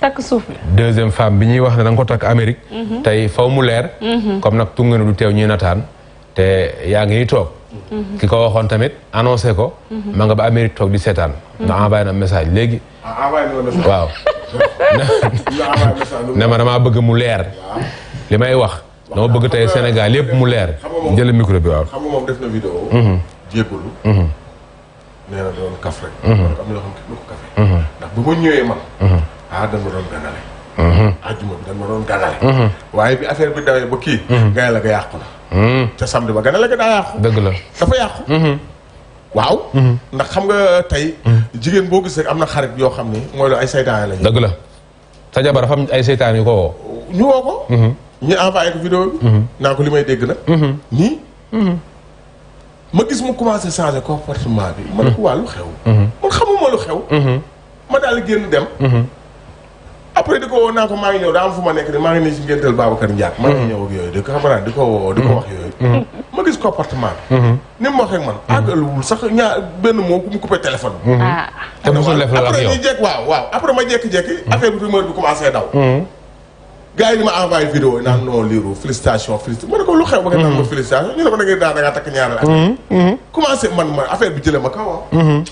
takk suuf bi deuxième femme bi ñuy wax ne da ko takk Amérique. Mhm. tey faw mu leer. Mhm. comme nag tunga ne du teew ñuy nataan te yaa ngi toog. Mhm. ki ko waxoon tamit annoncé ko. ma nga ba Amérique toog di seetaan. na envoyé na message léegi. Ah, ne ma damaa bëgg mu leer. li may wax. dama bëgg tey Sénégal yépp mu leer. jël micro bi waaw. xam ma doon ganale. Mhm. Mhm. waaye bi affaire bi dawee ba kii. Mhm. gaye la ga yàqu na. te samedi ba ganale ga daa yàqu. dëgg la dafa yàqu. waaw. Mhm. ndax xam nga tey. Mhm. jigéen boo gis rek am na xarit yoo xam ni mooy loo ay saytaane lañu. dëgg la sa jabar dafa am ay saytaan yu ko woo. ñu woo ko. Mhm. ñu envoyé ko vidéo bi. naa ko li may dégg na nii. ma gis mu commencé changé comportement bi. ma ne ko waa lu xew. man xamuma lu xew. ma daal di génn dem. après di ko woo naa ko maa ngi ñëw daa am fu ma nekk de maa ngi ne si ngéntal Babacar Ndiak maa ngi ñëw yooyu di ko xamaraan di ko woo di ko wax yooyu mm-hmm. ma gis comportement mm-hmm. ni mu waxee man mm-hmm. àggalwul sax ñaar benn moo ku mu coupé téléphone ah. te mosul def la ak yow après ñu jekk waaw waaw après ma jekki-jekki affaire bi rumeur bi commencé daw gars yi di ma envoyé vidéo naan non liiru félicitation félicité ma ne ko lu xew ba nga naan ma félicitation ñu ne ma da ngay daan mm-hmm, mm-hmm. man ma affaire bi jëlee ma kaw ah. mm-hmm.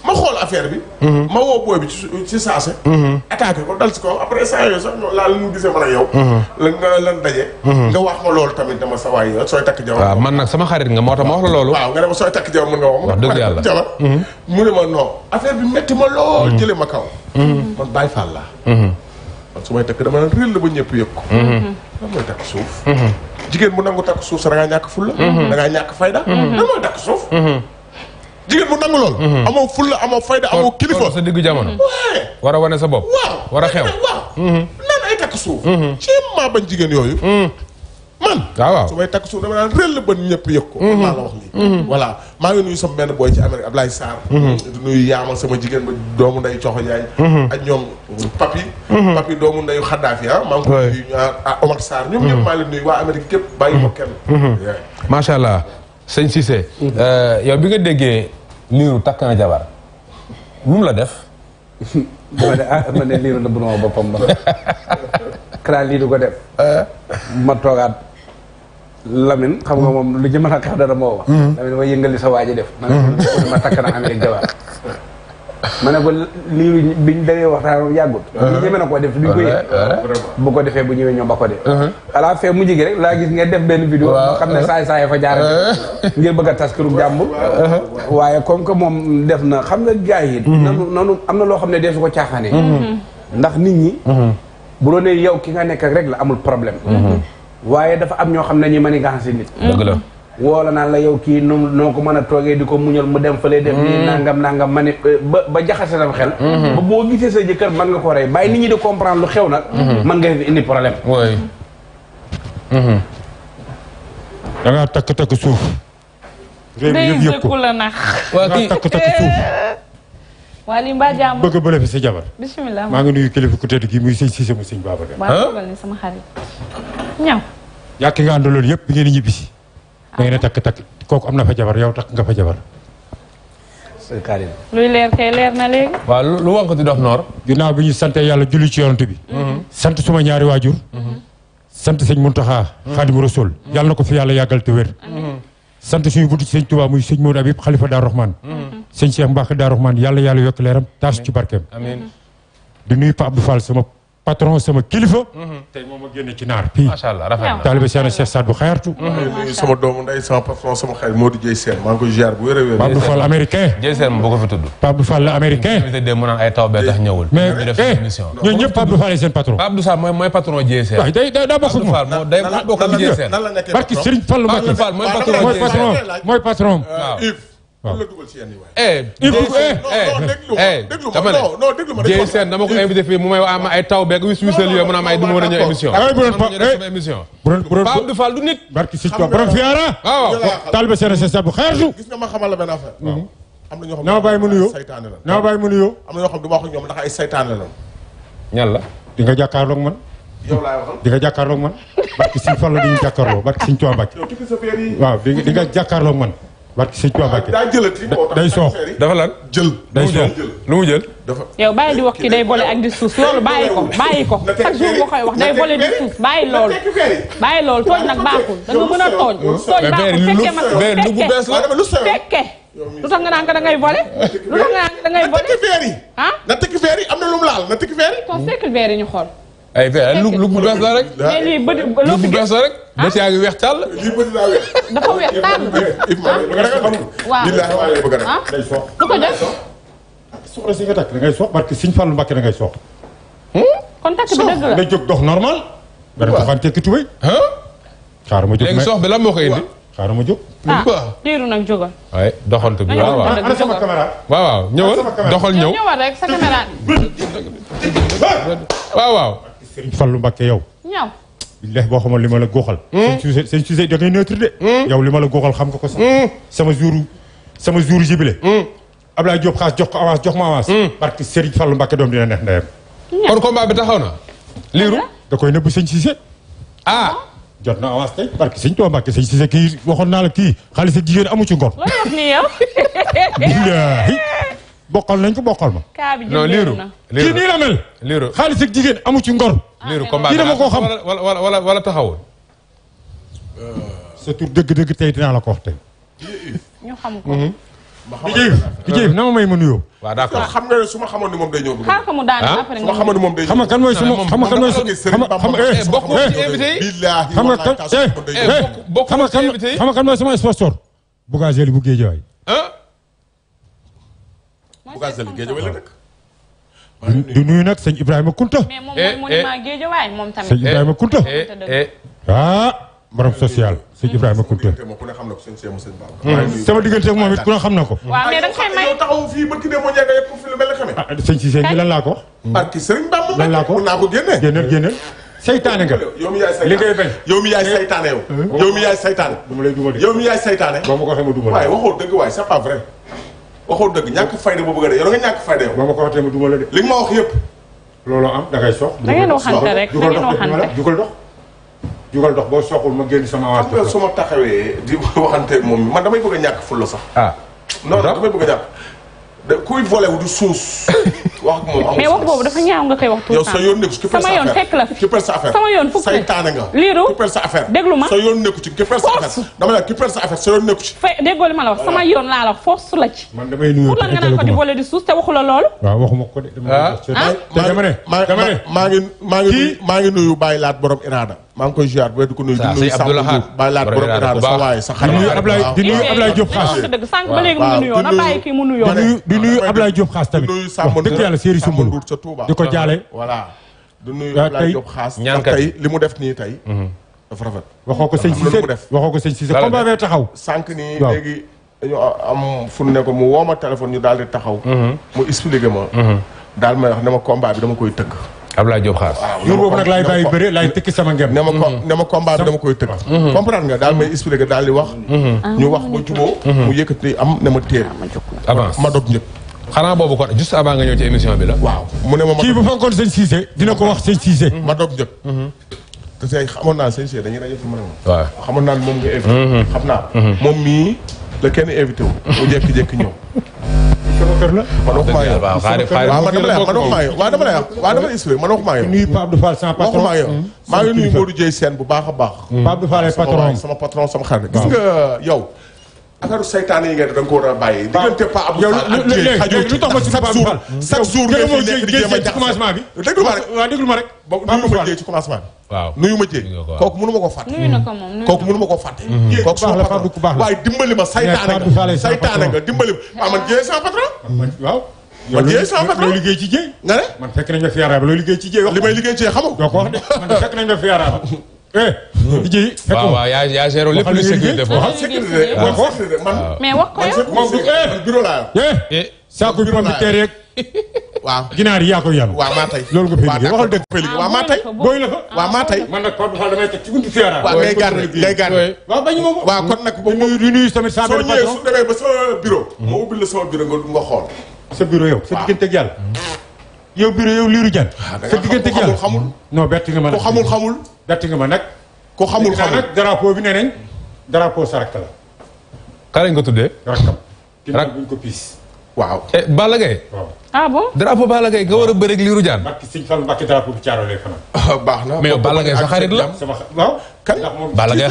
bi ma woo booy bi ci ci saase ko dal si kaw après saa yooyu sax laa lu ñu gisee man loolu tamit dama sa waay yow sooy takk jabar waaw man nag sama xarit nga moo tax ma wax la loolu waaw nga ne ma sooy ma non affaire bi métti ma ma kaw man bàyyi fàll laa man su may takk dama naan réel la ba ñëpp yëg ko lan mooy takk suuf jigéen bu nangu takk suuf sa da ngaa ñàkk fulla da ngaa ñàkk fayda lan mooy takk suuf jigéen bu nangu lool amoo fulla amoo fayda amoo kilifa sa diggu jamono war a wane sa bopp waaw xew waaw naan ay takk suuf ci maa bañ jigéen yooyu man waaw su may tak su dama nan réel la bën ñëpp yëg ko maa mhm. la wax nii mhm. voilà ma ngi nuyu sama ben boy ci amerique ablay sar mhm. di nuyu yaama sama jigen ba doomu nday coxo jaay ak ñom papi papi doomu nday khadafi ha ah. ma ngi ko nuyu ñu ah, Omar sar ñom ñepp ma leen nuyu wa amerique kep bayyi ma kenn sha allah señ Cissé euh, yow bi nga déggé nuyu takk jabar lu la def ah, mané liru na bu no bopam ba kra li du ko def euh? ma togat Lamine xam nga moom lu ci mën a xew dara moo wax. Mm-hmm. Lamine ma yëngal sa waa ji def. ma ne ma takk na amee jabar. ma ne ko lii biñ dawee waxtaan moom yàggut. Uh-huh. ñu ñeme na koo def duñ ko yëg. Uh-huh. Uh-huh. bu ko defee bu ñëwee ñoom ba ko def. à la fin mujj gi rek laa gis nga def benn vidéo. waaw xam ne saay saay fa jaar ngir bëgg a tas këru jàmbur. waaye comme que moom def na xam nga gars yi. Mm-hmm. nanu nanu am na loo xam ne de su ko caaxaanee. Mm-hmm. ndax nit ñi. bu ne yow ki nga nekk rek la amul problème. waaye dafa am ñoo xam ne ñi mën a gàncax nit. dëgg la woo la naan la yow kii noo noo ko mën a toogee di ko muñal mu dem fa def nii mm. nangam nangam ma ne eh, ba ba jaxase sam xel. Mm-hmm. ba boo gisee sa jëkkër mën nga ko rey bàyyi nit ñi di comprendre lu xew nag. man mm-hmm. nga fi indi problème. oui. Mm-hmm. da ngaa takk takk suuf. réew yëpp la nax. waa takk takk suuf. Eh. waa bëgg bële fi sa jabar. maa ngi nuyu kilifa ku tedd gi muy sëñ Cissé mu sëñ Babacar. waaw toogal ni sama xarit. ñaw. yàq nga yëpp bi ngeen di ñibbisi. Ah. takk takk kooku am na fa jabar yow takk nga fa jabar. sëñ Karim. luy leer kay leer na léegi. lu lu wànq di dox noor. ginnaaw bi ñu sant yàlla julli ci yonent bi. Mm-hmm. sant suma ñaari waajur. Mm-hmm. sant sëñ Muntaxa. Mm-hmm. Xaadimu Rasuul. yàlla na ko fi yàlla yàggal wér. sant suñu buntu ci sëñ Touba muy sëñ Modou Habib xalifa Daaru Rahman mm-hmm. sëñ Cheikh Mbacke Daaru Rahman yàlla yàlla yokk leeram taas ci barkeem di nuyu Pape Abdou Fall sama patron sama kilifa. Mhm. tey moom a génne ci bu xayartu. Mhm. sama doomu ndey sama patron américain. Dieye Sène boo ko fi tudd. Pape Fall américain. mu naan ay taw bee tax ñëwul. Eh, mooy patron mooy patron mooy patron mooy euh, patron. waaw la dugal ci yenn yi waaye. Eh, eh, déglu seen eh, dama ko invité fii mu may am ay taw beeg wis wisal yooyu mu ne am ay du ma war a ñëw émission. émission. bu doon bu doon Pape Abdou Fall du nit. barki si toog borom fiara. waaw taalibe seen sa bu xeetu. gis nga ma xamal la benn affaire. am na ñoo xam ne bàyyi mu nuyoo naa bàyyi mu nuyoo. am na ñoo xam ne du ma wax ak ñoom ndax ay saytaane la. ñan la. di nga jàkkaarloog man. yow laay waxal di nga jàkkaarloog man. barki si Fall la di ñu jàkkaarloo barki si Tuubaa Mbàkke. waaw di nga jàkkaarloog man barke sëñ Tuubaa daa jëlati day soox dafa lan jël day soox lu mu jël dafa yow bàyyi di wax ki day bole ak di suus loolu bàyyi ko bàyyi ko chaque jour nga koy wax day bole di suus bàyyi loolu bàyyi loolu tooñ nag baaxul da nga mën a tooñ tooñ baaxul fekke ma fekke lu tax nga naan ko da ngay bole lu tax nga naan ko da ngay na tekki feer yi ah na tekki feer yi am na lu mu laal na tekki feer yi kon fekkil ñu xool ay eh, verre eh, lu lu bu bees la rek. lii bëri lu bu bees la rek. bët yaa ngi weex tàll. lii bëri naa weex. dafa weex tàll. waaw waaw bëgg a day soox. lu ko def. soxla si nga takk da ngay soox parce que Fallu Mbàkke da ngay soox. kon takk bi dëgg la da jóg dox normal. nga def fan tekki tubéy. xaaral ma jóg léegi soox bi lan moo koy indi. xaaral ma jóg. ah diiru nag jógal. waaye doxantu bi waaw waaw ana sama caméra. waaw waaw doxal ñëw. ñëwal rek sa caméra. waaw waaw. Serigne Fallou Mbacké yow. ñaw. billahi boo xamoon li ma la góoxal. sëñ Cissé sëñ Cissé da neutre de. Hmm? yow li ma la góoxal xam nga ko sax. Hmm? sama jour sama jour jibile. Hmm? Ablaye Diop xaas jox ko avance jox ma avance. parce que Serigne Fallou Mbacké doom dina neex ndeyam. kon combat bi taxaw na. liiru da koy nëbbu sëñ Cissé. Ah. ah. jot na avance tey parce que sëñ Tuubaa Mbacké sëñ Cissé kii waxoon naa la kii xaalis ak jigéen amu ci ngor. loolu wax ni yow. bokkal nañ ko bokkal ma. kaa bi non liiru kii nii jigéen amu ci ngor. Ah, liiru combat kii dama koo xam wala wala wala taxawul. Euh, sa tur dëgg-dëgg tey dinaa la ko wax tey. ñu xam ko. Mhm. ma xamal na ma may ma nuyoo. waaw d'accord xam nga su ma xamoon ni moom day ñëw. xaar ko mu daan ah? après nga xamoon moom day xam nga kan mooy su ma xam nga kan mooy su ma xam nga bokk ci invité yi. xam nga kan bokk ci invité xam nga kan mooy sama sponsor. Bougazelli bu Guédiawaye. Bouga Sall le la Kunta. mais eh, eh. Kunta. Eh, ah Kunta. c'est pas vrai. waxoo dëgg ñàkk fayda boobu nga de yow nga ñàkk fayda yow. ba ma ko waxatee ma duma la de. li ma wax yëpp. looloo am da ngay sox. da ngeen waxante rek da jugal dox jugal dox boo soxul ma génn sama waat. su ma taxawee di waxante moom man damay bëgg ñàkk fulla sax. ah non damay bëgg a ñàkk de kuy volé wu du suus. wax moom mais wax boobu dafa ñaaw nga koy wax. tout le temps yow sa yoon nekku ci képpel sa sama yoon fekk la fi képpel sa affaire. sama yoon fukk la saytaane nga. liiru képpel sa yoon nekku ci képpel sa dama la képpel sa affaire sa ma la ci. man ko di volé du suus te waxu la loolu. waaw waxuma ko de. ah, ah. ne dama ne maa ngi maa ngi nuyu bàyyi laat borom iraada maa ngi koy ziar bu du ko nuyu. saa sëñ Abdoulaye Xaar Baye borom Etaar sa waay sa xarit. di nuyu eh, Ablaye di nuyu Ablaye Diop Xaas. Eh, sànq ba léegi mu nuyoo na bàyyi kii mu nuyoo. di nuyu di nuyu Ablaye Diop Xaas tamit. wax dëgg yàlla Serigne Soumboulou di ko jaale. voilà nuyu Ablaye Diop Xaas. ñaan kat li mu def nii tey. Mhm. dafa rafet. waxoo ko sëñ Cissé waxoo ko sëñ Cissé combat bee taxaw. sànq nii léegi dañu am fu ne ko mu woo ma téléphone ñu daal di taxaw. Mhm. mu expliqué ma. Mhm. daal may wax ne ma combat bi dama koy tëkk Abdoulaye Diop xaas. waaw jour boobu nag laay bàyyi bëre laay tëkki sama ngem. ne ma ko mm-hmm. ne ma koy tëkk. Mm-hmm. Mm-hmm. comprendre nga daal may expliqué daal di wax. Ah, ñu wax ba jubóo. mu yëkkati am ne ma téere. Ah, ñëpp. xanaa boobu kon juste avant nga ñëw ci émission waaw mu ma kii bu fekkoon sëñ Cissé dina ko wax sëñ Cissé. ma dog ñëpp. te say xamoon naa sëñ Cissé dañuy rajo fi mu ne ma. xamoon naa moom nga invité. xam naa moom mii la kenn invité wu. mu jékki-jékki ñëw kër la. waaw xaarif xaarif waaw man dama lay wax waaw dama lay wax waaw dama lay expliqué man waxumaa yow. nuyu Pape Dufal sama patron waxumaa yow. maa ngi nuyu Modou Dieye Sène bu baax a baax. Pape Dufal ay patron sama patron sama xarit. gis nga yow affaire saytaane yi nga da nga war a bàyyi. diggante pa Abou Fall ak Dieng xajul ci chaque jour chaque bi. déglu ma rek waaw déglu ma rek. nuyu ma jee kooku mënu ma koo fàtte. kooku mënu ma koo fàtte. Mm-hmm. kooku sama patron waaye dimbali ma saytaane nga saytaane nga dimbali ma. ah man jee sama patron. man jéey sama patron looy liggéey ci jéey. nga ne man fekk nañ fi araab looy liggéey ci jéey. li may liggéey ci jéey xamoo. man fekk nañ fi araab Jii. Eh, hmm. waaw waaw yaa yaa géré lépp lu sécurité foofu. waaw wax wax man. Ah. mais wax ko yow moom du eh, eh. bureau laa yor. saako bi mu waaw ginaar yaa koy yanu. waaw maa tey loolu nga fay liggéey waxal dëgg fay liggéey ah, waaw maa tey. booy la fa waaw maa tey. man nag Pape Fall damay teg ci buntu Fiara. waaw day gàddu ko. waaw kon nag bu nuyu nuyu tamit saa benn soo bureau. ma hmm. ubbil la sama bureau nga xool. sa bureau yow sa diggante ak yàlla hmm. yow Biro yow Lirou ah, Diane. sa diggante ak yàlla xamul non bett nga ma nag. ko xamul xamul. bett nga ma nag. ko xamul xamul nag drapeau bi nee nañ drapeau sa rakk la. ka lañ ko tuddee. rakkam ginnaaw buñ ko piis. waaw eh Balla Gaye. waaw ah bon. drapeau Balla Gaye nga war a bëreeg Lirou Diane. mbàkk sëñ Fall mbàkk drapeau bi caaro lay fanaan. Ah, baax na mais Balla Gaye sa xarit la. sama waaw kan ndax moom. Balla Gaye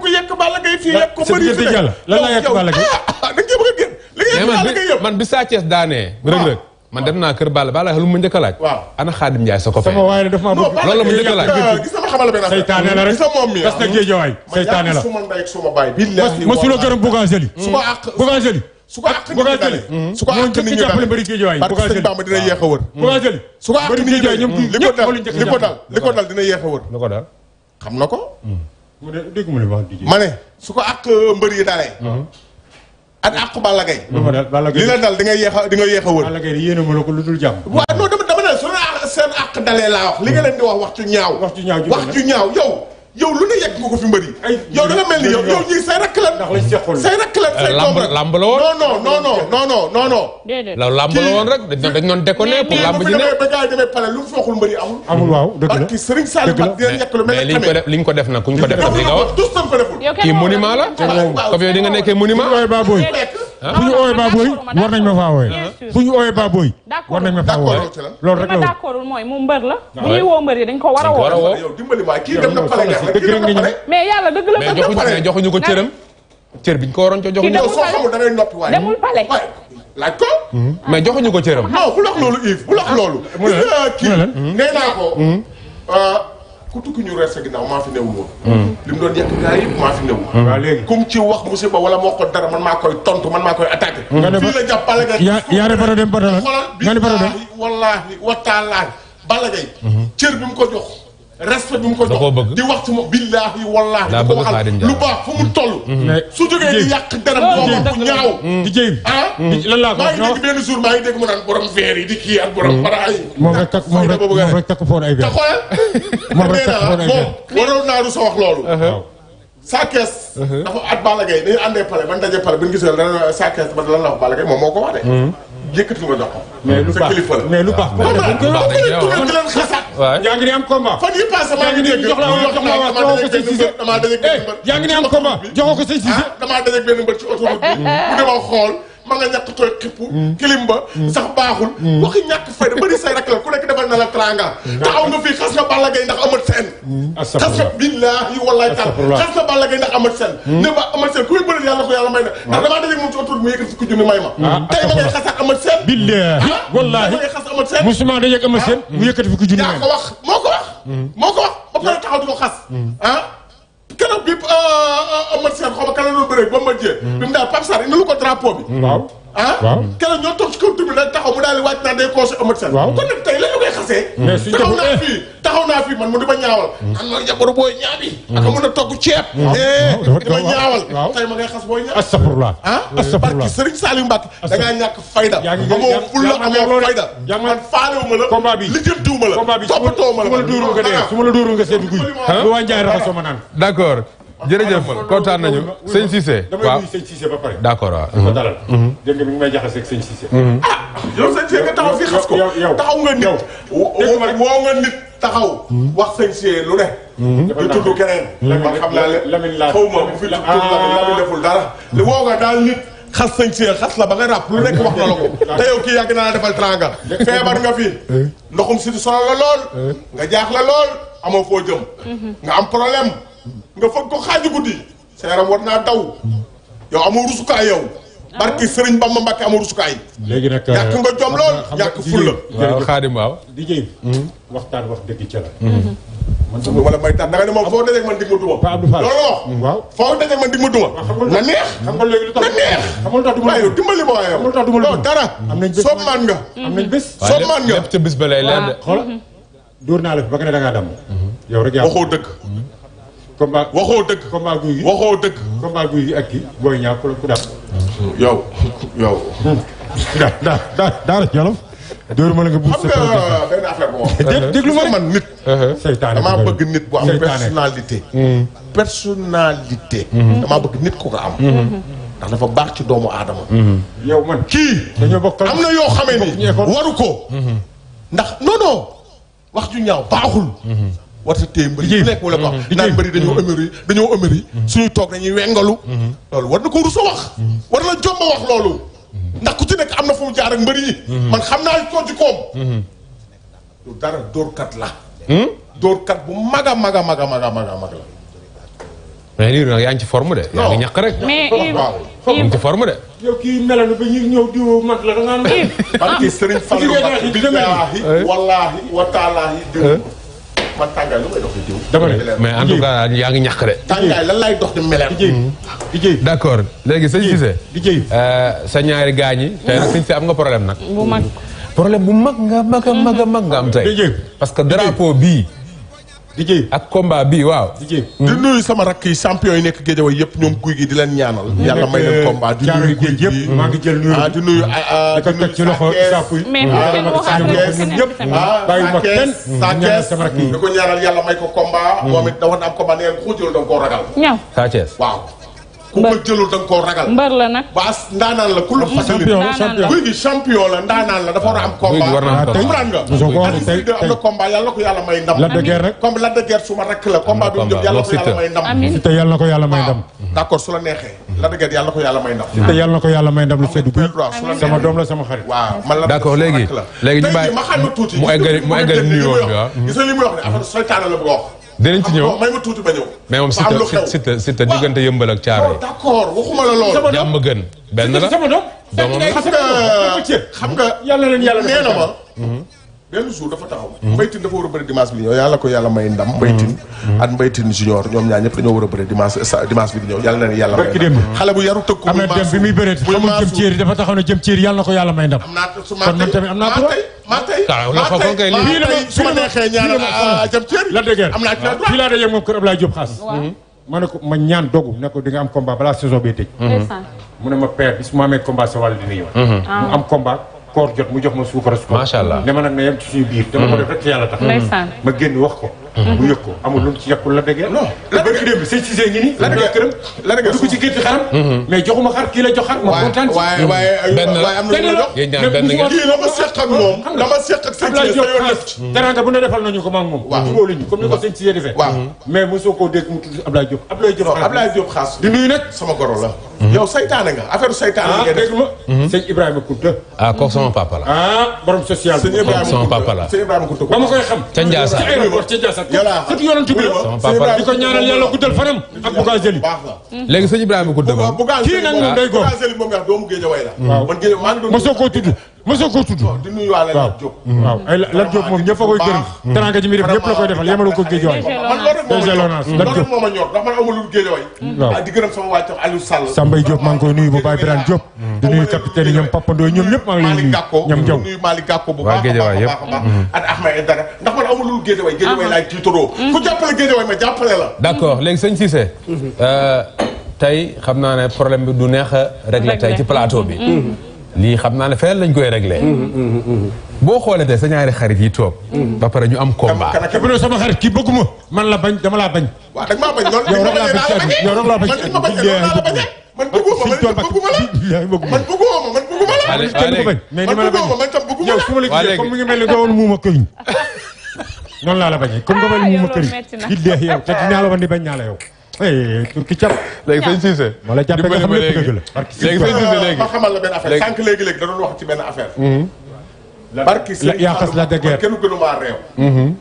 ko yekk Balla Gaye fii la yekk Balla Gaye. ah, ah man bi Sa Thiès daanee. rëg rëg man dem naa kër Balla Balla lu ma a ana Xaadim Njaay sa copain. sama loolu ma njëkk a laaj. gis nga xamal benn seytaane la rek gis nga moom mi. parce que Géejawaay seytaane la ma yàgg gërëm Bougazelli. su ma àq Bougazelli. su ko àq nit ñi su ko àq nit ñi dalee bëri Géejawaay Bougazelli su ko àq nit ñi li ko dal xam na ko. Mm. mu su ko àq mbër yi ak àqu Balla Gaye li la dal di nga yeex a di a wër Balla Gaye ko lu dul jàmm waaw non dama dama ne su la seen àq dalee laa wax li nga leen di wax wax ci ñaaw wax ci ñaaw yow yow lu ne yegg nga ko fi mbëri yow da nga mel ni yow yow ñii say rakk lan say rakk lan say doom rek lamb la woon non non non non non non lamb la woon rek dañ dañ doon déconné pour lamb ji ne ba gars lu mu fi waxul mbëri amul amul waaw dëgg la parce que Serigne Saliou Mbacké dina yekk lu mel ni ko def liñ ko def nag kuñ ko def nag li nga wax tous tam ko deful kii monument la comme yow di nga nekkee monument waay bu ñu ooyee Baboy war nañ ma faa wooye. bu ñu ooyee Baboy. war nañ ma faa wooye loolu rek la ah dañ ko war a woo. yow dimbali ma kii dem na pare nga mais yàlla dëgg la mais joxuñu ko cëram. cër biñ ko waroon ko jox. yow soo da ngay noppi waaye demul pale laaj ko. Hmm. mais joxuñu ko cëram. non bu lox loolu Yves bu lox ah. loolu. kii nee naa ko. Hmm. Euh, ku tukki ñu reer sa ginnaaw maa fi newu woon hmm. li mu doon yàq gars yi maa fi newu hmm. waaw léegi comme ci wax musiba wala moo ko dara man maa koy tontu man maa koy attaqué hmm. fii la jàpp Balla Gaye yaa ne Bada Deme Bada la xoolal bi wallaahi wa taalaahi cër bi mu ko jox respect bi mu ko jox di wax ci moom billaahi wallaahi da ko waxal lu baax fu mu toll mm-hmm. Mm-hmm. su jógee di yàq dara boobu bu ñaaw mm-hmm. di jéem ah lan laa ko maa ngi dégg benn jour maa ngi dégg mu naan borom verre yi di kii ak borom para yi moom rek takk ah, moom rek takk foon ay verre takk foon ay verre waroon naa du loolu uh-huh. Sa Thiès. dafa at Balla Gaye dañu àndee pare ba ñu dajee pare bu ñu gisee dana Sa Thiès ba lan la wax Balla Gaye moom moo ko wax de. yëkkati nga jox ko. mais lu baax mais lu baax. waaw yaa ngi ni am combat. fan yii passé maa ngi dégg jox la woon jox la woon jox ko seen Cissé damaa dajeeg benn mbër. yaa ngi ni am combat joxoo ko seen Cissé. damaa dajeeg benn mbër ci autoroute bi. bu demoo xool. ma nga ñàkk tooy xippu hmm. kilim ba hmm. sax baaxul hmm. waxi ñàkk fayda bëri say rek la ku nekk defal na la tranga taxaw nga fii xas nga Balla Gaye ndax amat seen xas nga billaahi wallahi taala xas nga Balla Gaye ndax amat seen ne ba amat seen ku muy bëri yàlla ko yàlla may na ndax damaa daje moom ci autour mu yëkkati fukki junni may ma ah. tey ma ngay xasaat amat seen billaahi ah. wallahi ma ngay xas amat seen musuma dajeeg amat seen ah. mu yëkkati fukki junni may ma yaa ko wax moo ko wax moo ko wax ba pare taxaw di ko xas ah keroog bi Amat euh, euh, Sène xaw ma kan la doon bëree ba ma jiyee. bi mu daal Pape Sarr indi lu ko drapeau bi. Hmm. waaw. ah waaw keroog ñoo toog si kaw tribune rek taxaw mu daal di wàcc naa day koosu Eumeu Sène kon nag tey lañu koy xasee taxaw naa eh. fii taxaw naa fii man mu di ma ñaawal am hmm. na jabaru booy ñaabi hmm. ak mën a togg ceeb hmm. Eh, di ma ñaawal tey ma ngay xas booy ñaaw astafurlah ah astafurlah Serigne Saliou Mbacke da ngaa ñàkk fayda amoo fulla amoo fayda man faalewuma la combat bi lijjantiwuma la toppatoowuma la su ma la dóoru nga dee ah. su ma la dóoru nga seetu guy ah? lu waa Njaay raxasoo ma naan d'accord jërëjëf kontaan nañu sëñ Cissé. waaw damay nuyu sëñ Cissé ba pare. d' accord waaw. dafa mhm. dalal. Mhm. dégg nga mi ngi may jaxase ak sëñ Cissé. Mhm. ah yow taxaw fii xas ko. taxaw nga nit. woo nga nit taxaw. wax sëñ lu ne. dafa naan tudd keneen. man xam naa Lamine laa xaw ma bu fi ah. woo nga daal nit. xas sëñ Cissé xas la ba nga ràpp lu nekk wax la ko. te yow kii yàgg naa la defal tranga. feebar nga fi. ndoxum si sonal la lool. nga jaaxle lool amoo foo jëm. nga am problème nga fa ko xaaju guddi seram yaram war naa daw yow amoo rusukaay yow ah. barki serigne Bamba Mbàkke amoo rusukaay legi nak yak nga jom lol yak ful la waaw xaadim waaw di jëy hmm? waxtaan wax deug ci la mm-hmm. man sama wala may tan da nga ne mo fo dajek man dimu ma duma Pa Abdou Fall loolu wax hmm? waaw foo man dimu ma duma ah, na neex xam nga léegi lu tax na neex xam nga lu tax duma waaye dimbali ma waaye yow loolu dara am nañ bés somman nga am nañ bés somman nga lépp ca bés balay lende xol de xoola mm-hmm. la fi ba nga da nga dam mm-hmm. yow rek ya waxo deug combat waxoo dëgg. combat guy gi waxoo dëgg. combat guy gi ak kii ma la ah, ma man nit. Uh-huh. seytaane damaa bëgg nit bu am personnalité. Mm. personnalité. Mm-hmm. damaa bëgg nit ku ko am. Mm-hmm. ndax dafa baax ci doomu aadama. Mm-hmm. yow man kii. dañoo bokk am na yoo xamee ni waru ko. ndax non non wax ju ñaaw baaxul. war sa téye mbëri bu nekk wala ko wax mhm. naan mbëri dañoo mhm. ëmër yi dañoo ëmër yi mhm. suñu toog dañuy wengalu loolu war na ko rus a wax war na jomba wax loolu ndax ku ci nekk am na fu mu jaar ak mbëri yi man xam naa ko ci koom du dara dóorkat la hmm? dóorkat bu mag a mag a mag a mag a mag a mag la mais lii nag yaa ngi ci forme de yaa ngi ñàkk rek mais ci forme de yow kii melanu ba ñu ñëw diw mag la da ngaa parce que Serigne Fallou Mbacké billaahi wallaahi wa taalaahi diw man tàngaay lu may dox di diw. dama ne mais en tout cas yaa ngi ñàkk de. tàngaay lan laay dox di meleem. di jëy d' accord léegi sëñ Cissé. di jëy euh, sa ñaari gaañ yi. tey nag sëñ Cissé am nga problème nag. bu mag problème bu mag nga mag a mag a mag nga am tey. parce que drapeau bii. DJ ak combat bi waaw. du mm. di nuyu sama rakk yi champion yi nekk Guédiawaye yëpp ñoom guy gi di leen ñaanal. Mm. yàlla may leen eh, combat di nuyu guy maa ngi jël nuyu. Ah, di nuyu ah, ah, di ko ci loxo saaku yi. mais mm, sama rakk yi di ko ñaanal yàlla may ko combat. moom it da woon am combat nee na ko jël da nga koo ragal. ñaaw ku ko jëlul da nga koo ragal. mbër la nag baas ndaanaan la ku la facilité. guy gi champion la ndaanaan la dafa war a am combat. war naa am combat comprendre nga. am na combat yàlla na ko yàlla may ndam. amiin Lac de Guiers rek comme Lac de Guiers suma rakk la. combat bi mu jëm yàlla na ko yàlla may ndam. amiin Siteu yàlla na ko yàlla may ndam. d'accord su la neexee. Lac de Guiers yàlla na ko yàlla may ndam. Siteu yàlla na ko yàlla may ndam lu seddu bi sama doom la sama xarit. waaw man la d'accord léegi léegi ñu bàyyi mu eggali mu eggali nuyoo bi waaw. Ah. gis nga li muy wax ne affaire seytaane la bëgg a wax dinañ ci ah, ñëw may ma tuuti ba ñëw. mais moom Siteu Siteu diggante yëmbal ak caaro yi. d'accord waxuma la loolu. jàmm gën benn la. doomam xam nga xam nga yàlla leen yàlla nee na ma. benn jour dafa taxaw. mbaytin dafa war a bëri dimanche bi ñëw yàlla ko yàlla may ndam. mbaytin ak mbaytin junior ñoom ñaar ñëpp dañoo war a bëri dimanche dimanche bi di na yàlla may ndam. xale bu yaru tëkku bu maasu am na dem bi muy bëree xamul jëm ne na ko yàlla may ndam. am naa ma tey kon man tamit am ah, ma neexee la ah, dëgg am naa ci la droit fii laa hmm. ma ne ko ma ñaan dogu ne di ne ma hmm. mu am combat koor jot mu jox ma suukar. macha allah ne ma nag na yem ci suñu biir. dama ko mm. def rek ci yàlla tax. ma génn wax ko. Mm-hmm. mu yëg ko amul lu ci yàqul la déggee non la bërki démb sëñ Cissé ngi nii la déggee këram la déggee dugg ci mm-hmm. kii la jox ci mm-hmm. waaye waaye am la ma seq ak moom la ma seq ak sëñ bu ne defal nañu ko ma ak moom waaw jubóo lañu sama goro la yow saytaane nga affaire saytaane ah, nga dégg ma sëñ Ibrahima Kounta ah, sama papa la ah borom social sëñ Ibrahima sama papa la surtout yonent bi la di ko ñaanal yàlla ko dëgg kii nag moom day góor Bougazelli moom nga doomu géej way la man géej maa ngi doon mësoo koo tudd. waaw di nuyuwaale Lat Diop. Mm. waaw ay Lat Diop moom ñëpp a koy gërëm. Mm. a ji muy def ñëpp la koy defal yemalu ko géej waay. DG man mm. ma ñor ndax man amulul géej waay. waaw ah, di gërëm sama waa koy nuyu bu Baye Birane Diop. di nuyu capitaine ñoom Papa ñoom ñëpp maa ngi lay nuyu. ñoom Diaw nuyu Malick Gakko bu baax a a baax ak Ahmed Aidara ndax man amulul géej waay géej waay laay tiitaroo. ku jàppale géej ma jàppale la. d'accord léegi sëñ Cissé mm-hmm. euh, tey xam naa ne problème bi du neex a régler tey ci plateau bi mm-hmm. lii xam naa ne feneen lañ koy réglé. Mm-hmm, mm-hmm, mm-hmm. boo xoolee tey sa ñaari xarit yi toog. ba pare ñu am combat. kan sama xarit kii bëgguma man la bañ dama laa bañ. waaw da nga maa bañ loolu. yow rek laa bañ yow rek laa bañ man bëgguma man bëgguma la man bëgguma ma man bëgguma la. waaw léegi waaw léegi man bëgguma man tam bëgguma la. waaw léegi yow su ma la gisee comme mi ngi mel ni doo woon muuma këriñ. noonu laa la bañee comme nga mel ni muuma këriñ. ah yow loolu métti na yow te dinaa la woon ni bañ naa la yow turki cap. léegi sëñ Cissé. wala jàppee nga xam lépp dëgg la. léegi sëñ Cissé la benn affaire sànq léegi léegi da doon wax ci benn affaire. Mm-hmm. barki sëñ yaa la de guerre kenn gënu maa réew. Mm-hmm.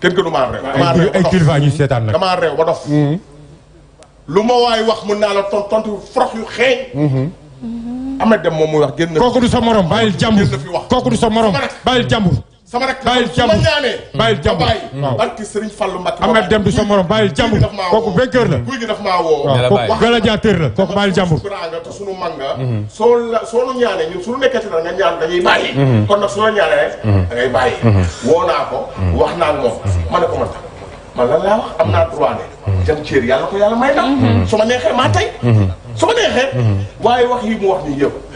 kenn gënu maa réew. damaa réew ay kilifa ñu seetaan nag damaa réew ba dof. Mm-hmm. lu ma waay wax mun naa la tontu tontu forox yu xeeñ. Ameth Deme moom muy wax génn. kooku du sa morom bàyyil jàmbur kooku du sa morom bàyyil jàmbur sama rek bàyyil jàmm bàyyil jàmm waaw barki Serigne Fallou Mbacké am nga dem bi sa morom bàyyil jàmm kooku vainqueur la guy gi daf maa woo kooku gladiateur la kooku bàyyil jàmm nga te sunu mag nga soo la soo nu ñaanee ñun suñu nekkati na nga ñaan dañuy bàyyi mhm. kon nag soo ñaanee rek mhm. da ngay bàyyi mhm. woo naa ko wax naa moom ma ne ko man tax man lan laa wax am naa droit ne jam céer yàlla ko yàlla may na su ma neexee maa tey su ma neexee waaye wax yi mu wax nii yëpp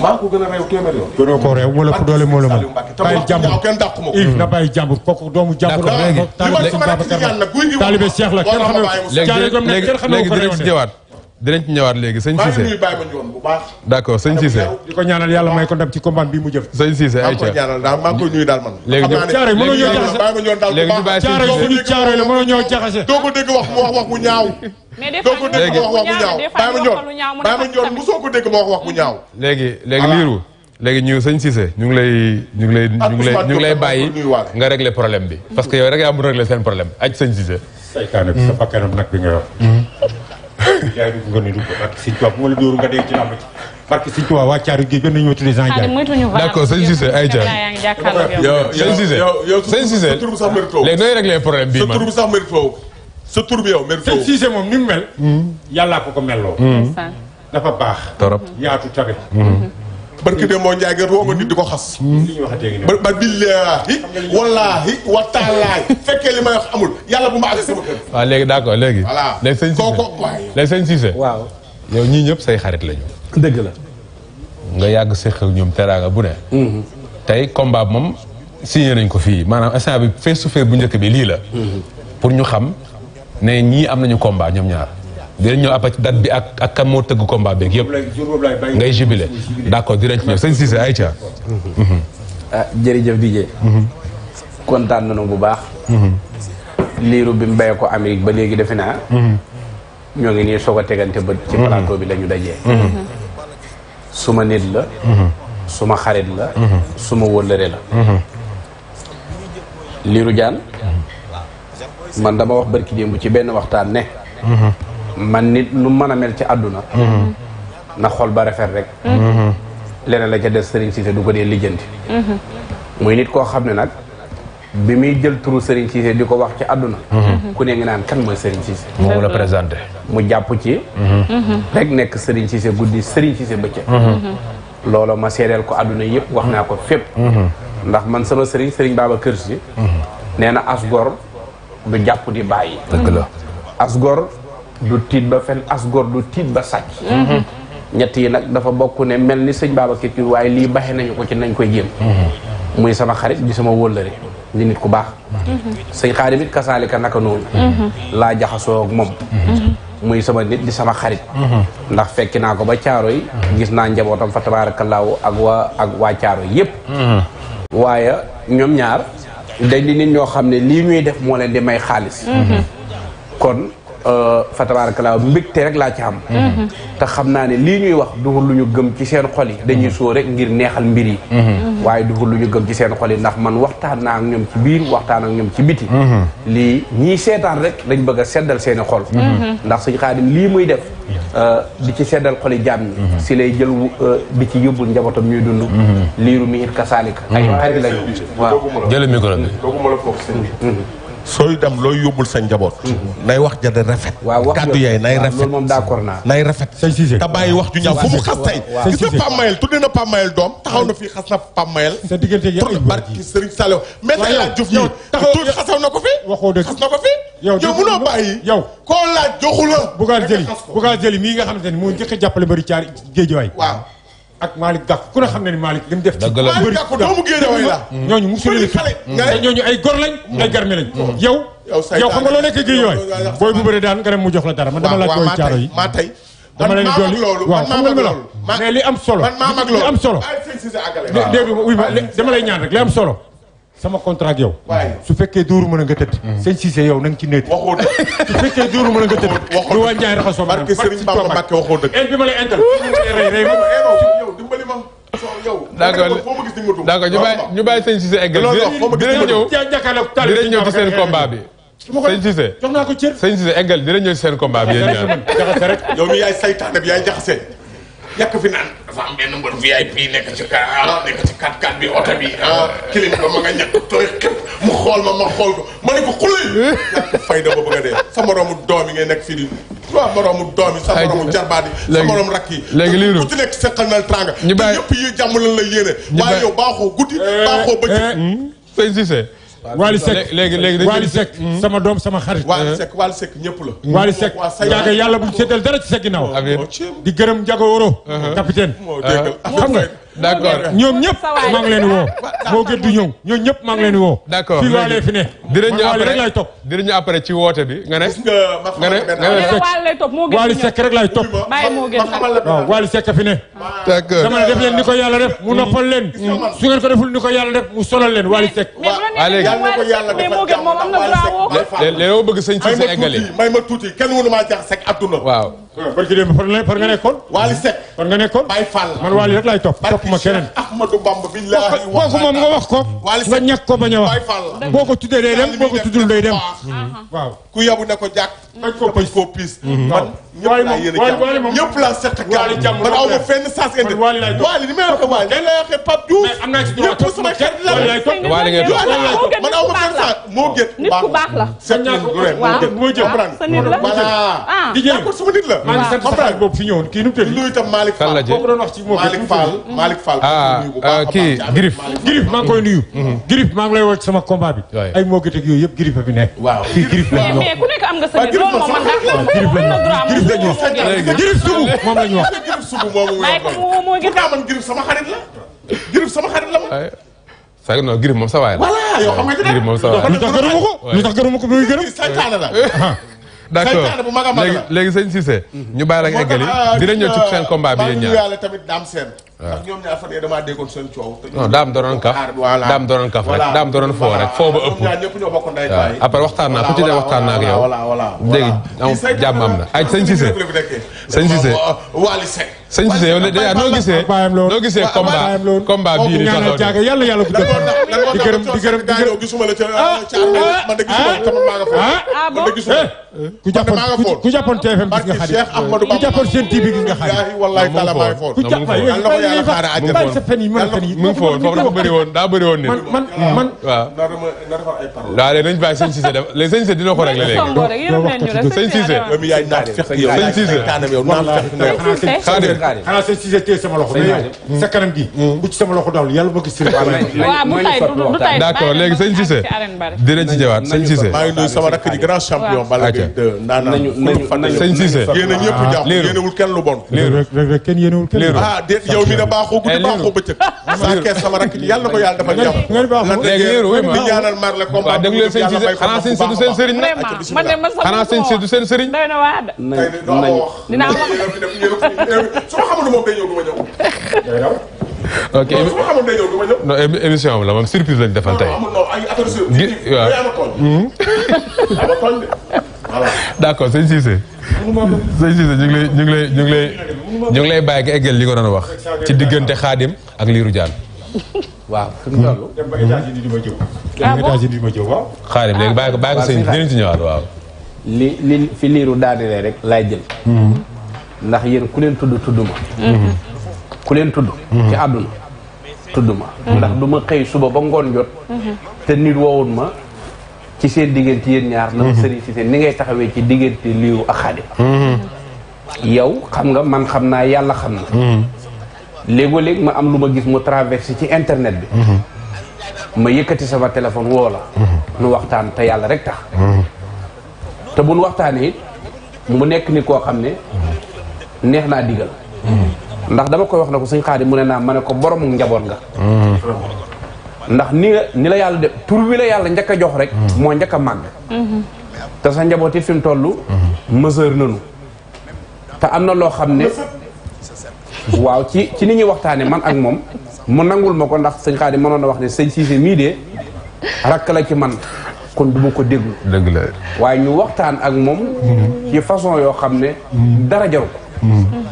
maa ko gën a réew téeméer yoon. gënoo ko réew wala ku doole moo la mën. bàyyi jàmbur kenn dàqu ma ko. na bàyyi jàmbur kooku doomu jàmbur. d'accord léegi li ma la si mën a gis ñu nag guy gi. taalibe Cheikh la kenn xam ne. léegi léegi léegi dinañ ci ñëwaat léegi sëñ Cissé maa ngi nuyu Baye Mandione ko ñaanal yàlla may ko ndam ci combat bi mu jëf. sëñ Cissé ay ca maa daal man. léegi ñëw caare mënoo ñëw jaxase léegi ñu bàyyi caare suñu caare la mënoo ñëw jaxase. doo ko dégg wax mu wax wax bu ñaaw. doo léegi léegi liiru ñu sëñ Cissé ñu ngi lay ñu ngi lay ñu ngi lay ñu ngi lay bàyyi nga régler problème bi parce que yow rek yaa mun régler seen problème aj sëñ Cissé saytaane bi sa bakkanam nag bi nga yor hmm. jaay dugg nga ni dugg barke sëñ Tuubaa bu ma la dóoru nga dégg ci làmb ci barke sëñ Tuubaa waa Caaru Géej gën nañoo tuddee Jean Ndiaye d'accord sëñ Cissé ay ja yow sëñ Cissé yow sëñ Cissé tur bi sax mérito léegi nooy réglé problème bii man sa tur bi sax mérito sa tur bi yow mérito sëñ Cissé moom ni mu mel hmm. yàllaa ko ko melloo dafa baax torop yaatu tabe hmm. barke de moo njaay gerte woo ko nit di ko xas. Hmm. ba ba billaahi wallaahi wa taalaahi fekkee li may wax amul yàlla bu ma àgg sama kër. waaw léegi d' accord léegi. voilà kooku waay léegi sëñ Cissé waaw yow ñii ñëpp say xarit lañu. dëgg la. nga yàgg séq ñoom teraanga bu ne. Hmm. tey combat moom signé nañ ko fii maanaam instant bi face to face bu njëkk bi lii la. Hmm. pour ñu xam ne ñii am nañu combat ñoom ñaar. dinañ ñëw après date bi ak ak kam mo tëgg combat bi yépp ngay jubilé d'accord dinañ ci ñëw señ Cissé ay hmm ah jërëjëf DJ kontaan nañu bu baax liru bi mbay ko Amérique ba légui defina hmm ñoo ngi nii soog a ba ci plateau bi lañu dajé hmm suma nit la suma xarit la suma wolléré la liru jaan man dama wax barki dembu ci ben waxtaan ne man nit lu mën a mel ci àdduna mm-hmm. na xol ba rafet rek mm-hmm. leneen la ca def Serigne Cissé du ko dee lijjanti mm-hmm. muy nit koo xam ne nag bi muy jël turu Serigne Cissé di ko wax ci àdduna ku ne ngi naan kenn mooy Serigne Cissé moom la présenté mu jàpp ci rek nekk Serigne Cissé guddi Serigne Cissé bëccëg loolu ma seedeel ko àdduna yëpp wax naa ko fépp ndax man sama Serigne Serigne Baba Kër si nee na asgor du jàpp di bàyyi dëgg la du tiit ba fen asgor du tiit ba sàcc ñett yi nag dafa bokk ne mel ni sëñ Babacar Sy waaye lii baxe nañu ko ci nañ koy jéem muy sama xarit di sama wóllëre di nit ku baax sëñ xaarim it kasaalika naka noonu laa jaxasoo moom muy sama nit di sama xarit ndax fekki naa ko ba caaro yi gis naa njabootam fa tabaarakallaahu ak waa ak waa caaro yëpp waaye ñoom ñaar dañ di nit ñoo xam ne lii ñuy def moo leen di may xaalis kon Euh, fa tabarakalaa mbégte rek laa ci am mhm. Mhm. te xam naa ne lii ñuy wax duhul lu ñu gëm ci seen xol yi dañuy mhm. soo rek ngir neexal mbir yi waaye duhul lu ñu gëm ci seen xol ndax man waxtaan naa ak ñoom ci biir waxtaan ak ñoom ci biti lii ñii seetaan rek dañ bëgg a seddal seeni i xol ndax suñ xaadim lii muy def euh, di ci seddal xol yi ñi si lay jël euh, di ci yóbbul njabootam ñuy dund liiru mi it kasaalika ay xarit lañu waaw jël micro bi sooy dem looy yóbbul sa njaboot. Mhm. nay wax ja de rafet. kàddu yaay nay rafet nay rafet. sëñ Cissé te bàyyi wax ju ñaaw fu mu xas tey. waaw gis nga Pape Mayel na Pape doom taxaw na fi xas na Pape sa diggante ak yow barki Serigne Saliou. mais tey laaj Diouf ñëw taxaw na ko fi. waxoo de xas na ko fi. yow mënoo bàyyi. yow koo laaj joxu la. bugaal jëli bugaal jëli mii nga xam ne moo njëkk jàppale mbëri caar géej waay waaw ak Malick Gakou ku ne xam ne ni Malick li mu def. dëgg la Malick la. ñooñu musu leen xale. ñooñu ay gor lañ. ay garmi lañ. yow yow xam nga loo nekk Guédiawaye. booy bu bëri daan nga dem mu jox la dara man dama laaj booy caaro yi maa tey dama leen dolli waaw am solo li am solo dama lay ñaan rek li am solo sama contrat ak yow su fekkee dóoru mën a nga tëdd sëñ Cissé yow na nga ci su fekkee dóoru mën a nga tëdd lu waa Njaay raxasoo ma barke Sëriñ Bamba Mbàkke waxoo bi ma lay intal yow d'accord ñu bàyyi ñu bàyyi sëñ Cissé egg ci seen combat bi sëñ Cissé jox naa ko cër sëñ Cissé eggal dinañ ñëw ci seen combat bi yaay saytaan bi yàkk fi naan dafa am benn mbër VIP nekk ci kaa ah, ah. nekk ci 4 bi oto bi ah. kilim ba ma nga ñàkk tooy xëpp mu xool ma ma xool ko ma ne ko xulli ñàkk fayda ba bëgg a sa moroomu doom yi ngay nekk fii di sa moroomu mu yi sa moroomu jarbaat yi sa moroom rakk yi léegi liiru ci nekk seqal na trànga ñu bàyyi yëpp yi jàmm lan la yéene waaye yow baaxoo guddi baaxoo bëccëg sëñ eh, eh, hmm? Cissé waali Seck léegi léegi Wally Seck hmm? sama doom sama xarit Wally euh, Seck Wally Seck ñëpp la Wally Seck jaaga yàlla bu ñu seetal dara ci sa ginnaaw di gërëm Ndiago Woro uh-huh. capitaine xam nga d' accord ñoom ñëpp maa ngi leen di woo. moo gën ñoom ñëpp maa ngi leen di woo. d' accord fii waale fi ne. dinañu après rek ci woote bi nga ne. nga ne nga ne Seck Waly Seck rek lay topp. waaw Waly Seck fi ne. d' accord def leen ni ko yàlla def mu mm-hmm. noppal leen. su ngeen ko deful ni ko yàlla def mu sonal leen Waly Seck. waa léegi bëgg sëñ si sa eggale. may ma tuuti kenn mënu maa waaw barki démb fan la fan nga nekkoon. Waly Seck fan nga nekkoon. Baye Fall man Waly rek laay topp topp ma keneen. Ahmadou Bamba billahi kooku moom nga wax ko. Waly Seck nga ñàkk ko bañ a wax. boo ko tuddee day dem boo ko tuddul day dem. Mm-hmm. waaw ku yabu ne ko jàkk. bañ koo bañ koo piis. waaw waay moom ñëpp laa set ak gaal jàmm man aw ma fenn saas ngeen di. Waly laay topp Waly li may waxee Waly day lay waxee Pape Diouf. mais am naa ci droit topp ma kenn Waly laay topp Waly ngay topp man aw ma fenn saas moo gën. nit ku baax la. Ah, sa nit la ah. Malick Fall boobu fi ñëwoon kii nu mu tëdd. nuyu itam Malick Fall kooku doon wax ci moom Malick Fall Malick Fall. ah kii Girif Girif maa ngi koy nuyu. Girif maa ngi lay woo sama combat bi. ay moo gëj ak yooyu yëpp Girif a fi nekk. waaw fii Girif la ñu wax mais ku nekk am nga sa nit loolu moom man d'accord Girif la ñu wax Girif la ñu wax Girif sugu moom la ñu wax. Girif sugu moomu waaye comme moo gën pourtant man Girif sama xarit la Girif sama xarit la man. sa non Girif moom sa waay la. voilà yoo xamante ne Girif moom sa waay la. lu tax gërëmu ko lu tax gërëmu ko muy gërëm. saytaane la d'accord léegi léegi sëñ Cissé. ñu bàyyi la nga eggali ah, ah, dina ñëw ci seen combat bi yéen ñaar tamit daam seen. waaw ah. ndax ñoom ñaar fan yii damaa déggoon seen coow. te ñoom daam doon kaf daam doon kaf rek daam doon foo rek foo ba ëpp. waaw après waxtaan naa ku ci ne waxtaan naa ak yow. voilà am na. ay sëñ Cissé sëñ Cissé. sëñ Cissé yow déjà noo gisee noo gisee combat combat bii nii sax doon yàlla yàlla bu gërëm di gërëm di gërëm di gërëm gisuma la ca man de gisuma la sama maa nga foofu man de gisuma ku jàppoon ku jàppoon TFM gis nga xarit Cheikh Ahmadou Bamba ku jàppoon Sen TV gis nga xarit wallahi taala maa ngi foon ku jàpp yàlla ko yàlla xaara àjjana bàyyi sa fen yi man fen yi mu ngi foon foofu dafa bëri woon daa bëri woon nit man man waaw waaw léegi nañ bàyyi sëñ Cissé def léegi sëñ Cissé dina ko réglé léegi sëñ Cissé sëñ Cissé xanaa seen si téye sama loxo. mais sa kanam gi. Hmm. bu ci sama loxo daal yàlla ma gis. waaw bu tay du tay d'accord léegi sëñ Cissé. dinañ ci ñëwaat sëñ Cissé. maa ngi nuyu sama rakk ji grand champion. Balla Gaye de naanaa ku fan. sëñ Cissé yéen a ñëpp ah, jàpp yéenewul kenn lu bon. léegi rek rek rek kenn yéenewul kenn. ah déet yow mi na baaxoo guddi eh, baaxoo bëccëg. Eh, saa kees sama rakk ji yàlla ko yàlla dafa jàpp. léegi léegi mi ñaanal mar la combat. waaw dégg nga sëñ Cissé xanaa sëñ Cissé du seen sëriñ na. xanaa sëñ Cissé du seen sëriñ. doy na waat. dinaa wax ok su émission am la moom surprise lañ defal tey. non non ay affaire surprise. Hmm? accord sëñ Cissé. ñu ngi lay ñu ngi lay ñu ngi lay ñu ngi lay li nga doon wax. ci diggante xaadim ak liiru jaan. waaw fi mu ma jëw. ah bon dem ba états ci ñëwaat waaw. fi liiru daanele rek laay jël. Hmm. ndax yéen ku leen tudd tudd ma ku leen tudd ci àdduna tudd ma mhm. ndax du ma xëy suba ba ngoon jot mhm. te nit woowul ma ci seen diggante yéen ñaar na ma sëriñ si seen ni ngay taxawee ci diggante liiwu ak xaadim mhm. yow xam nga man xam naa yàlla xam na léegoo-léeg ma am lu ma gis mu traversé ci internet bi ma yëkkati sama téléphone woo la nu waxtaan te yàlla rek tax te buñ waxtaanee mu nekk ni koo xam ne neex na digal ndax dama koy wax na ko sëñ xaadim mu ne naa ma ne ko boromu nga ndax ni ni la yalla def tur wi la yalla njëkk jox rek mo njëkk mag màgg sa njaboot it fi mu toll ta nanu te waaw ci ci ni ñuy man ak mom mu nangul mako ndax sëñ khadim mënoon na wax ni sëñ Cissé mi de rak la ci man kon duma ko deglu dëgg la ñu waxtaan ak mom ci façon yo xamne dara jaru Mm-hmm.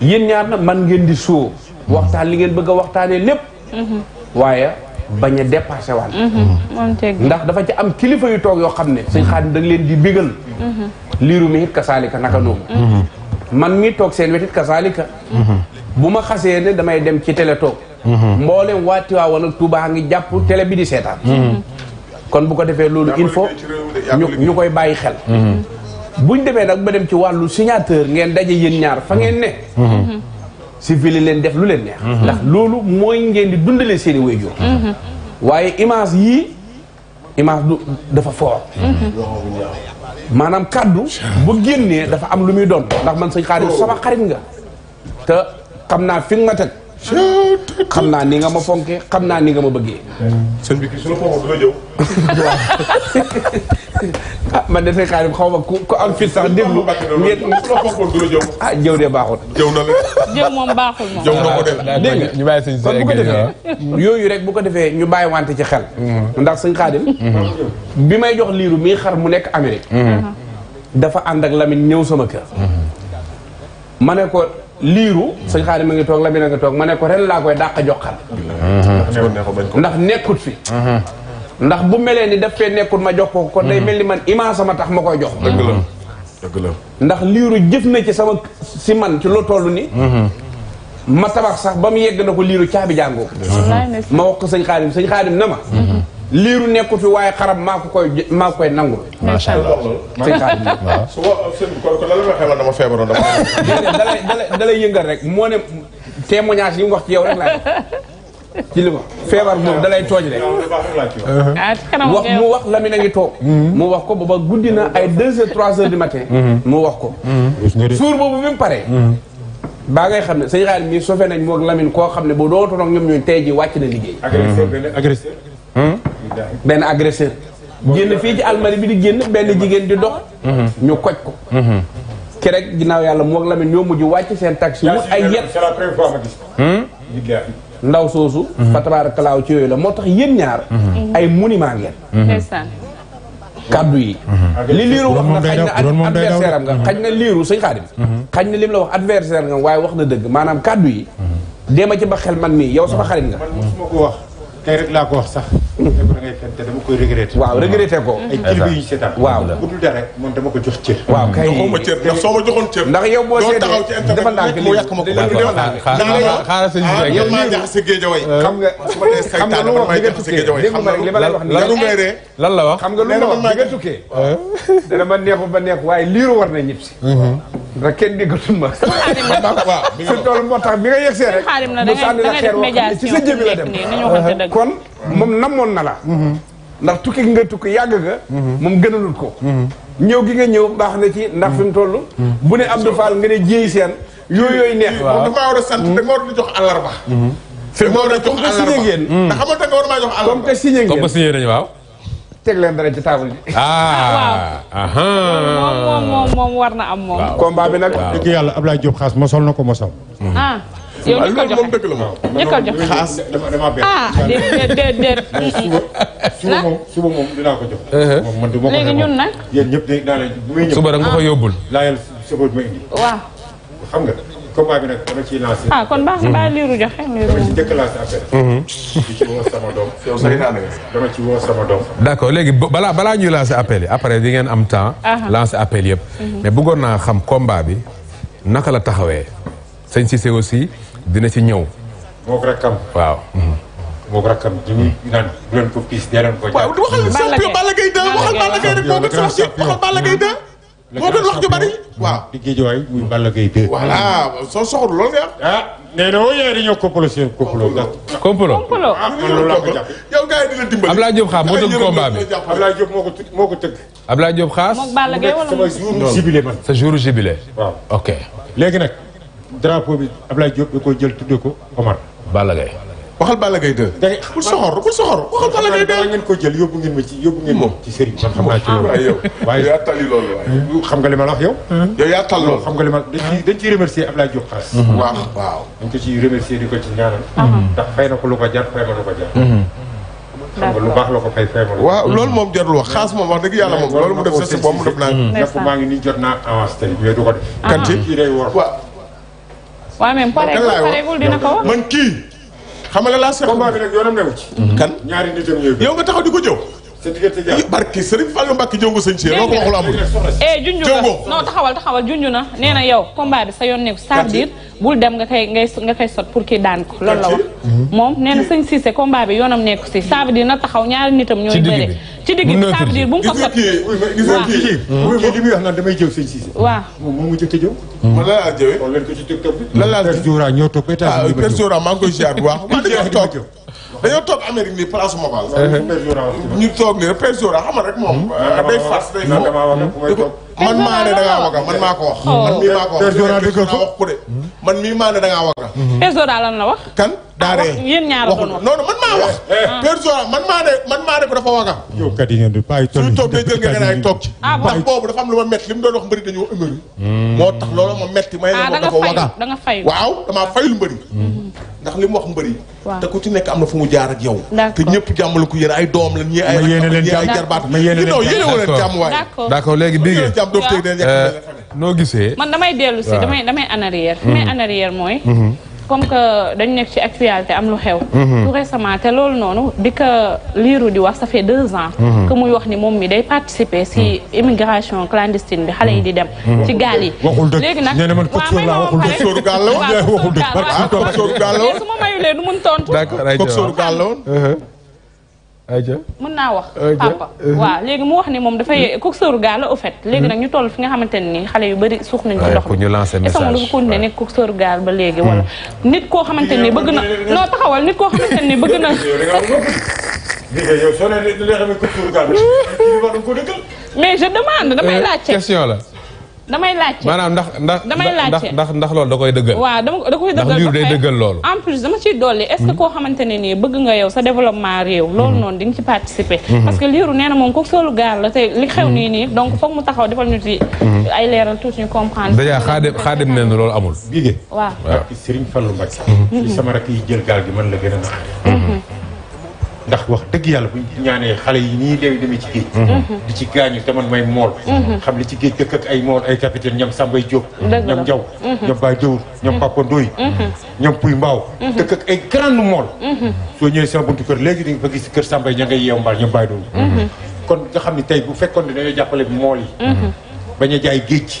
yéen ñaar nag man ngeen di soo mm-hmm. waxtaan li ngeen bëgg a waxtaanee lépp mm-hmm. waaye bañ a dépassé ndax dafa ci am kilifa yu toog yoo xam ne sëñ Xaadim da leen di béggal liiru mi it kasaalika naka noonu man mi toog seen wetit kasaalika bu ma xasee ne damay dem ci télé toog mboolem waa Tiwaawan ak Tuubaa ngi jàpp télé bi di seetaan kon bu ko defee loolu il faut ñu koy bàyyi xel bu ñu demee nag ba dem ci wàllu signateur ngeen daje yéen ñaar fa ngeen ne. si yi leen def lu leen neex. ndax loolu mooy ngeen di dundalee seeni i waajur. waaye image yii image du dafa fort. maanaam kaddu. bu génnee dafa am lu muy doon ndax man sëñ xarit sama xarit nga. te xam naa fi ma teg. xam naa ni nga ma fonke xam naa ni nga ma bëggee. sëñ bi kii su ah, man de fekkaay bi xaw ma ku ku am fit sax déglu. ngeen su la ah, jëw. de baaxul. jëw na la jëw moom baaxul moom. jëw na ko de dégg ah. yooyu rek bu ko defee ñu bàyyi wante ci xel. ndax sëñ Xaadim. bi may jox liiru mii xar mu nekk Amérique. Mm-hmm. dafa ànd ak Lamine ñëw sama kër. Mm-hmm. ma liiru sëñ xaari ma ngi toog la bi na nga toog ma ne ko ren laa koy dàq joxal ndax nekkut fi ndax bu melee ni daf fee nekkut ma jox ko kon day mel ni man image sama tax ma koy jox dëgg la dëgg la ndax liiru jëf na ci sama si man ci loo toll ni mhm. ma tabax sax ba mu yegg na ko liiru caabi jàngoo ma wax ko sëñ xaarim sëñ xaarim na ma mhm. liiru nekku fi waaye xarab maa ko koy maa koy nangu. macha allah waaw su ko kon lan la ma xewoon dama rek moo ne témoignage mu wax ci yow rek laay ci li ma feebar moom dalay tooñ rek. wax uh-huh. ah, mu wax Lamine a ngi toog. Mm-hmm. mu wax ko booba guddi na ay deux heures trois mm-hmm. mu wax ko. Mm-hmm. suur boobu bi mu paree. baa ngay xam ne sëñ xaal mii sofe nañ moog Lamine koo xam ne bu dootoon ak ñoom ñooy tey ji wàcc na liggéey. agresseur Hmm? ben agresseur genn fi ci almari bi di genn ben jigen di dox hmm. ñu koj ko hmm. ki rek ginaaw yalla mo ak Lamine ñoo mujj wacc seen taxi wut ay yet ndaw soosu fa tabarakalaaw ci yoy la motax yeen ñaar ay monument ngeen kaddu yi li liru wax na xajna adversaire nga xajna liru seigne khadim xajna lim la wax adversaire nga way wax na deug manam kaddu yi dema ci ba xel man mi yow sama xarit nga tey rek laa ko wax sax. dama ngay fen te dama koy regretté. waaw regretté ko. ay kilifa yu ñu seetaan. waaw bu dul dara moom dama ko jox cër. ndax yow boo seetee defal naa ko lu wax ma rek la wax xam lu wax diga tukkee dana ma neexu ba neex waaye liiru war na ñib si ndax kenn déggatul ma waaw a tool moo tax bi nga yegsee rek mu la xeer wax ci sa jëbi la kon moom namoon na la mhm. ndax tukki gi nga tukki yàgg nga mhm. moom gënalul ko mhm. ñëw gi nga ñëw baax na ci ndax fi mu toll bu ne Abdou Fall nga ne jéey seen yooyu yooyu neex moom dafa war a sant da nga war di jox àllarba fi moo war a jox àllarba signé ngeen ndax xamal da nga war maa jox àllarba comme que signé waaw teg leen dara ci table bi ah waaw moom war na am moom combat bi nag dëgg yàlla Abdoulaye Diop Khass mosol na ko mosol ah. yow ñu ko joxe moom ko joxe xaas léegi ah. yóbbul. laajal xam nga combat bi nag dama ciy a lancé ah, mm-hmm. affaire. Mm-hmm. ci sama doom. d' accord léegi balaa balaa ñuy lancé appel yi après di ngeen am temps. Ah. lancé appel yëpp. Mm-hmm. mais bëggoon naa xam combat bi naka la taxawee. sëñ Cissé aussi dina ci ñëw. moog rakkam. waaw. moog rakkam. di naan bu leen ko piis dee leen ko. waaw waxal champion Balla Gaye 2 waxal Balla Gaye rek moo gën sama si waxal Balla Gaye 2. moo gën wax ju bari. waaw di Guédiawaye muy Balla Gaye 2. voilà soo soxla loolu nga ah nee na woo yaay dañoo complot seen complot. complot complot. ah loolu laa ko jàpp yow gars yi dina dimbali. Abdoulaye Diop Khass moo tëgg combat bi Abdoulaye Diop moo ko moo ko tëgg. Abdoulaye Diop Khass. moom Balla Gaye wala moom sama jour jubilé man. sa jour jubilé. waaw ok léegi nag. drapeau bi Ablaye Diop da koo jël tuddee ko Omar. Balla Gaye. waxal Balla Gaye 2. da ngay bul soxor bul soxor waxal Balla Gaye 2. da ngeen ko jël yóbbu ngeen ma ci yóbbu ngeen ma ci sëriñ. man xam naa ci ah, loolu waaye yow. waaye yaa tali loolu waaye. Hmm? xam nga li ma la wax yow. Hmm? yow yaa tal loolu xam nga li ma dañ ciy dañ ciy remercier Ablaye Diop xaas. Hmm. waaw waaw. dañ ko ciy remercier di ko ci ñaanal. ndax fay na ko lu ko jar fay na lu ko jar. xam nga lu baax la ko fay fay ma. waaw loolu moom jarul wax xaas moom wax dëgg yàlla moom loolu mu def sa si bopp mu def naa. maa ngi nii jot naa avance tey mais du ko def. Ah. kan ci kii day wor waaw même pareegul pareegul dina ko wax man kii. xam nga la laa seq. combat bi nag yoonam newu ci. kan ñaari nit ñëw yow nga taxaw di ko jëw. sa diggante jàmm barki Serigne Fallou Mbacke jëngu sëñ Cheikh loo ko waxul amul. eh junj na non taxawal taxawal junj na ah. nee na yow combat bi sa yoon nekk c'est-à-dire bul dem nga koy nga koy sot pour kii daan ko loolu la wax. Mhm. moom nee na sëñ Cissé combat bi yoonam nekku si ça veut na taxaw ñaari nitam ñooy bëre. ci digg bi ça veut dire bu mu ko sot gis nga kii kii jëw sëñ Cissé. waa moom mu jëkk a jëw. man lan laa jëwee. xool leen ko ci TikTok dañoo toog Amérique nii place Mobal. Uh-huh. ñu toog nii Père Zora xam nga rek moom. Hmm. day fas day fo. man maa ne da ngaa waga man maa ko wax. Oh. man mii maa ko mm-hmm. da ngaa waga. persona mm-hmm. lan la wax. kan daa ree ah, yéen ñaar la doon wax non non man maa wax. persona eh. ah. man maa ne man maa ne ko dafa waga. yow a toog ci. Ah, ndax boobu ma métti li mu doon wax mbëri dañoo ëmëri. Mm-hmm. moo tax loolu ma métti may la dafa da fayul mbëri. ndax li mu wax mbëri. te ku ci nekk am na fu mu jaar ak yow. te ñëpp jàmmale ko yéen ay doom la ñii ay. ma yéene leen jàmm ma yéene leen jàmm waaye. Euh, noo gisee. man damay dellu si damay damay en arrière. fi may en mhm. arrière mooy. Mhm. comme que dañu nekk ci actualité am lu xew. Mhm. tout récemment te loolu noonu bi ko liiru di wax sa fait deux ans. que muy wax ni moom mi day participer si immigration clandestine bi xale yi di dem. ci gaal yi léegi nag waaw may ma waxul dëgg sóoru gaal la woon. waxul dëgg sóoru gaal la woon. su ma mayulee du mun tontu. d'accord ayca mën naa wax papa waaw léegi mu wax ni moom dafay coxeur gaa la au fait léegi nag ñu toll fi nga xamante ne nii xale yu bari suux nañ ci dox pour ñu lancer message est-ce ko continuer nekk ba léegi wala hmm. nit koo xamante ne bëgg na non taxawal nit koo xamante ne bëgg na yow soo nee li nga xam ne coxeur gaa la mais je demande damay euh, laajte question la damay laajte maanaam ndax ndax ndax ndax ndax loolu da koy dëggal. waa dama da koy dëggal ndax day dëggal loolu. en plus dama ciy dolli est ce que mhm. koo xamante ne nii bëgg nga yow sa développement réew. loolu mhm. noonu di nga ci participer. Mhm. parce que liiru nee na moom ko soolu gaar la te li xew nii nii donc foog mu taxaw defal ñu ci. ay leeral tuuti ñu comprendre. dèjà xaadim xaadim loolu amul. Bigué waaw waaw Serigne Fallou Mbacké. li sama rakk yi jël gaal bi man la gën a ndax wax dëgg yàlla bu ñaanee xale yi nii léegi demee ci géej mhm. di ci gaañu te man may mool mhm. xam li ci géej dëkk ak ay mool ay capitaine ñoom Sambay Diop ñoom Njaw mhm. ñoom Baay Jawur ñoom Papa Ndoy ñoom Puy Mbaaw dëkk ak ay grande mool soo ñëwee sama buntu kër léegi di nga fa gis kër Sambay ña ngay yeew mbaal ñoom Baay Dooy kon nga xam ni tey bu fekkoon ne dañoo jàppale bi mool yi bañ a jaay géej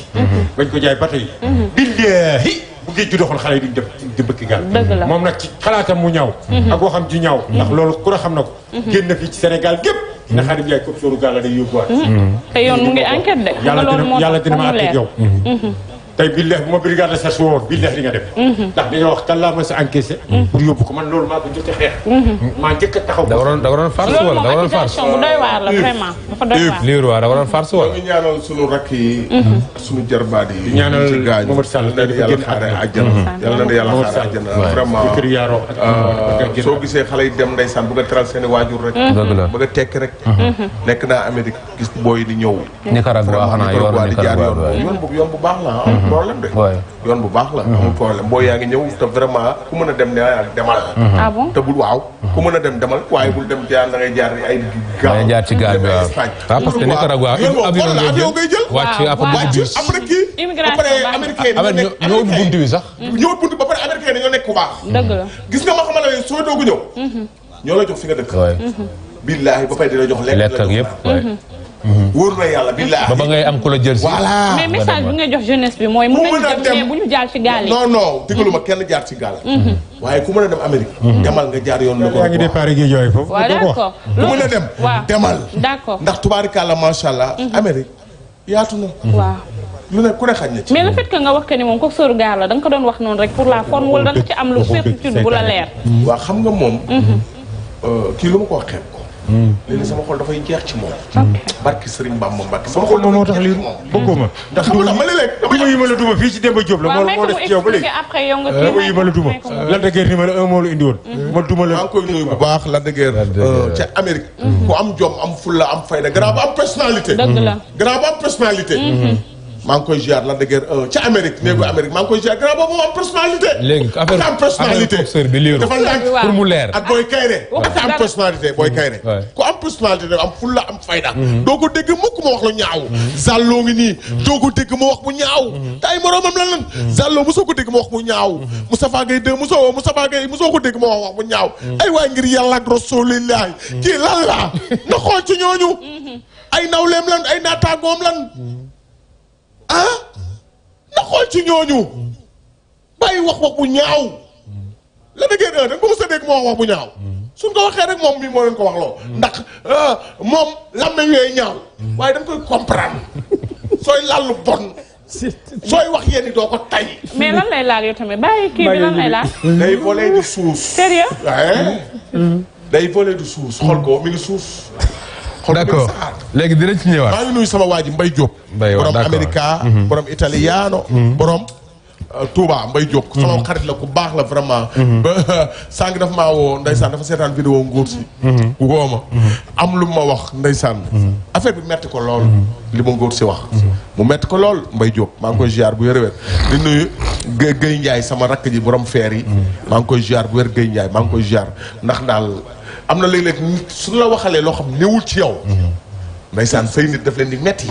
bañ ko jaay bato yi billaahi bu géej gi doxul xale yi duñ def di bëkki gaal moom nag ci xalaatam mu ñaaw mhm. ak waxam ju ñaaw mhm. ndax loolu ku a xam na ko mhm. génn fii ci senegal gépp na xarit yaay ko sóoru gaal la day yóbbuwaat te yoon mu ngi enquête de yàlla dina ma àtte yow tay billah buma brigade recherche woon billah li nga def ndax dañu wax kan laa mës a encaissé pour yobou ko man loolu ma ko jotté xex ma jëk taxaw da waron da waron farce wala da waron farce bu doy waar la vraiment dafa doy waar liir waa da waron farce wala ñu ñaanal suñu rak yi suñu jarbaade yi ñaanal ci gaañ Sall da di génn xaare àjjana yalla na yalla xaare àjjana vraiment kër yaro ak soo gisee yi dem ndeysaan bu a tral seen wajur rek bu a tek rek nek na amerique gis boy di ñëw Nicaragua xanaa yoon Nicaragua yoon bu baax la mhm. problème de. yoon bu baax la. amul problème boo yaa ngi ñëw te vraiment ku mën a dem ne ah, demal. Mm-hmm. ah bon te bul waaw. ku mën a dem demal waaye bul dem jaar da ngay jaar ay. gaal da ngay jaar ci gaal bi waaw. waaw ah, parce que Nicaragua avion ngay jël wàcc après kii. immigration baax américain yi ñoo ubbi bunt bi sax. Mm-hmm. ñoo ubbi bunt ba pare américain yi dañoo nekk ku baax. Mm-hmm. dëgg la gis nga ma xamal la soo doogu ñëw. ñoo la jox fi nga dëkk. billaahi ba pare dina jox lekk la jox lekk ak yëpp Mm-hmm. wóor na yàlla billaahi. ba ba ngay am ku la jël si. voilà mais message bi nga bi mooy. mu a bu ñu jaar ci gaal yi. non non digalu ma kenn jaar ci gaal. Mm-hmm. waaye ku mën a dem Amérique. Mm-hmm. demal nga jaar yoon lu ko. ngi départ gi jooy foofu. waaw d'accord ku mën a dem. demal d'accord ndax tubaarikàlla macha allah. Amérique yaatu na. waaw. lu ku ne xaj na ci. nga wax que ni ko sóor da nga doon wax noonu rek pour la forme wala da nga ci am leer. waaw xam nga moom. Euh, kii lu ma ko wax léegi sama xol dafay jeex ci moom. barki Serigne Bamba Mbacke sama xol moo tax li bëggoo ma. ndax du ma léeg-léeg dama yimala duma fii ci Demba Diop la. moo moo des ci yow ba léegi dama yimala duma. Lac de Guiers numéro un moo la indi woon. Mm-hmm. ma duma la maa ngi koy nuyu bu ah. baax Lac de Guiers euh, ca Amérique. Mm-hmm. ku am jom am fulla am fayda grand bu am personnalité. dëgg la grand bu am personnalité. Mm-hmm. maa ngi koy ziar la de ca Amérique néegu hmm. Amérique maa koy ziar grand boobu am personnalité. léegi affaire am personnalité dafa laaj pour ak am personnalité booy hmm. kayre ku am personnalité am fulla am fayda hmm. doo ko dégg mukk ma wax la ñaaw zàlloo ngi nii doo ko dégg ma wax mu ñaaw te ay moroomam la lan zàlloo mosoo ko dégg ma wax mu ñaaw Moustapha Gueye de mosoo Moustapha Gueye ko dégg ma wax mu ñaaw ay waay ngir yàlla ak rasulillahi kii lan la na xool ñooñu ay nawleem lan ay naataangoom lan ah xool ci ñooñu bàyyi wax wax bu ñaaw la déggee da nga ko mos a dégg moo wax bu ñaaw suñ ko waxee rek moom mii moo leen ko wax loo ndax ah, moom lam na yooyu ñaaw waaye da nga koy comprendre sooy lallu bon sooy wax yéen i doo ko tay mais lan lay laal yow tamit bàyyi kii bi lan lay laal day volé du suus sérieux hmm. day volé suus xool ko mi suus d'accord léegi dinañ ci ñëwaat maa ngi nuyu sama waa ji Mbaye Diop borom America mhm. borom Italiano mhm. borom euh, Touba Mbaye Diop mhm. sama xarit la ku baax la vraiment ba sànq dafa maa woo ndeysaan dafa seetaan vidéo nguur si woo am lu ma wax ndeysaan affaire bi metti ko lool li ma nguur si wax mu metti ko lool Mbaye Diop maa ngi koy ziar bu wér-wér di nuyu Guèye Ndiaye sama rakk ji borom feer yi maa ngi koy ziar bu wér Guèye Ndiaye maa ngi koy ziar ndax daal am na léeg-léeg suñu la waxalee loo xam newul ci yow. Mhm. ndeysaan say nit daf leen di metti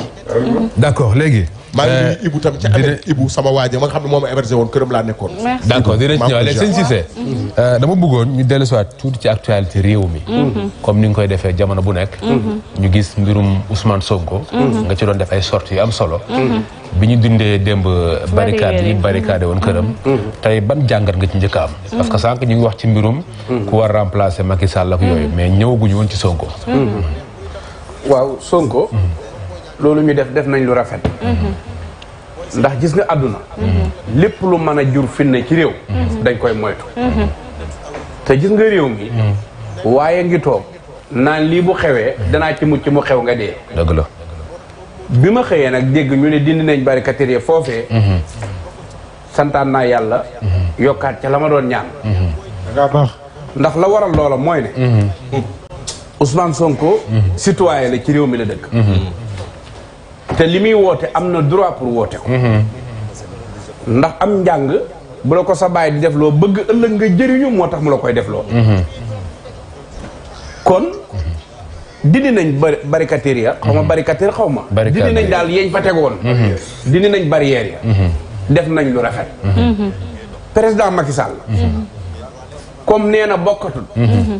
d'accord léegi. maa ngi eh, nuyu Ibou tam ci année Ibou sama waaje ma xam ne moom a hébergé woon këram laa nekkoon d'accord dinañ ci ñëw léegi sëñ Cissé mm-hmm. euh, dama bëggoon ñu dellu siwaat tuuti ci actualité réew mi mm-hmm. comme ni nga koy defee jamono bu nekk mm-hmm. ñu gis mbirum Ousmane Sonko nga ci doon def ay sorties yu am solo bi ñu dindee démb euh, barricade yi barricade woon këram tey ban jàngat nga ci njëkk am parce que sànq ñu ngi wax ci mbirum ku war remplacer Macky Sall yooyu mais ñëwaguñu woon ci Sonko waaw Sonko loolu ñu def def nañ lu rafet mm-hmm. ndax gis nga àdduna mm-hmm. lépp lu mën a jur finne ci réew mm-hmm. dañ koy moytu te gis nga réew mi waaye ngi toog naan lii bu xewee danaa ci mucc mu xew nga dee dëgg la bi ma xëyee nag dégg ñu ne dindi nañ barricade yi foofee santaan naa yàlla yokkaat ca la ma doon ñaan ndax la waral loola mooy ne Ousmane Sonko citoyen la ci réew mi la dëkk te li muy woote am na droit pour woote ko ndax am njàng bu la ko sa baay di def loo bëgg ëllëg nga jëriñu moo tax mu la koy def loo kon dindi nañ barikateer ya xaw ma barikateer xaw ma dindi nañ daal yeeñ fa tegoon dindi nañ barrière ya def nañ lu rafet président Macky Sall comme nee na bokkatul mhm.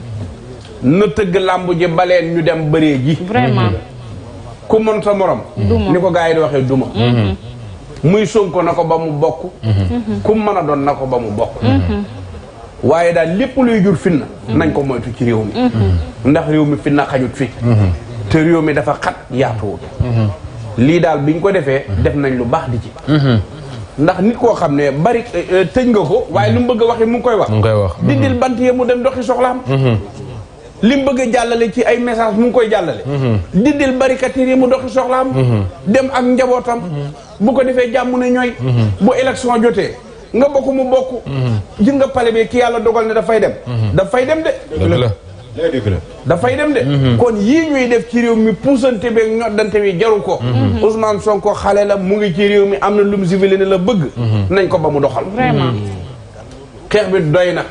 na tëgg làmb ji baleen ñu dem bëree ji ku mën sa morom. ni ko gaa yi di waxee duma. Mm-hmm. muy Sonko na ko ba mu bokk. Mm-hmm. ku mën doon na ko ba mu bokk. Mm-hmm. waaye daal lépp luy jur fitna nañ ko moytu ci réew mi. ndax réew mi fitna xajut fi. te réew mi dafa xat yaatuwut. lii daal biñ ko defee def nañ lu baax di ci. ndax nit koo xam ne bari eh, eh, tëj nga ko waaye lu mu bëgg a waxee mu ngi koy wax. mu ngi koy wax dindil bant yee mu dem doxi soxlaam. li bëgg a jàllale ci ay message mu koy jàllale mhm. dindil barikatir yi mu doxi soxlaam mhm. dem ak njabootam mhm. bu ko defee jàmm ne ñooy bu élection jotee nga bokku mu bokk gis nga pale bi ki yàlla dogal ne dafay dem dafay dem de dafay dem de kon yii ñuy def ci réew mi puusante beeg ñoddante bi jaru ko Ousmane Sonko xale la mu ngi ci réew mi am na lu mu civilé ne la bëgg nañ ko ba mu doxal xeex bi doy mhm. na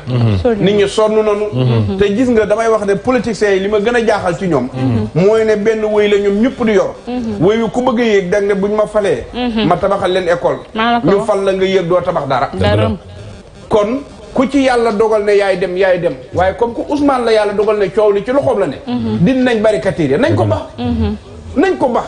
nit ñi sonn nañu mhm. te gis nga damay wax ne politiciens yi li ma gën a jaaxal ci ñoom mhm. mooy ne benn wëy la ñoom ñëpp di yor wëy wi ku bëgg a yéeg dang ne buñ ma falee ma tabaxal leen école ñu fal la nga yéeg doo tabax dara kon ku ci yàlla dogal ne yaay dem yaay dem waaye comme que usmaan la yàlla dogal ne coow li ci loxoom la ne dinañ barikatiir nañ ko baax nañ ko ba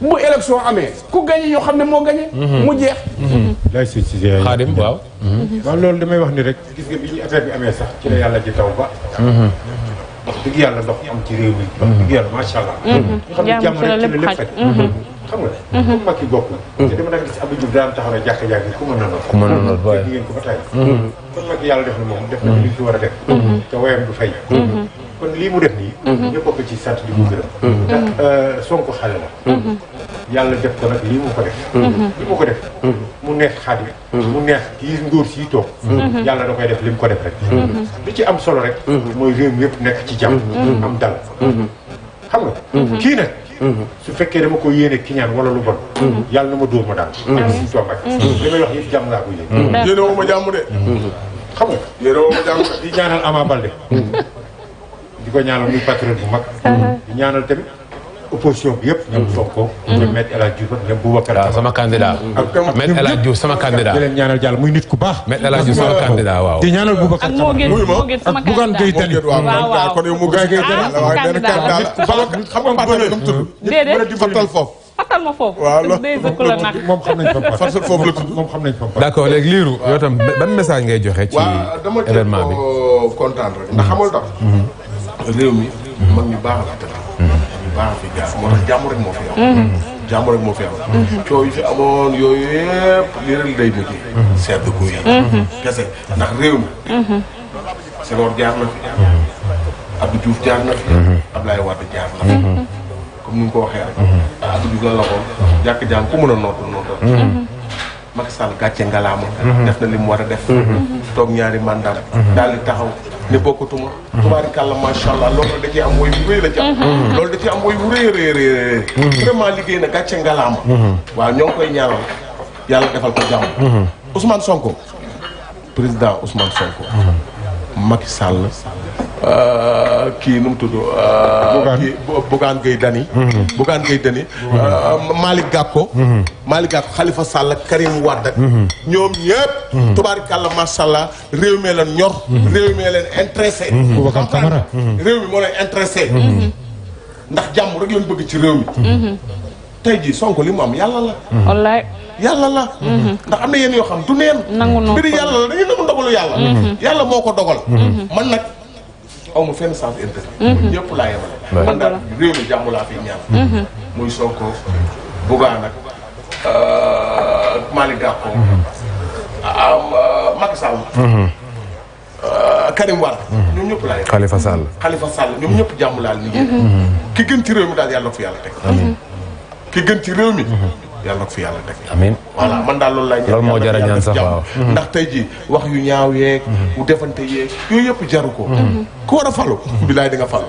bu élection amee ku gagné ñoo xam ne moo gagné. Mhm. mu jeex. Mhm. lay si si xaadim waaw. Mhm. waaw loolu damay wax ni rek. gis nga bi ñu affaire bi amee sax ci la yàlla ji taw ba. wax dëgg yàlla ndox am ci réew mi. wax dëgg yàlla macha allah. xam ne jàmm rek ci la lépp xaj xam nga ne comme Macky bokk na te dama nekk si Abdou Diouf daan taxaw ne jàkka jàkka ku mën na noot ku mën na noot waaye ngeen ko ba tey kon Macky yàlla def na moom def na li ñu fi war a def te kon lii mu def nii. Mhm. ñëpp ko ci sat di ko gërëm. Mhm. ndax mhm. Euh, Sonko xale la. yàlla def ko nag lii mu ko def. li mu ko def. mu neex Xaadim. mu neex kii ngóor sii toog. yàlla da koy def li mu ko def rek. li ci am solo rek. mooy réew mi yëpp nekk ci jàmm. am dal. xam nga kii nag. su fekkee dama ko yéene ki ñaan wala lu bon. yàlla na ma dóor ma daal. suñu li may wax yëpp jàmm laa ko yéene. yéene woo ma jàmm de. xam nga yéene ma jàmm di ñaanal Ama Balde. di ko ñaanal muy patriote bu mag. di ñaanal tamit opposition bi yëpp. ñoom Sonko. Mm-hmm. ñoom mm-hmm. Maître El Hadj Diouf ak ñoom Boubacar. waaw ah, sama candidat. ak tam Maître El Hadj Diouf sama candidat. di leen ñaanal jàll muy nit ku baax. Maître El Hadj Diouf sama candidat waaw. di ñaanal Boubacar ak moo gën moo gën sama candidat waaw waaw kon yow mu ah, gën xam nga bële déedéet fatal foofu. fatal ma foofu. waaw moom xam nañ fa fatal foofu la tudd moom xam nañ fa. d'accord léegi Lirou yow tam ban message ngay joxe. ci événement bi waaw dama réew mi mag ñu baax la tëdd ñu baax fi jaar moo tax jàmm rek moo fi am jàmm rek moo fi am coow yi fi amoon yooyu yëpp li rek day mujj sedd ko yi kese ndax réew mi Senghor jaar na fi mm-hmm. Abdou Diouf jaar na fi mm-hmm. Ablaye Wade jaar na fi mm-hmm. comme ni ko waxee rek Abdou Diouf la ko jàkk jaam ku mën a noot noot Macky Sall def na li mu def toog ñaari mandat daal di taxaw ne bokkatuma tubaarikàlla macha allah loolu da ciy am woy wu rëy la jàpp mhm. mhm. loolu da ciy am woy wu rëy rëy rëy mhm. vraiment liggéey na gàcce ngalaama waaw ñoo koy ñaanal yàlla defal ko jàmm Ousmane Sonko président Ousmane Sonko Macky Sall Euh, kii nu mu tudd. Euh, Bougane hmm. Bougane Gueye Dany. Bougane Gueye euh, Dany. Malick Gakou. Hmm. Malick Gakou Khalifa Sall Karim Wade. Hmm. ñoom ñëpp. tubaarikàlla macha allah réew mi leen ñor. réew mi leen intéressé. réew mi moo leen intéressé. ndax jàmm rek lañ bëgg ci réew mi. tey jii Sonko li mu am yàlla la. wallaay. yàlla la. ndax am na yenn yoo xam du yàlla la dañuy nangu ndogalu yàlla. yàlla moo ko dogal. man nag. aw ma fenn sens intérêt. ñëpp laa yemale. man daal réew mi jàmm laa fiy ñaan. Mhm. muy Sonko Bougane ak euh, Malick Gakou. Mhm. Euh, Macky Sall. Mhm. Euh, Karim Wade. ñoom ñëpp laa yemale. Khalifa Sall. ki gën ci réew mi daal yàlla fi yàlla teg. ki gën réew mi. yàlla na ko fi yàlla def. amiin man daal loolu laay. loolu moo jar a ñaan sax waaw ndax tey ji wax yu ñaaw yeeg. bu mhm. defante yeeg yooyu yëpp jaru ko. Mhm. Mhm. ku war a falu. bilaay di nga falu.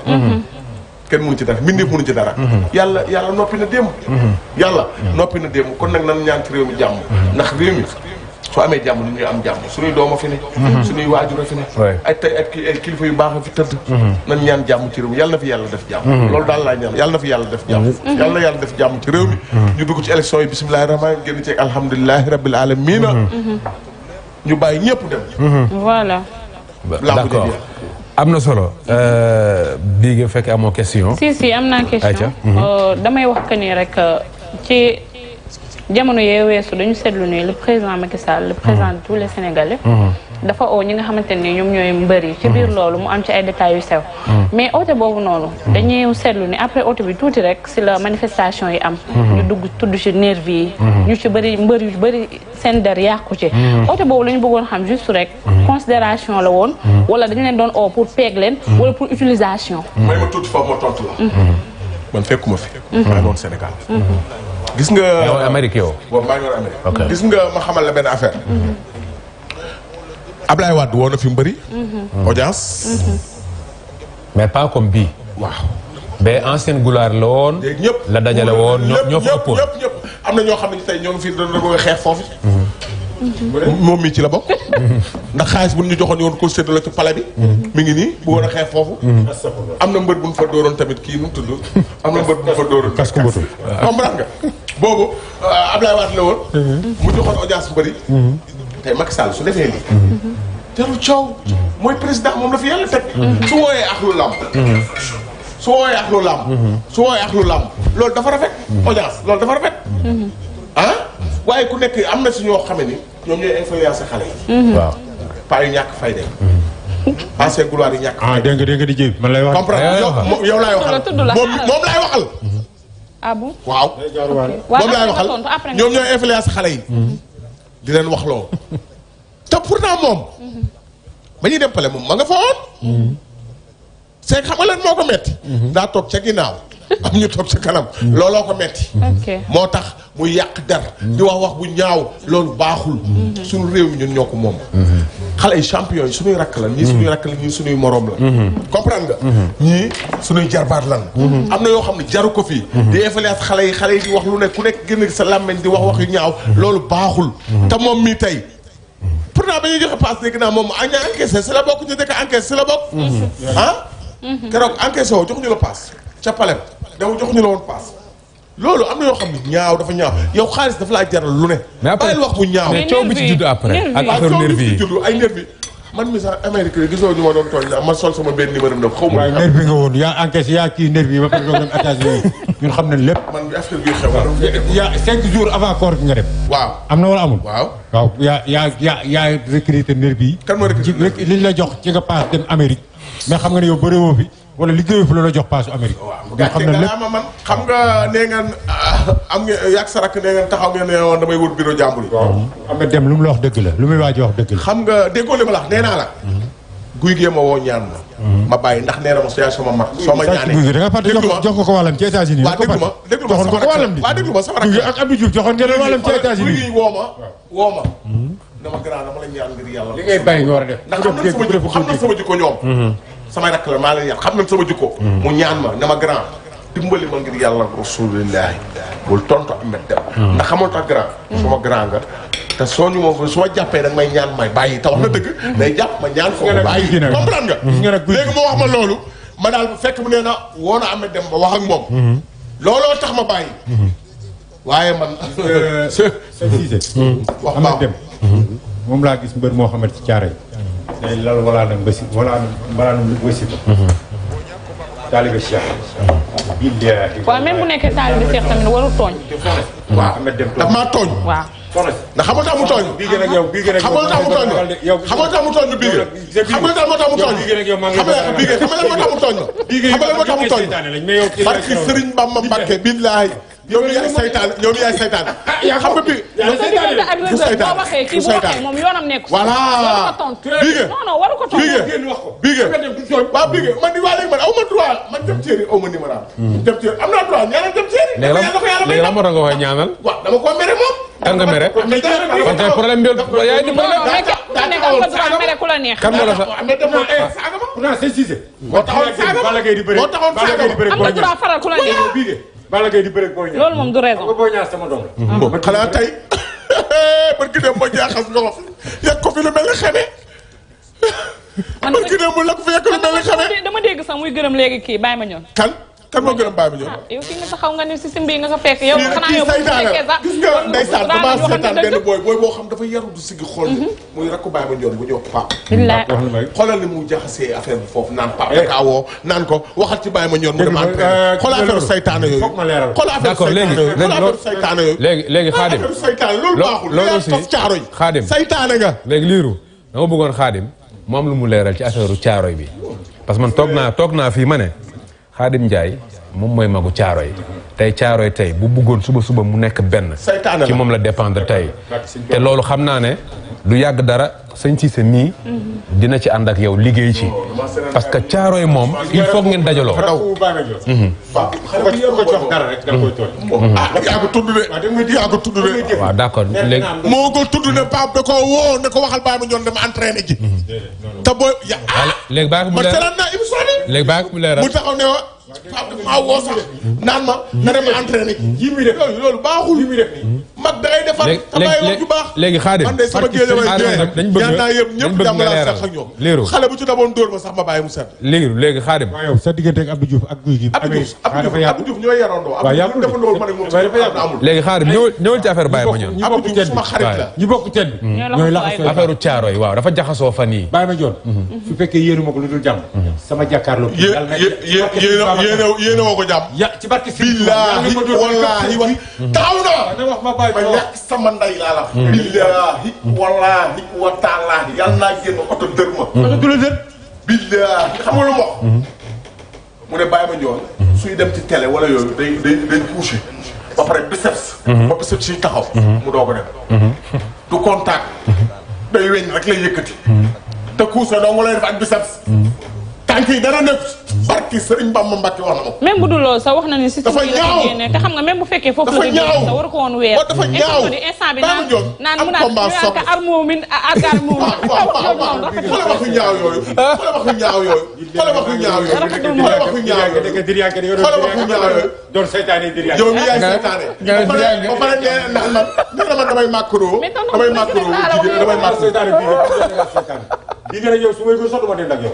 kenn mënu ci dara mbindeef mënu ci dara. yàlla yàlla noppi na démb. yàlla noppi na démb kon nag nan ñaan ci réew mi jàmm. ndax réew mi. soo amee jàmm nit ñi am jàmm a mhm. mhm. jàmm ci réew mi yàlla na fi yàlla def jàmm mhm. loolu daal laa ñaan yàlla na fi yàlla def jàmm yàlla na yàlla def jàmm ci réew mi ñu dugg ci élection yi bisimilahi a génn ceeg alhamdulilahi rabil alamina ñu bàyyi ñëpp dem voilà d'accord am na solo euh, bii nga fekk amoo question si si am naa question euh, damay wax que rek euh, ci jamono yee weesu dañu seetlu ne le président Macky Sall le président de tous les Sénégalais dafa oo ñi nga xamante ni ñoom ñooy mbër yi ci biir loolu mu am ci ay détails yu sew mais oote boobu noonu dañuy seetlu ni après oote bi tuuti rek si la manifestation yi am ñu dugg tudd ci nervi yi ñu ci bëri mbëri yu bëri seen der yàqu ci oote boobu la ñu bëggoon xam juste rek considération la woon wala dañu leen doon oo pour peeg leen wala pour utilisation may ma Sénégal gis nga yow Amérique yow. waaw maa ngi woon Amérique. ma xamal la benn affaire. Mm-hmm. Ablaye Wade woo na fi mu bëri. Mm-hmm. audience. Mm-hmm. mais pas comme bii. waaw. mais ancienne gloire la ñëpp la dajale woon ñoo fa ëppoon am na ñoo xam ne ñoo ngi fi xeex foofu. moom mii ci la bokk. ndax xaalis bu ñu joxoon yoon ko séddale ci pale bi. mu ngi nii bu war a xeex foofu. am na mbër bu ñu fa dooroon tamit kii nu tudd. am na mbër bu ñu fa dooroon. parce que comprendre nga. bobu euh, ablay wat lewon mhm. mu joxone audience bu bëri. Mhm. tey Macky Sall su defee lii. Mhm. jarul coow. mooy président moom la fi yalla tek su woyé akhlu lam su woyé akhlu lam su woyé akhlu lam lol dafa rafet. audience lol dafa rafet. ah waye ku nek amna na si ñoo xame ni ñom ñoy influencer xalé yi. waaw paa yu ñàkk fay dem. gloire ah, yi ah dégg nga dégg nga di jéem man lay wax. comprendre eh, yow yow waxal moom moom waxal. ah bon waaw. moom laay waxal ñoom ñooy influence xale yi. Mhm. di leen wax loo. te pourtant moom. Mhm. ba ñuy dem pale moom ma nga fa woon. Mhm. c'est xam nga leen moo ko metti daa toog ca ginnaaw. am ñu toog sa kanam. looloo ko metti moo tax muy yàq der di wax wax bu ñaaw loolu baaxul. Mhm. suñu réew mi ñun ñoo ko moom. Mhm. xale yi champion yi suñuy rakk la ñii suñuy rakk la ñii suñuy moroom la. Mhm. comprendre nga. ñii suñuy jarbaat lan. am na yoo xam ne jaru ko fii. di effleat xale yi xale yi di wax lu nekk ku nekk gën sa làmmeñ di wax wax yu ñaaw loolu baaxul. te moom mii tey. naa ba ñuy joxe paas dégg naa moom aña encaissé si la bokk ñu dëkk encaissé si la bokk. ah. keroog encaissé jox ñu la paas. ca palem daw jox ñu la woon paas loolu am na yoo xam ne ñaaw dafa ñaaw yow xaalis dafa laa jaral lu ne. bàyyil wax bu ñaaw mais coow bi ci judd après. ak affaire ah, nervi yi judd ay nervi man mi sax Amérique la gisoo ñu ma doon tooñ naa ma sol sama benn numéro ndox. xaw ma waaye nervi nga woon yaa encaissé yaa kii nervi ba pare doog dem États-Unis ñun xam nañ lépp. man bi affaire bi xew. yaa cinq jours avant koor gi nga dem. waaw am na wala amul. waaw waaw yaa yaa yaa yaa recruté nervi yi. kan ma recruté nervi yi li ñu la jox ci nga paas dem Amérique mais xam nga ne yow bëriwoo fi wala liggéey fi la la jox paasu Amérique. nga xam xam nga nee ngeen ah, am nga sa rakk nee ngeen taxaw ngeen ne woon damay wut bureau jàmbur yi. am na dem lu mu la wax dëgg la lu muy waaj wax dëgg la. xam nga déggoo li ma la wax la. Mm-hmm. guy gee ma woo ñaan ma. Mm-hmm. ma bàyyi ndax nee na ma sooy sama mag. soo ma ñaanee déglu ma jox ko ko wàllam ci États-Unis. waaw déglu ma déglu ma sama rakk waaw déglu ma sama rakk. guy ak Abdou Diouf joxoon ngeen wàllam ci États-Unis. guy gi a mm-hmm. li ngay bàyyi nga war a def. ndax am na sama jikko ñoom sama rakk la maa leen yar xam nañ sama jikko mm. mu ñaan ma ne ma grand dimbali ma ngir yàlla rasulillahi bul tontu amet dem mm. ndax xamoon tax grand mm. suma grand nga te soo ñu moom su ma jàppee da nga may ñaan may bàyyi te na dëgg day jàpp ma ñaan ko bàyyi comprendre nga léegi moo wax ma loolu ma daal bu fekk mu nee na woon a amet dem ba wax ak moom looloo tax ma bàyyi waaye man euh, sa Cissé wax baax dem moom laa gis mbër moo xamante ci caara yi day lal walaanam basi walaanam mbalaanam wasi ko. Mhm. taalibe Cheikh. billaahi. waaw même bu nekkee taalibe Cheikh tamit waru tooñ. waaw Ahmed maa tooñ. ndax xamal tax tooñ. bii xamal tax tooñ. yow xamal tax tooñ bii xamal tax tooñ. bii xamal ma tooñ. bii gën yow bii gën billaahi yow yaay saytaan yow yaay saytaan. Ah, ah, yaa xam nga bi. yaa saytaan de bu saytaan boo waxee kii bu waxee moom yoonam nekk. voilà waru ko tontu. non non waru ko tontu. Bigué waaw Bigué man di waa léegi man aw ma droit man dem Thierry aw ma numéro am. Hmm. dem Thierry am naa droit ñaanal dem Thierry. léegi lan moo tax nga koy ñaanal. waaw dama ko mere moom. kan nga mere parce que problème bi yaa ngi di problème. daa taxawal saaga ma daa taxawal saaga Balla Gaye di bëreeg Boy Niang loolu moom du raison mm. nga Boy Niang xanaa tey man ki dem jaaxas nga ko fi lu mel ni xamee. la ko fi yàgg lu mel dama dégg sax muy gërëm léegi kii bàyyi ma ñoon kan moo gërëm Baye Mandione. yow fi nga taxaw nga ne si simbi nga ko fekk yow. xanaa yow bu fekkee sax gis nga ndeysaan dama mhm. mu eh. eh, ma leeral d'accord Xaadim mu am lu mu leeral ci affaire u caaro bi parce que man toog naa toog naa fii ma ne Xaadim Njaay moom mooy magu caaro yi tey caaro yi tey bu buggoon suba suba mu nekk benn ci moom la dépendre tey te loolu xam naa ne lu yàgg dara sëñ Siise nii dina ci ànd ak yow liggéey ci parce que caaro yi moom il faut ngeen dajaloo yaa mhm. ko mhm. ah, mhm. tudd de yaa ko tudd de waaw d'accord léegi moo ko tudd de Pape da ko woo ne ko waxal bàyyi ma ñoon ji te booy léegi baax mu leer léegi baax mu leeral mu taxaw ne wa maa woo ma na dem entraîné yi muy def loolu baaxul yi da ngay defar léegi léegi léegi xaadim man de sama géej way dañ bëgg ñaan naa yëpp ñëpp dama bu ci daboon dóor sax ma bàyyi mu set léegi léegi xaadim sa diggante ak Abdou Diouf ak guy gi Abdou Diouf Abdou Diouf ñooy yarandoo Abdou Diouf dafa loolu ma ne moom amul léegi xaadim ñëwul ci affaire bàyyi ma la ñu bokk ten bi ñooy laxasoo affaire u caaro yi waaw dafa jaxasoo fa yi bàyyi ma joon mhm. su fekkee yéenu ma ko lu dul jàmm mhm. sama jàkkaar jàkkaarloo. yéen yéen a woo ko jàpp. ya ci barke si billaahi wallaahi wa taxaw na. wax ma bàyyi ma yàq sama ndey laa la. Hmm. billaahi wallaahi wa taalaahi yàlla naa génn oto dër ma. Hmm. oto dër dër. billaahi xam nga lu ma. Hmm. mu ne bàyyi ma njool. suy dem ci télé wala yooyu day day day couché. ba pare biceps. ba biceps yi taxaw. mu doog a dem. du contact. day weñ rek lay yëkkati. te couché dong lay def ak biceps. tànk darahnya dara def barki Serigne Bamba Mbacke wax même bu dul loolu sax wax na ni. dafa ñaaw te xam nga même bu la. sa war ko dafa ñaaw instant bi mu armo min agar mu. waaw waaw waaw xoolal waxu ñaaw yooyu. xoolal waxu ñaaw yooyu. xoolal waxu ñaaw yooyu. xoolal waxu ñaaw yooyu. waxu ñaaw mi ba ndax man damay damay yi nga ne yow su may ko sax du ma dend ak yow.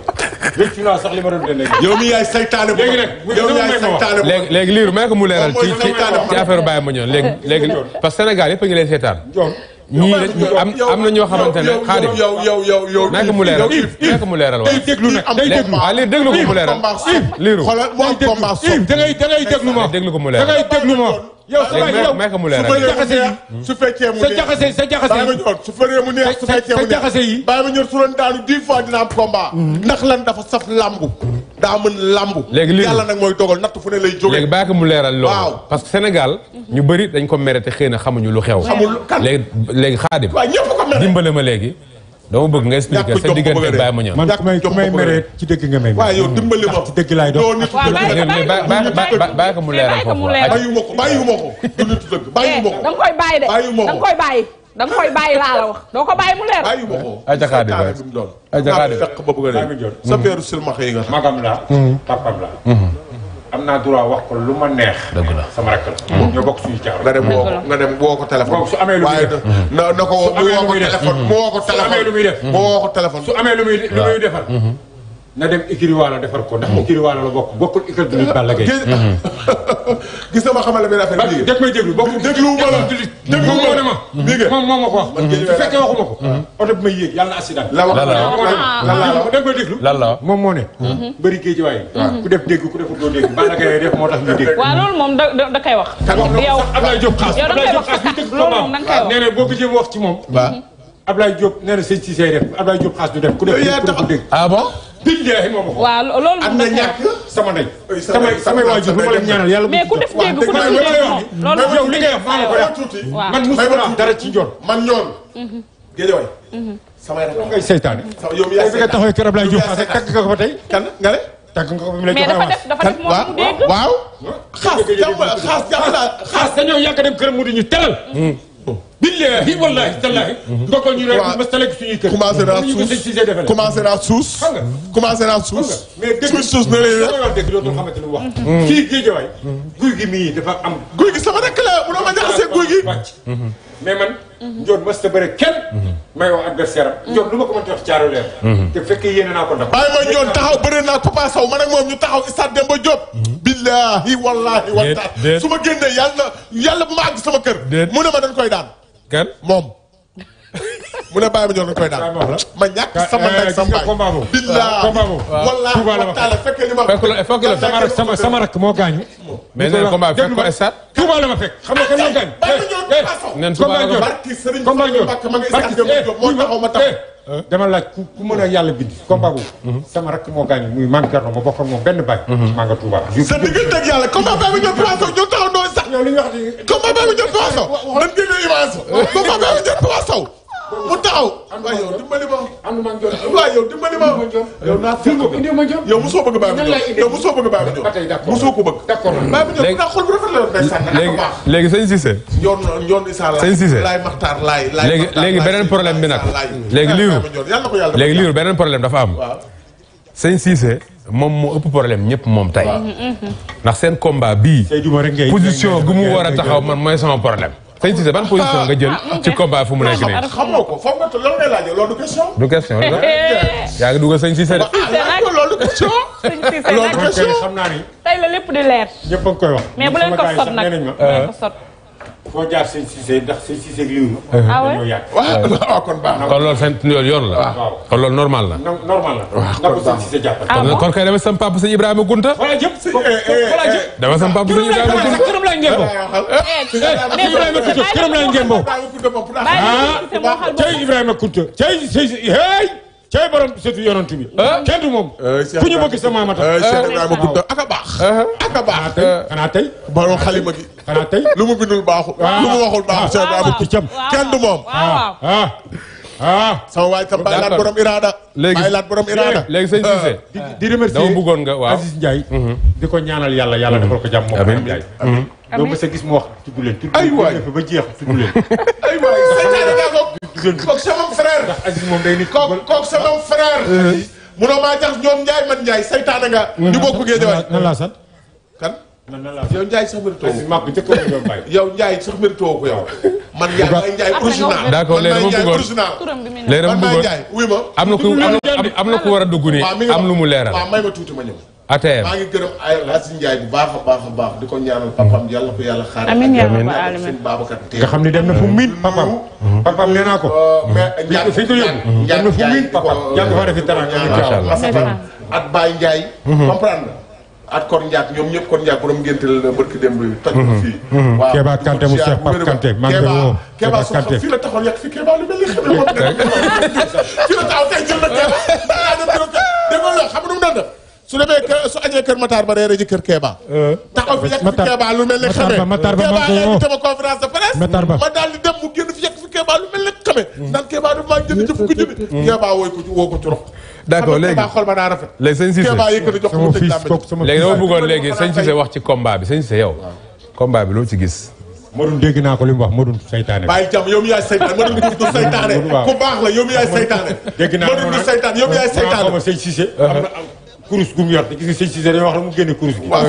rëccu naa sax li ma doon dend ak yow. yow mii yaay saytaane bu ma yow yaay saytaane bu léegi léegi liiru may ko mu leeral ci ci ci affaire Baye Mandione léegi léegi parce que Sénégal yëpp a ngi lay seetaan. ñii am am na ñoo xamante ne xaadim yow yow yow yow nekk mu leeral nekk mu leeral waaw day déglu nag day déglu waaw liir déglu ko mu leeral liiru xoolal da ngay déglu da ngay déglu ko mu leeral da ngay déglu ma yow sa jaxase yi hmm. su fekkee mu neex sa jaxase yi su fekkee mu neex su fekkee mu neex sa jaxase yi bàyyi ma ñor su doon daanu dix fois dina am hmm. ndax lan dafa saf làmb daa mën làmb léegi li yàlla nag mooy dogal natt fu ne lay jóge léegi bàyyi ko mu leeral loolu parce que Sénégal ñu bëri dañ ko mere te xëy na xamuñu lu xew xamul kan léegi léegi xaadim waaw dimbale ma léegi dama bëgg nga expliquer sa diggante Baye Mandione. man ku may meree ci dëgg nga may. waaw ci dëgg laay dox. waaw bàyyi ko mu leeral foofu ko bàyyiwuma eh, da nga koy bàyyi de da koy bàyyi. da doo ko bàyyi mu leer. bàyyiwuma ko ba bëgg a dee. sa peeru silmaxa yi nga. magam la mm-hmm. am naa droit wax ko lu ma neex. dëgg la sama rakk la. Mm. ñoo bokk suñu caaw. nga dem woo ko nga dem woo ko téléphone. su amee lu muy def mm-hmm. na na ko woo ko téléphone. mu woo ko téléphone mu mm-hmm. woo ko téléphone. su amee lu muy def. mu woo ko téléphone. su amee lu muy lu muy defal. Mm-hmm. na dem écurie Waalo defar ko ndax écurie Waalo la bokk bokkul écurie Lutte Balla Gaye gis mhm. na ma xamal benn bi dégg may déglu bokkul dégluwuma la dégluwuma la ma mi moom ma ko wax bu fekkee waxuma ko mhm. oto bi may yéeg yàlla na la wax ah. dégg moo mhm. def dégg ku deful moo tax ñu dégg waaw loolu moom da da koy wax yow Abdoulaye Diop xaas Abdoulaye Diop xaas nee na boo ko jëm wax ci moom Abdoulaye si say def Abdoulaye ku def ku dégg ah billahi moo ma ko. waaw loolu moom dafa ñàkk sama ndey. samay samay waajur bu ma leen ñaanal yàlla. mais ku def dégg ku def dégg man dara ci njoon. man ñoon. Mhm. géej waay. Mhm. samay rakk ngay seytaane. yow mi yaa seytaane tey bi nga taxawee keroog lay jóg parce que tàgg nga ko ba tey. kan nga ne. tàgg nga ko ba mu lay jox mais dafa def dafa dégg. waaw xaas dañoo yàgg dem këram mu di ñu teral hmm. billahi wallahi tallahi ndogal mhm. ñu rek ma salek suñuy kër commencé naa suus commencé naa suus commencé naa suus mais dégg suus na lay la dégg dootul xamante lu wax kii mhm. géejawaay guy gi mii dafa am guy gi sama rek la bu doon ma jaxasee guy gi mhm. mais man njoon mas ta bëre kenn may wax adversaire am njoon lu ma ko mën a wax caaru leer te fekk yéene naa ko ndax bàyyi ma njoon taxaw bëre naa Papa Sow man ak moom ñu taxaw stade Demba Diop billahi wallahi wataal su ma génnee yàlla yàlla bu ma àgg sama kër mu ne ma dañ koy daan gan moom. mu ne bàyyi ma ñor na koy daal ma ñàkk sama eh, nag sama baay billaa ah, wallaahi ma fekk la sama rak sama sama rak moo gaañu mais la ma fekk xam nga kan moo gaañu eh, eh. neen Touba la ma barki sëriñ combat ñor barki moo taxaw ma tax dama laaj ku mën a yàlla bind mhm. combat boobu mhm. sama rak moo gaañu muy man Thierno ma bokk ak moom benn baay mhm. maa nga Touba yow li nga wax nii. combat boobu jëm Papa Sow. man génne image eh. ba. combat boobu jëm mu taxaw. yow dimbali na waaye yow dimbali ma. yow naa fekk ko yow mosoo bëgg baabi ñëw yow mosoo bëgg baabi ñëw mosoo ko bëgg. d'accord baabi ñëw ndax xol bu rafet la léegi léegi sëñ Cissé. yoon yoon Issa laay. sëñ Cissé léegi léegi beneen problème bi nag. léegi liiru léegi liiru beneen problème dafa am. sëñ Cissé moom moo ëpp problème ñëpp moom tey ndax seen combat bii position gu mu war a taxaw man mooy sama problème sëñ Cissé ban position nga jël ah, ah, ci combat fu mu nekk nii. Ah, xam nga ko foog nga loolu ngay laajee loolu du question. du question la yaa ngi dugal sëñ Cissé de. loolu du question. loolu du question xam naa ni. tey la lépp di leer. ñëpp a ngi koy wax. mais bu leen ko sot nag bu leen ko sot. foo jaar sëñ Cissé ndax sëñ Cissé ak liw na. Ah dañoo yàgg. Ah waaw ah, kon baax na kon loolu seen yoon yoon la. waaw kon loolu normal la. normal la. waaw kon baax na kon kay dama sam papa sëñ Ibrahima Gunta. voilà jëpp si eh, eh, eh, voilà jëpp. dama sam papa sëñ Ibrahima Gunta kërëm laay ngeen boo. Ibrahima Kunta kërëm laay ngeen boo. ah cay Ibrahima Kunta cay cay hey. cay borom sëtu yonent bi eh? kenn du moom eh, ku ñu bëgg sa maamata eh, Cheikh Ibrahima aka baax aka baax xanaa tey borom xalima gi lu mu bindul baaxul ah. lu mu waxul baaxul ah. Cheikh Ibrahima ah. kenn du moom ah waay tam bàyyi laat borom iraada léegi bàyyi laat borom iraada léegi sëñ Cissé di remercier dama bëggoon nga waaw Aziz Ndiaye mhm. di ko ñaanal yàlla yàlla mhm. defal ko jàmm moom amiin Ndiaye mhm. doo ma sa gis mu wax tudd leen tudd leen ba jeex tudd leen ay waay kooku sama frère. ndax Aziz moom day nit kooku kooku sama frère. Eh. munoo maa tax ñoom Ndiaye man Ndiaye saytaane nga. Eh, ñu bokk géej waay nan laa sant kan. yow Ndiaye sax mérite woo ko yow Ndiaye sax mérite woo ko yow. man yaa may Ndiaye original. d'accord léegi am na ku am na ku war a dugg nii ah, am lu mu leeral. waaw ah, may ma tuuti ma ñëw. ATM maa ngi gërëm Alasine Ndiaye bu baax a baax a ñaanal papam yàlla ko yàlla xaar amiin yaa rabbal nga xam dem na fu miin papam papam nee ko mais fi ñu ko dem na fu miin papam yàlla fa defi taranga insha Allah ak Baye Ndiaye comprendre ak Kor Ndiak ñoom ñëpp Kor Ndiak borom ngénte barki démb bi mu Cheikh la fi lu la jël na da xam mu su demee kër su añee kër Matar ba reere ji kër Kéba. Euh, euh, taxaw fi yegg fi Kéba lu mel ne xamee Matar ba Matar ba invité ma conférence de presse. Matar ba ma daal di dem mu génn fi yegg fi Kéba lu mel ne xamee. Mm. naan Kéba dafa maa jënd jëf ko jënd. Mm. Kéba wooy ko woo ko trop. d'accord léegi xol ba daa rafet. léegi sëñ Cissé Kéba yëkkati jox ko mu tëj laa léegi dama bëggoon léegi sëñ Cissé wax ci combat bi sëñ Cissé yow. combat bi loo ci gis. Modou dégg naa ko li mu wax Modou saytaane. bàyyi jàmm yow mi yaay saytaane Modou du saytaane ku baax la yow mi yaay saytaane. dégg naa ko nag Modou du saytaane yow mi yaay saytaane. kurus gu mu yor gis nga sëñ Cissé dañoo wax la mu génne kurus gi. waaw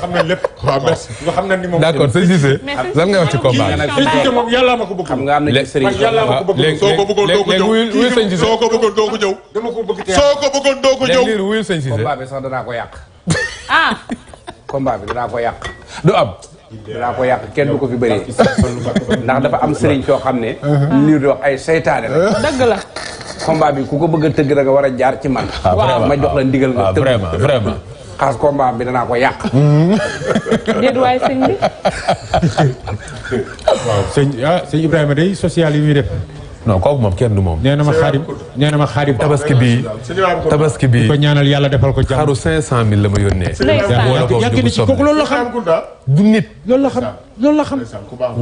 xam nañ lépp. waaw merci nga xam nañ ni moom. d'accord sëñ Cissé lan nga wax ci combat bi. sëñ Cissé moom yàllaa ma ko bëgg. xam nga am na ci sëriñ yàllaa ma ko bëgg. soo ko bëggoon doo ko ñëw soo ko bëggoon doo ko ñëw. dama ko bëgg tey soo ko bëggoon doo ko ñëw. léeg-léeg wuyul sëñ Cissé combat bi sax danaa ko yàq. ah. combat bi danaa ko yàq du am. balaa ko yàq kenn du ko fi bëree ndax dafa am sëriñ soo xam ne uh-huh. liir di ay seytaane rek uh-huh. la combat bi ku ko bëgg a tëgg da nga war a jaar ci man ah, ma jox la ndigal nga ah, tëgg vraiment vraiment bi danaa ko yàq uh-huh. déet waay sëñ bi waaw ah, Ibrahima day social yi muy def non kooku moom kenn moom. nee ma xaarim nee na ma xaarim tabaski bi tabaski bi ko ñaanal yàlla defal ko jàmm xaru 500000 la ma yónnee. yàgg na ci kooku loolu la xam du nit. loolu la xam loolu la xam.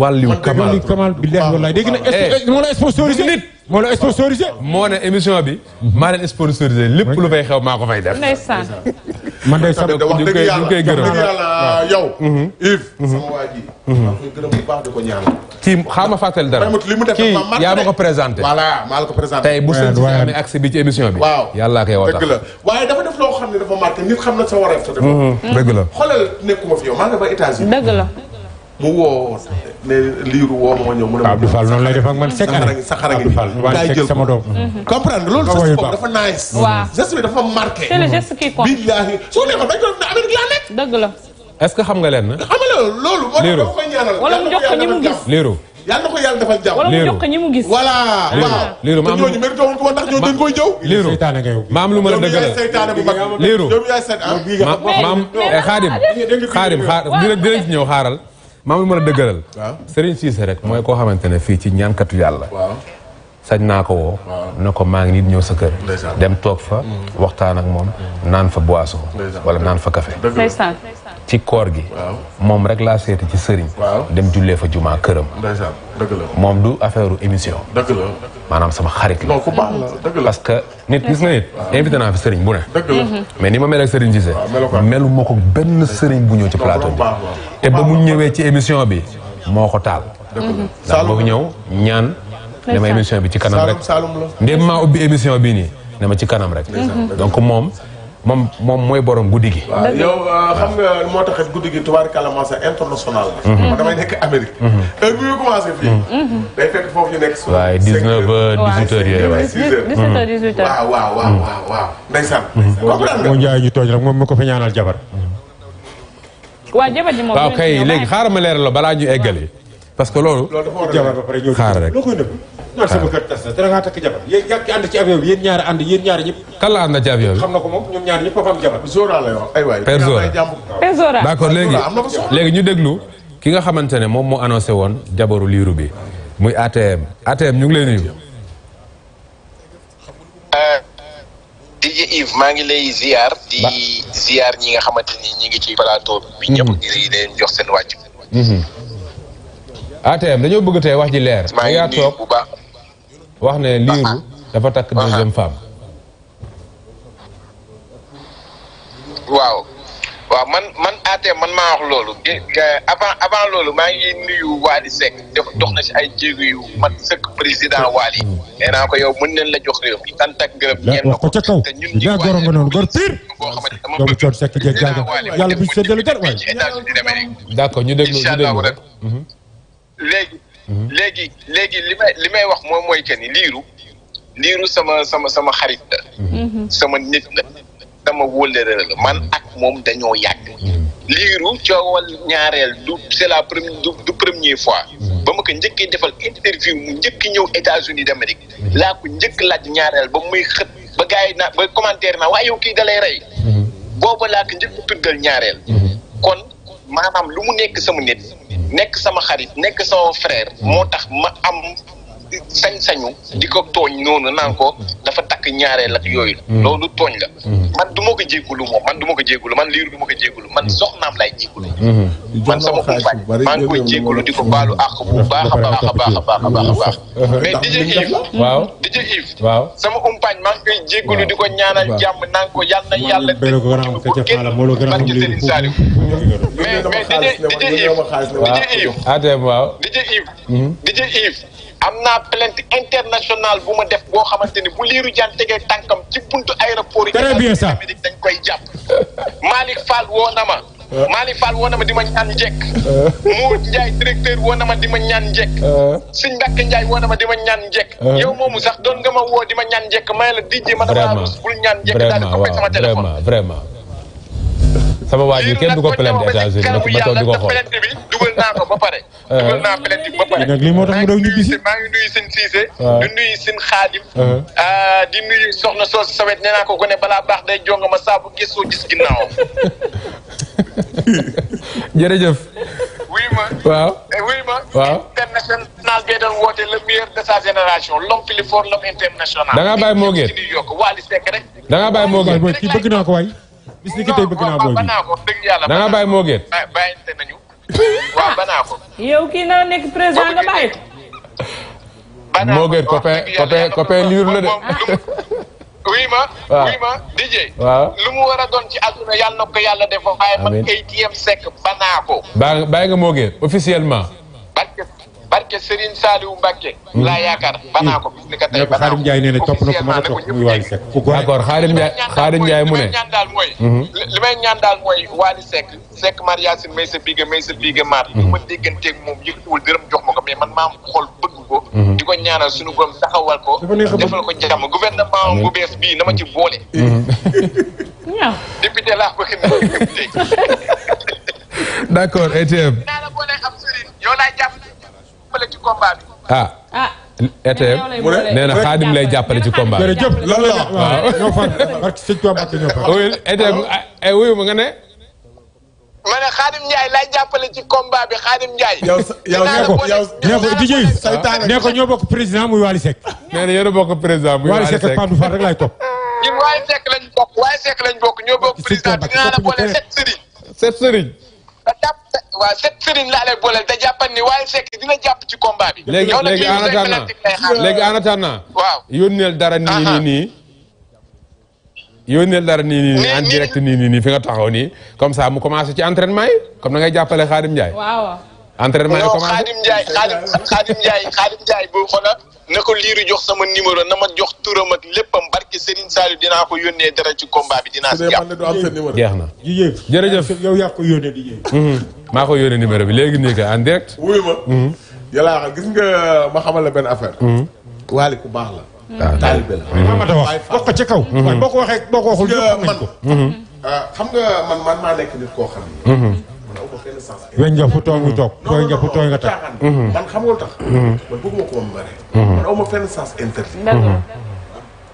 wàllu Kamal Kamal bi leer wallaay dégg na. Eh. moo la sponsorisé nit. moo la émission bi. Mhm. maa leen sponsorisé lépp lu fay xew maa ko fay def. man de sama wax dëgg yàlla wax dëgg yàlla yow. Mm-hmm. Mm-hmm. Yves. sama mm-hmm. waa ji. maa ngi gërëm bu baax di ko ñaanal. kii xaaral ma fàttali dara kii yaa ma ko présenté. voilà maa la ko présenté. bu seen si amee bi ci émission bi. waaw yàllaa koy woo tax dëgg waaye dafa def loo xam ne dafa marqué nit xam na sa wareef. dëgg la xoolal nekkuma fi yow maa nga États-Unis. mu woo ne liiru woo ma ñëw. mu ne Abdou Fall noonu lay def ak man mm-hmm. dafa nice. waaw geste dafa marqué. dëgg la. est-ce que xam nga leen na. xam nga loolu. liiru wala mu jox na ko ma la dëggal liiru maam xaadim xaadim xaadim dina dina ñëw xaaral maa ngi mën a dëgëral. waaw Serigne Cissé rek mooy koo xamante ne fii ci ñaankatu yàlla. sañ naa ko woo. na ko maa ngi nit ñëw sa kër. dem toog fa. Mm. waxtaan ak moom naan fa boisson. wala naan fa café. ci koor gi. moom rek laa seeti ci sëriñ. dem jullee fa jumaa këram. moom du affaire émission. dëgg maanaam sama xarit la. ku baax parce que nit gis nga nit. invité naa fi Serigne bu ne. mais ni ma mel ak Serigne Cissé. Ah, melu ma ko benn Serigne bu ñëw ci plateau bi. te ba mu ñëwee ci émission bi moo ko taal. ndax boobu ñëw ñaan. ne ma émission bi ci kanam rek. Saalum la. ndéem maa ubbi émision bii nii ne ma ci kanam rek. donc moom. moom moom mooy borom guddi gi. waaw yow euh, xam nga moo tax it guddi gi tubaarkàlla maa sa international la. man mhm. damay nekk Amérique. Mhm. heure bi ñu commencé fii. Mhm. day fekk foofu ñu nekk. su waay 19 ba 18 heures yooyu waay. 17 heures 18 heures. waaw waaw waaw waaw ndeysaan. ndeysaan moo njaay ji tooñ rek moom mi ko fa ñaanal jabar. waa jabar ji moom. waaw kay léegi xaaral ma leeral la balaa ñu eggali. parce que loolu. jabar loo koy nëbb naan sama kër tas na dara ngaa takk jabar d'accord léegi ñu déglu ki nga xamante ne moom moo annoncé woon jabaru liiru bi muy ATM ATM ñu ngi lay euh, maa ngi lay ziar di ziar ñi nga xamante ni ñi ngi ci plateau bi mhm. ñëpp di wàcc mhm. ATM dañoo bëgg te wax ji leer. maa ngi toog wax ne liiru dafa takk deuxième femme. waaw waaw man man ATM man maa wax loolu avant loolu maa ngi nuyu Waly Seck dafa dox na si ay jéego yu man sëkk président Waly. Hmm. nee ko yow mën neen la jox réew mi tant ak ngërëm. ñeent ko ca kaw daa góor a nga noonu góor pire. doomu coon Seck jéeg jaajëf yàlla bu ñu séddale ñu déglu ñu déglu léegi. léegi léegi li may li may wax moom mooy que ni liiru liiru sama sama sama xarit la. Mhm. sama nit la sama wóllëre la man ak moom dañoo yàgg. Mhm. liiru coowal ñaareel du c'est la première du du fois. Mhm. ba ma ko njëkkee defal interview mu njëkk ñëw États-Unis d'Amérique laa ko njëkk laaj ñaareel ba muy xët ba gars naa ba commentaire naa waaye yow kii da lay rey. booba laa ko njëkk tuddal ñaareel. kon maanaam lu mu nekk sama nit. nekk sama xarit nekk sama frère moo tax ma am sañ-sañu di ko tooñ noonu naan ko dafa takk ñaareel ak yooyu la mm. loolu tooñ la mm. man du ma ko jéggulu moom man ko jéggulu man liiru du ma ko jéggulu man mm. soxnaam laay jéggulu man sama compagne maa ngi koy jéggulu di ko baalu àq bu baax a baax a baax a baax a baax a baax mais DJ Yves waaw DJ Yves waaw sama compagne maa ngi koy jéggulu di ko ñaanal jàmm naan ko yàlla na yàlla ko génn barke Serigne Saliou mais mais DJ DJ ah, am naa plainte internationale bu ma def boo xamante ni bu liiru jaan tege tànkam ci buntu aéroport yi. très bien ça dañ koy jàpp. Malick Fall woo na ma. Euh. Malick Fall woo na ma di ma ñaan njekk. Euh. Mour Ndiaye directeur woo na ma di ma ñaan njekk. Euh. Sëñ Mbacke Ndiaye woo na ma di ma ñaan njekk. yow moomu sax doon nga ma woo di ma ñaan njekk may la dijji ma. vraiment vraiment waaw bul ñaan njekk daal di ko fay sama téléphone. vraiment. sama waa ji kenn du ko plainte États-Unis ma toog di ko xool plainte bi dugal naa ko ba pare. Euh. dugal naa plainte bi ba pare. nag lii moo tax mu daw ñu gis maa ngi nuyu seen Cissé. waaw di nuyu seen Xaadim. Euh. Euh, di nuyu soxna soosu sawet nee naa ko ku ne balaa baax day jonga ma saabu gisoo gis ginnaaw. jërëjëf. wuy ma waaw wuy eh, ma. waaw international bee doon woote le meilleur de sa génération l'homme plus fort l'homme international. da ngaa bàyyi moo gën da ngaa bàyyi moo gën. kii bëgg naa ko waay. bis ni ki bëgg naa booy bi non ko dëgg yàlla. da nga bàyyi moo kii naa nekk président nga bàyyi ko. banaa ko moo la de. oui ma. waaw ma DJ. waaw lu mu war a ci àdduna yàlla na ko yàlla def. amiin man kay sekk banaa ko. nga moo officiellement. barke Serigne Saliou Mbacke. Hmm. laa yaakaar banaa ko bis ni ka tey banaa ko officiellement a ko ñëpp dégg. d'accord Xaadim Ndiaye Xaadim Ndiaye mu ne. li may ñaan daal mooy. Mhm. li may ñaan daal mooy Waly Seck Seck Mariasi may sa biige may sa biige maar. Mhm. li ma dégganteeg moom yëkkatiwul dërëm jox ma ko mais man xool bëgg ko. Mhm. di ko ñaanal suñu góom ko. defal ko jàmm gouvernement bu bees bii na ma ko xim député. d'accord boole am Serigne yow laa jàpp. jàppale ci combat bi. ah. ah ETM nee lay jàppale ci combat bi. jërëjëf loolu la ah. waaw ñoo ah. Ah, eh, nga ne. ma ne xaadim lay jàppale ci combat bi xaadim Ndiaye. yow yow nee ko yow nee ñoo bokk président muy Waly Seck. nee na bokk président muy Waly Seck. Waly Seck Pape Fall rek laay topp. lañ bokk Waly Seck lañ bokk ñoo bokk président bi dinaa la boole sept sëriñ. sept waaw set sëriñ laa lay booleel te jàppan ni waaye Seck dina jàpp ci combat bi. léegi léegi en attendant léegi en attendant. waaw yónneel dara nii nii nii. yónneel dara nii nii nii en direct nii nii nii fi nga taxaw nii comme ça mu commencé ci entraînement yi comme da ngay jàppale Xaadim Ndiaye. waaw. entraînement yi commencé xaadim Ndiaye xaadim Ndiaye xaadim na ko liiru jox sama numéro na ma jox turam ak léppam barki Serigne Saliou dinaa ko yónnee dara ci combat bi dinaa si jàpp. jeex na jërëjëf yow yaa ko yónnee di yéeg. Mhm. maa ko yónnee numéro bi léegi nii en direct. wuyu ma. Mhm. yàlla gis nga ma xamal la benn affaire. Mhm. waali ku baax la. waaw ah, taalibe la. waaw ma kaw. waaye ko waxee ko man ah, xam nga man maa nekk nit koo xam. weñ nga fu tooy nga toog nga tax. man bëgguma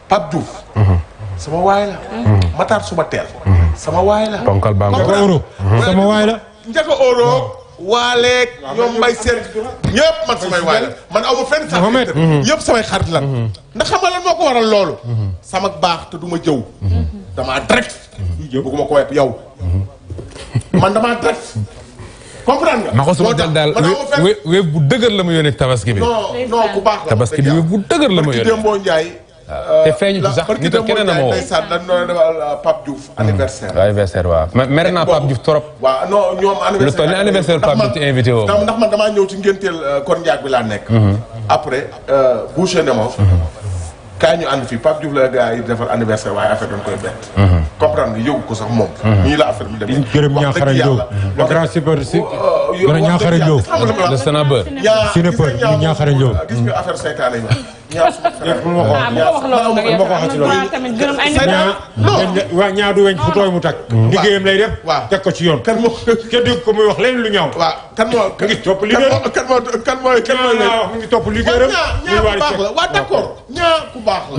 mhm. mhm. mhm. sama waay la. Matar suba teel. sama waay la. ponkal baa nga euro la. njëkk euro. man samay waay la man aw ma fenn sax ñëpp samay xarit la ndax xam nga moo ko waral loolu sama baax te du ma jëw damaa direct bëgguma ko wet yow man damaa teg comprendre nga. ma ko daal wéb bu dëgër la ma yónnee tabaski bi. non non ku baax la tabaski bi wéb bu dëgër la ma yónnee. Dembo Ndiaye. Ah. te feeñu ci sax nit ak keneen a ma woo. dañu doon defal Pape Diouf hmm. anniversaire. waaw anniversaire waaw naa Pape Diouf trop. waaw non ñoom anniversaire. lu toll ni anniversaire Pape Diouf ci ndax man damaa ñëw ci ngénteel euh, kon njaag bi laa nekk. Hmm. après euh, boucher ne ma. Hmm. kaay ñu ànd fii Pape Diouf la gars yi defal anniversaire waaye affaire dañ koy bett. comprendre nga yëgu ko sax moom. ñu la affaire bi demee wax dëgg yàlla le grand super si. gën a ñaaxare ñëw. le sénabeur. ñaaxare ñëw gis nga affaire saytaane yi Ah, waaw ñaaw du weñ fu tooy mu tak liggéeyam lay def teg ko ci yoon kan moo kenn dégg ko muy wax leen lu ñaaw waaw kan moo mu ngi topp liggéey kan moo kan mooy kan mooy laa wax mu ngi topp liggéeyam mm-hmm. ñaa ku baax la waaw d'accord ñaa ku baax la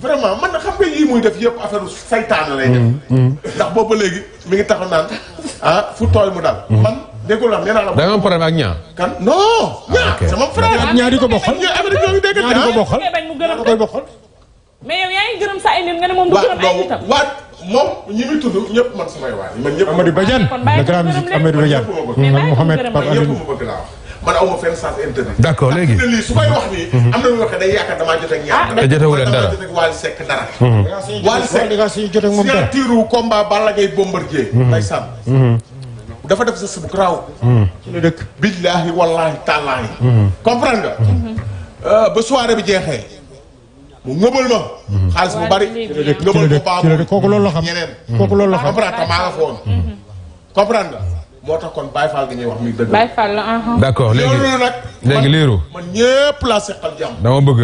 vraiment man xam nga yii muy def yëpp affaire saytaan lay def mm-hmm. Mm-hmm. ndax booba léegi mi ngi taxaw naan ah fu tooy mu dal man déggul la nee la. da nga am problème ak ñaar. kan non. ñaar sama frère. ñaar yi ko bokkal ñaar yi ko bokkal. ñaar yi ko bokkal. mais yow yaa ngi sa ay nga ne moom du gërëm ay nitam. waat moom ñi muy tudd ñëpp man samay waay. man ñëpp Amadou Badiane. le grand musique Amadou Badiane. man Mouhamed Pape Alioune. man aw fenn sens interdit. d' accord léegi su wax am na day ak ñaar. dara dara. Bombardier. Mhm. dafa def geste bu garaaw. Hmm. ci la dëkk billaahi wallaahi tàllaahi. Hmm. comprendre nga. Hmm. Euh, ba soirée bi jeexee. mu ngëbal ma. xaalis bu bari. ngëbal ko baabu ci la kooku loolu la xam ñeneen. kooku loolu la xam comprendre nga maa nga foon. comprendre nga moo tax kon Baye Fall gi ñuy wax mi dëgg. Baye Fall la ah, ah. d' accord léegi léegi liiru man ñëpp laa seqal jàmm. dama bëgg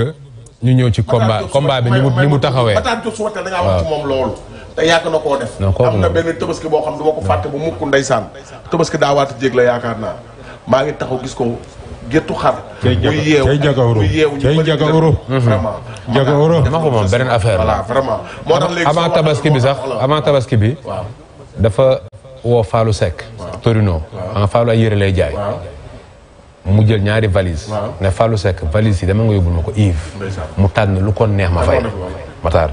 ñu ñëw ci combat combat bi ni mu ni mu taxawee. waaw ba daan jot su da ngaa wax ci moom loolu. te yak na koo def am na benn tabaski bo xam du ko fàtte bu mukk ndeysaan da daawaata djeg la yaakaar naa maa ngi taxaw gis ko géttu xar muy yeew cay jagawru cay euro vraiment euro dama ko mom benen affaire voilà vraiment moo tax léegi avant tabaski bi sax avant tabaski bi dafa wo Fallou sec Torino en Fallou ay lay jaay mu jël ñaari valise ne Fallou sec valise yi dama nga yobul mako Yves mu tan lu ko neex ma fay Matar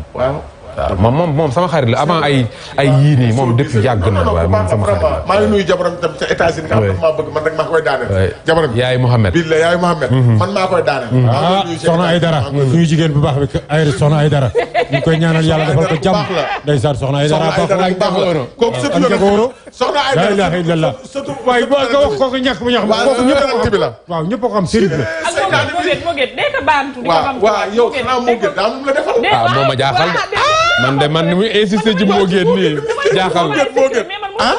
waaw moom moom moom sama xarit la avant ay ay yii nii moom depuis yàgg na waaye moom sama xarit la maa ngi nuyu jabaram tam ca états-unis nga xam ne maa bëgg man rek maa koy daaneel jabaram yaay Mohamed bii la yaay Mohamed mhm. man maa koy daaneel mhm. ah soxna ay dara suñu jigéen bu baax bi ay soxna ay dara ñu koy ñaanal yàlla defal ko jàmm ndeysaan soxna ay dara baax la baax la kooku sëtu yoon soxna ay dara la ilaha illallah sëtu waaye boo nga wax kooku ñàkk bu ñàkk kooku ñëpp bi la waaw ñëpp ko xam sëriñ la waaw waaw yow xanaa moo gën daa moom la defal ah, moo ma jaaxal man de man na ah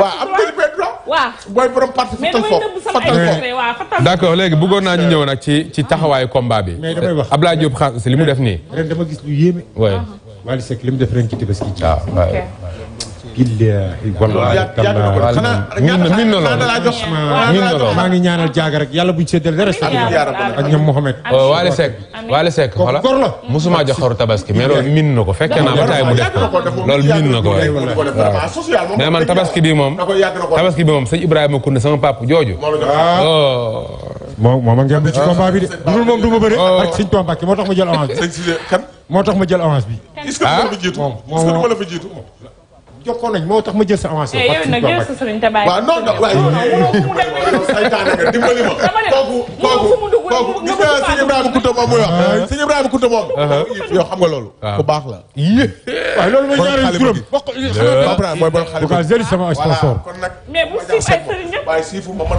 waaw am nañu benn droit. waaw booy borom parti fatal foofu fatal foofu. d' accord léegi bëggoon naa ñu ñëw nag ci ci taxawaayu combat bi. mais damay wax Abdoulaye Diop xaas li mu def nii. ren dama gis lu yéeme. oui li mu def ren ci billaahi wallaahi xanaa min na lool maa ngi ñaanal jaaga rek yàlla bu séddale dara sa ak ñoom Mohamed Waly Seck Waly jox xaru tabaski mais loolu min na ko fekkee naa ba taay mu def ko loolu na ko waaw tabaski bi moom tabaski bi moom sëñ Ibrahima Kounde sama pap jooju moom oh. moom ngeen bu moo tax ma jal avance bi. moo tax ma jël avance bi. jokkoo nañ moo tax ma jël sa avancé. waaw eh, yow nag yow sa sëriñ te bàyyi. waaw non non waaye. saytaane nga ma. kooku kooku kooku gis uh-huh. uh-huh. xam nga loolu. bu uh-huh. baax la. waaw loolu mooy ñaareelu turam. mooy bon xale bi sama sponsor. mais bu siif ay sëriñ ñëpp. waaye siifu ma man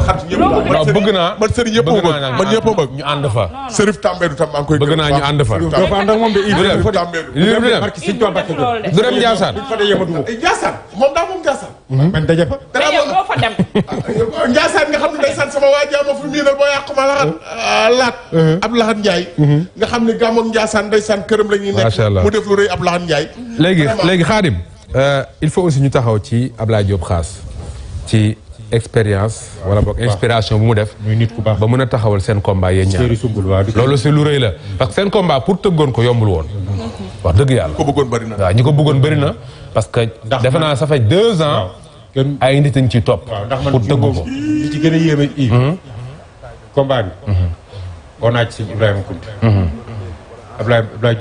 bëgg naa man sëriñ ñëpp bëgg man ñëpp bëgg ñu ànd fa. Serif Tambédou tam maa ngi koy. bëgg naa ñu ànd fa. Serif Ndiassane moom daa moom Ndiassane. man mm-hmm. daje fa. dara dem. Ndiassane nga xam ne ndeysaan sama waa jaama fu miinal boo yàqu ma laxat mm-hmm. laat. Mm-hmm. ab laxat Ndiaye. nga xam ne gàmm ak Ndiassane ndeysaan këram la ñuy nekk. macha allah mu def lu rëy ab laxat njaay léegi léegi Khadim. Euh, il faut aussi ñu taxaw ci Ablaye Diop Khass ci expérience. wala boog inspiration bu mu def. muy nit baax ba mën a taxawal seen combat yéen ñaar. loolu si lu rëy la. parce que seen combat pour tëggoon ko yombul woon. wax dëgg yàlla ko bëggoon bëri na waaw ñi ko bëggoon bëri na parce que defe naa ça fait deux ans ay indi añ ciy topp pour dëggu ko li ci mhm. mhm. oo naa ci sëñ Ibrahima Kounté mhm. Ablaye Ablaye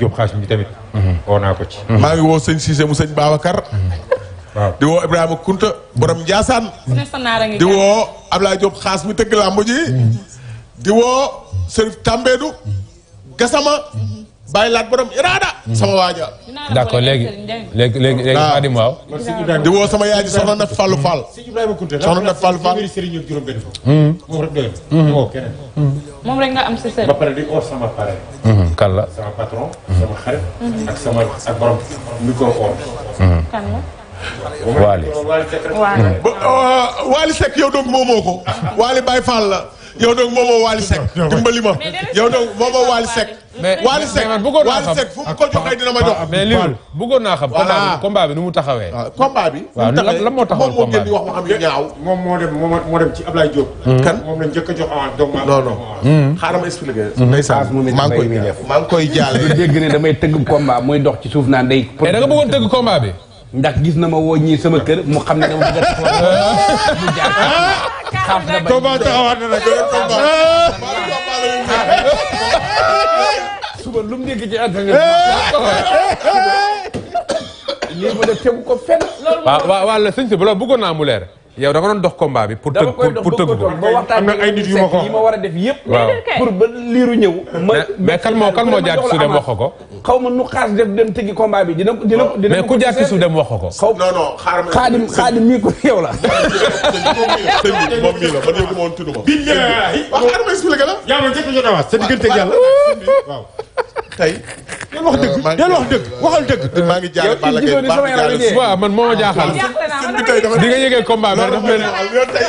naa ko ci maa ngi woo sëñ Cissé mu sëñ Babacar waaw di woo Ibrahima Kounta borom Ndiassane di woo Ablaye Diop xaas mi tëgg làmb ji di woo Serif Tambédou bàyyi laat borom iraada. sama waaja. d'accord léegi léegi léegi léegi Fadim waaw. di woo sama yaay ji soxna Nat Fallou Fall. soxna Nat Fallou Fall. Hmm. Hmm. Hmm. moom rek nga am sa di sama pare. kan la sama patron. sama xarit. ak sama ak uh, yow doog moomoo ko. Ah. Waly Baye Fall la. yow donc moom moo Wally Seck dimbali ma yow donc moom moo Wally Seck Wally Seck Wally Seck fu mu ko joxee dina ma jox mais Lirou bëggoon naa xam combat bi nu mu taxawee ah, combat bi lan moo taxawal moom moo gën di wax waxam yu eh, ñaaw moom moo dem moo dem ci Ablaye Diop hmm. kan moom lañ njëkk a jox avance donc non non hmm. xaaral ma expliqué hmm. ndeysaan maa ngi koy def maa ngi koy jaale dégg ne damay tëgg combat muy dox ci suuf naan day eh, da nga bëggoon tëgg combat bi ndax gis na ma woo ñii sama kër mu xam ne dama bëgg a taxaw mu jaar xam na ma combat taxawaat na nag suba lu mu dégg ci internet lii mu def tegu ko fenn waaw waaw la sëñ si bu loolu bëggoon naa mu leer yow da nga doon dox combat bi pour tëgg pour tëgg ko am na ay nit yi ma war a def yëpp pour ba liiru ñëw ma mais kan moo kan moo jaar ci suuf wax ko xaw ma nu xaas def dem tëggi combat bi dina dina dina mais ku jaar wax ko xaw non non xaar ma xaadim xaadim mii ko yow ma woon tudd ma billahi wax a sa diggante yàlla tey. del wax dëgg del wax dëgg waxal dëgg. maa ngi jaale Balla Gaye baax na jaale waaw man moo ma jaaxal. sëñ di nga yëgee combat bi dafa mel ne. tey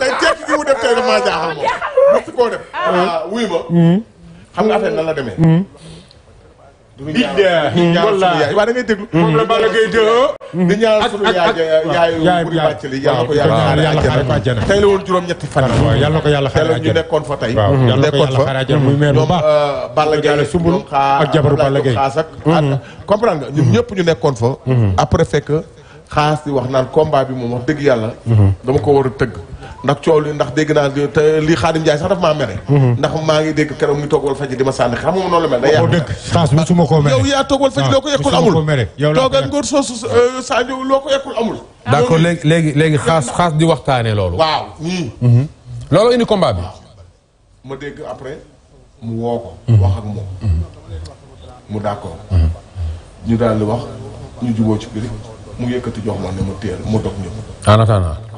tey tey gi mu def tey dafa maa jaaxal moom. mosu koo def. wuyu ma. la demee. billahi wallahi waaw da ngay déglu moom la Balla Gaye dë di ñaanal sunu yaay yaay buri bàcc li yàlla ko yàlla xaare ko àjjana tey la woon juróom-ñetti fan yàlla ko yàlla xaare àjjana ñu nekkoon fa tey nekkoon fa muy meer bu baax euh, Balla Gaye sumbul ah, ak jabaru xaas mm-hmm. ak comprendre nga ñun ñëpp ñu nekkoon fa mm-hmm. après fekk xaas di wax naan combat bi moom wax dëgg yàlla mm-hmm. dama ko war a tëgg ndax ndax dégg naa li Xaadim Njaay sax daf maa mere mhm. ndax maa ngi dégg keroog mi toog wal faji di ma sànni xam nga noonu la mel day yàq dëgg xaas bi su ma koo mere yow yaa toog wal faji loo ko yekkul amul toogal ngóor soosu euh, Sadio loo ko yekkul amul d'accord léegi léegi léegi xaas xaas di waxtaanee loolu waaw nii mhm. loolu indi combat bi ma dégg après mu woo ko mhm. mu d'accord ñu daal di wax ñu juboo ci biir mu yëkkati jox ma ne ma téel ma dog ñëpp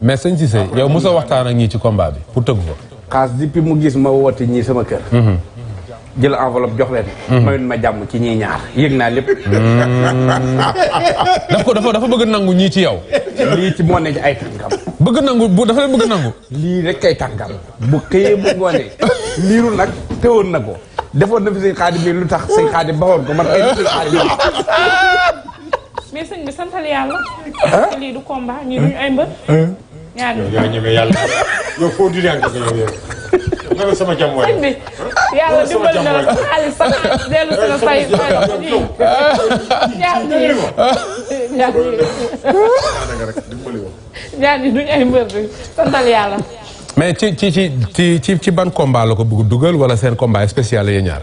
mais sëñ Cissé yow mos waxtaan ak ñii ci kombaa bi pour tëgg ko. xaas depuis mu gis ma woote ñii sama kër. Mhm. jël enveloppe jox leen. Mhm. mayun ma jàmm ci ñii ñaar yëg naa lépp. Mhm. daf ko dafa dafa bëgg nangu ñii ci yaw lii ci moo ne ci ay tànkam. bëgg nangu bu dafa leen bëgg nangu. lii rek ay tànkam bu xëyee bu ngoonee liiru nag teewoon na ko defoon na fi sëñ xaadim bi lu tax sëñ xaadim baxoon ko man ay sëñ xaadim ñaar yow yaa ñeme yàlla di daan ko yow nga sama jàmm waaye. sëñ bi na la xaalis sax dellu si la fay fay ko nii. ñaar ñii yàlla. mais ci ci ci ci ci ban combat ko bëgg dugal wala seen combat spécial la ñaar.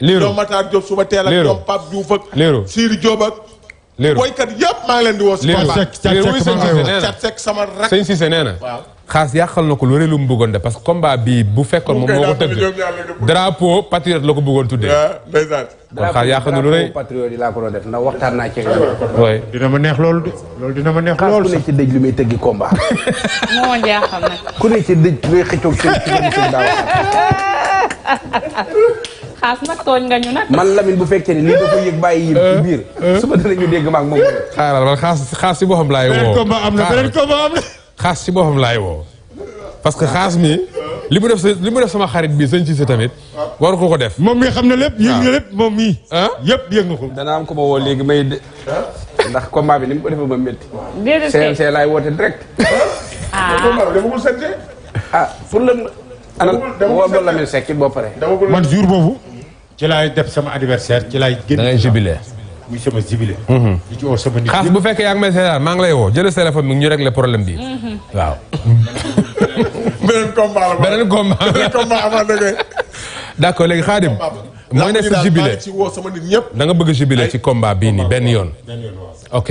liiru ñoom Matar Diop suba teel ak ñoom Pape Diouf ak. maa leen di woo. liiru Cat Seck sama rak sëñ Cissé nee na waaw na ko lu rëy lu mu bëggoon de parce que combat bi bu fekkoon moom moo ko tëgg drapeau patriote la ko bëggoon tuddee. kon xaas yàqal na lu rëy drapeau patriote yi laa ko doon waxtaan naa ci dina ma neex loolu de loolu dina ma neex loolu sax ne ci dëj lu muy tëggi combat. moo jaaxal nag. ci dëj xaas nag tooñ nga ñu nag. man Lamine bu fekkee ni lii da koy yëg bàyyi yëg ci euh, biir. Euh. suba danañu dégg maag moom. xaaral man xaas xaas si boppam laay woo. am na beneen si boppam laay woo. parce que xaas mi li mu def li ma def sama xarit bi sëñ Cissé tamit war koo ko def. moom mi xam na lépp yëg na lépp moom yëpp yëg nga ko. danaa am ko ma woo léegi may de ndax combat bi ni mu ko defee ba métti. déedéet CNC laay woote direct. ah ah pour le. dama ko dama ko woo Lamine Seck boo man jour boobu. ci laay def sama anniversaire ci laay. génn da ngay jubilé. muy sama jubilé. Mhm. di ci fekkee yaa maa ngi lay woo jël téléphone bi ñu réglé problème bi. Mhm. waaw. beneen combat la beneen combat beneen combat na nga bëgg jubilé ci combat bii nii benn yoon. benn yoon waaw ok.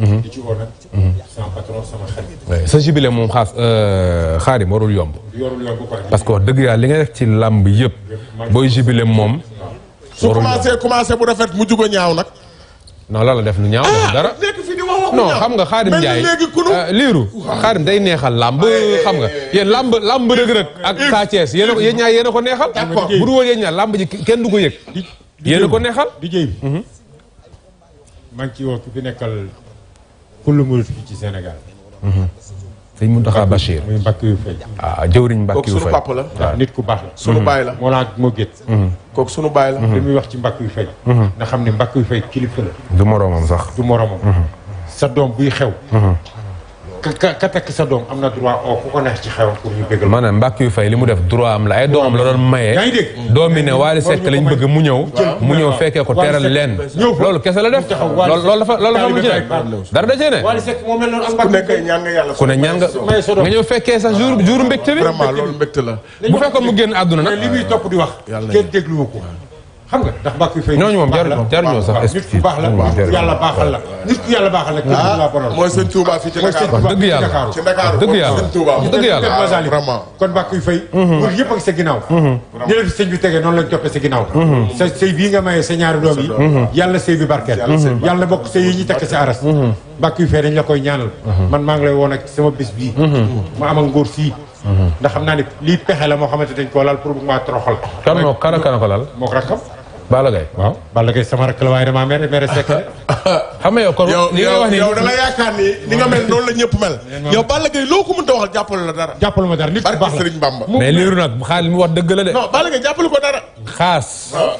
Mhm. di ci woo sa jubilé moom xaas euh, Khadim warul yomb. warul yomb parce que wax dëgg yàlla li nga def ci làmb yëpp. booy jubilé moom. su commencé commencé bu rafet mu jugo ñaaw nag. non la def lu ñaaw def ah, dara non xam nga xaadim Njaay liiru xaadim day neexal làmb xam nga yéen làmb làmb rëg-rëg ak Sa Thiès yéen a ko neexal bu dul woon yéen làmb ji kenn du ko yëg yéen a ko neexal di jëy mhm. maa ngi ci woo ki fi ci Sénégal mhm. sëñ Muntaxa Bachir muy Mbàkke yu fay ah, ah jëwriñ Mbàkke yu fay kooku sunu papa la ah. nit ku baax la sunu baay la moo laa moo gét mm-hmm. kooku sunu baay la mm-hmm. li muy wax ci Mbàkke yu fay mm-hmm. nga xam ne Mbàkke yu fay kilifa la du moroomam sax du moroomam sa doom buy xew ka ka takk sa doom am na droit oo ku ko neex ci xewam pour ñu bégal. maanaam mbàkk yu fay li mu def droit am la ay doomam la doon maye. yaa ngi dégg doom yi ne Wally Seck lañ bëgg mu ñëw. mu ñëw fekkee ko teral leen. loolu kese la def. loolu loolu dafa loolu dafa am lu ci ne. dara da cee ne. Wally Seck moom la noonu am mbàkk. ku nekk ñaan nga yàlla. ku ne ñaan nga nga ñëw fekkee sax jour jour mbégte bi. vraiment loolu mbégte la. bu fekkoon mu génn àdduna nag. li muy topp di wax. yàlla kenn dégluwu ko xam nga ndax Mbacke Faye. ñooñu moom jaruñu jaruñu sax est-ce que nit ku baax la yàlla baaxal la nit ku yàlla baaxal la. ah mooy sëñ Touba fii ci Dakar wax dëgg yàlla wax dëgg yàlla wax dëgg yàlla ah, vraiment. kon Mbacke Faye. Mhm. loolu yëpp ak sa ginnaaw. ni mhm. la fi sëñ bi tegee noonu lañ toppee sa ginnaaw. Mhm. sa sëy bii nga maye sa ñaari doom yi. yàlla sëy bi barkeel. yàlla bokk sëy yi ñu takk si aras. Mbacke Faye dañ la koy ñaanal. man maa ngi lay woon ak sama bis bii. ma am ak ngóor sii ndax xam naa ne lii pexe la moo xamante dañ koo laal pour bu maa toroxal. kan moo kan a kan a ko laal moo rakkam Balla Gaye waaw. Balla sama rakk la waaye damaa mere mere sekk. xam nga yow kon li nga wax nii yow la yaakaar ni ni nga mel noonu la ñëpp mel. yow Balla Gaye loo ko mënta waxal wax la ko dara. xaas. Ah.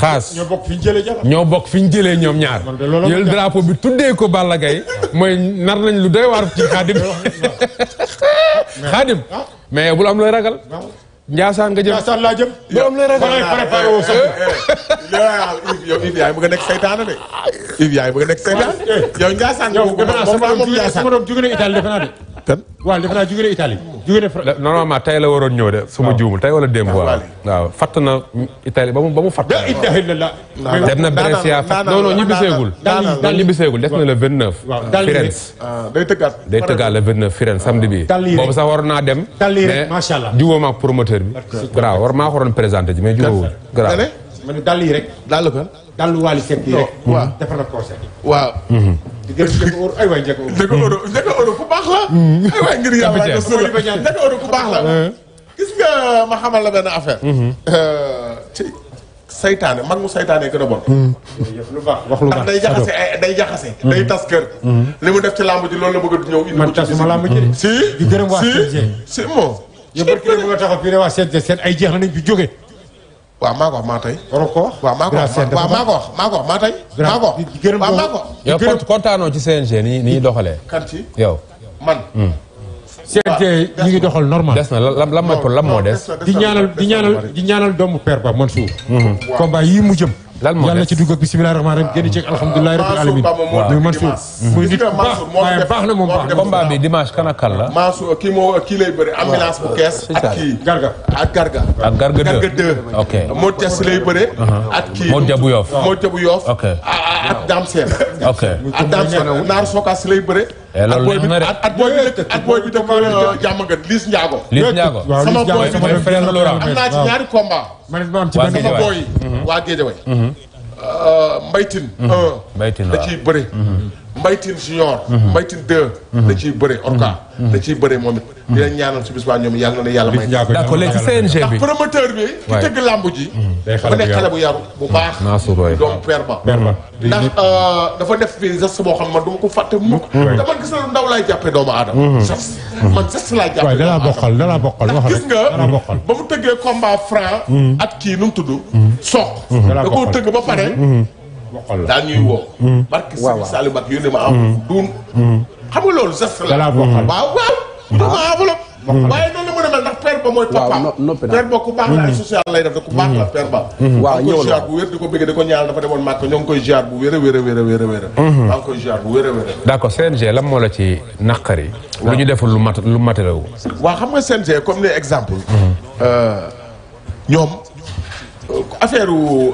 xaas ñoo bokk fi ñu jëlee jàpp. ñoo bokk fi ñu jëlee ñoom ñaar. jël drapeau bi tuddee ko Balla Gaye mooy nar nañ lu doy waar ci xaadim xaadim ah. mais bu la am looy ragal Ndiassane nga jëm Ndiassane laa jëm. yow am lay ragal yow préparé woo sax. yow Yves yaay bëgg a nekk seytaane de. Yves yaay bëgg a nekk seytaane ah, yow Ndiassane. yow defe naa sama doom jóge na Italie defe naa de. kan waaw defe naa jóge na Italie jóge na normalement tey la waroon ñëw de su ma juumul tey wala démb waaw waaw fatt na Italie ba mu ba mu fatt dem na Brescia fatt non non ñibbiseegul non ñibbiseegul def na le 29 Firenze ah, day tëggaat day tëggaat le 29 Firenze samedi bi boobu sax waroon naa dem macha allah jubóom ak promoteur bi garaaw war maa ko waroon présenté ji mais jubóowul garaaw ma ne dàll yi rek dàll ko dàll Wally Seck yi rek defar na concert waaw di gën njëkk ay waay njëkk njëkk njëkk aywa ngir yàlla la. Eh. gis nga ma xamal la mhm. euh, mag mu saytaane gën a bon. Mhm. lu baax wax lu eh, mhm. li mu def ci làmb ji loolu la bëgg a ñëw. indi man tasuma làmb ji si di gërëm waa si si moom. yëpp rek yëpp nga taxaw fii de waa CNG seen ay jeex nañ fi jóge. waaw maa maa tey. waroo wax waaw maa maa tey. maa ko wax waaw maa kontaanoo ci CNG ni ni doxalee. kan ci yow. man. CNG ñu ngi doxal normal. des na lan lan moo des. di ñaanal di ñaanal di ñaanal doomu père ba Mansour. Mhm. combat yii mu jëm. lan moo des yàlla dugg ak bisimilah rahmaani rahiim génn ci alhamdulilah rabbil alamin. waaw muy muy nit baax waaye bi la. Mansour kii moo kii lay bëri ambulance bu kees. ak kii Garga ak Garga. ak Garga 2 Garga 2. ok moo tes lay bëre. Uh-huh. ak kii moo jabu yoof moo jabu yoof. ok ak Dame Sène. ok ak Dame Sène naar Sokas lay bëre. Eh, loolu neex na de at booy bi dëkk at booy bi dëkk jàmm nga Liss Ndiago. Liss Ndiago sama booy bi am ci ñaari mhm. waa Géejawaay. Mhm. Euh, Mbaytin. Mbaytin waaw da ciy bëri. Mhm. mbaytin junior mhm. mbaytin deux mhm. da ciy bëre mhm. orca da ciy bëre moom it di leen ñaanal su bis ñoom yàlla na yàlla may bi ndax promoteur bi ki tëgg làmb ji dafa nekk xale bu yaru bu baax doom père ba ndax euh, dafa def fii geste boo xam ne man du ko fàtte mukk te man na lu ndaw laay jàppee doomu aadama geste man geste laay jàppee dalaa bokkal dalaa bokkal ndax gis nga ba mu tëggee combat franc ak kii nu mu tudd soq da koo tëgg ba pare daa ñuy mm. woo. Mm. barke Sëriñ Saliou Mbacké mm. loolu sax la. waaw waaw. dama enveloppe. la mën a mel da ku baax la père ba waaw ñëw la bu wér di ko bëgg di ko ñaanal dafa demoon màkk a a wér a wér a wér mm-hmm. moo ci naqari lu ñu deful lu mat lu matalawu waaw xam nga CNG comme ni exemple mm-hmm. euh, ñoom euh, affaire u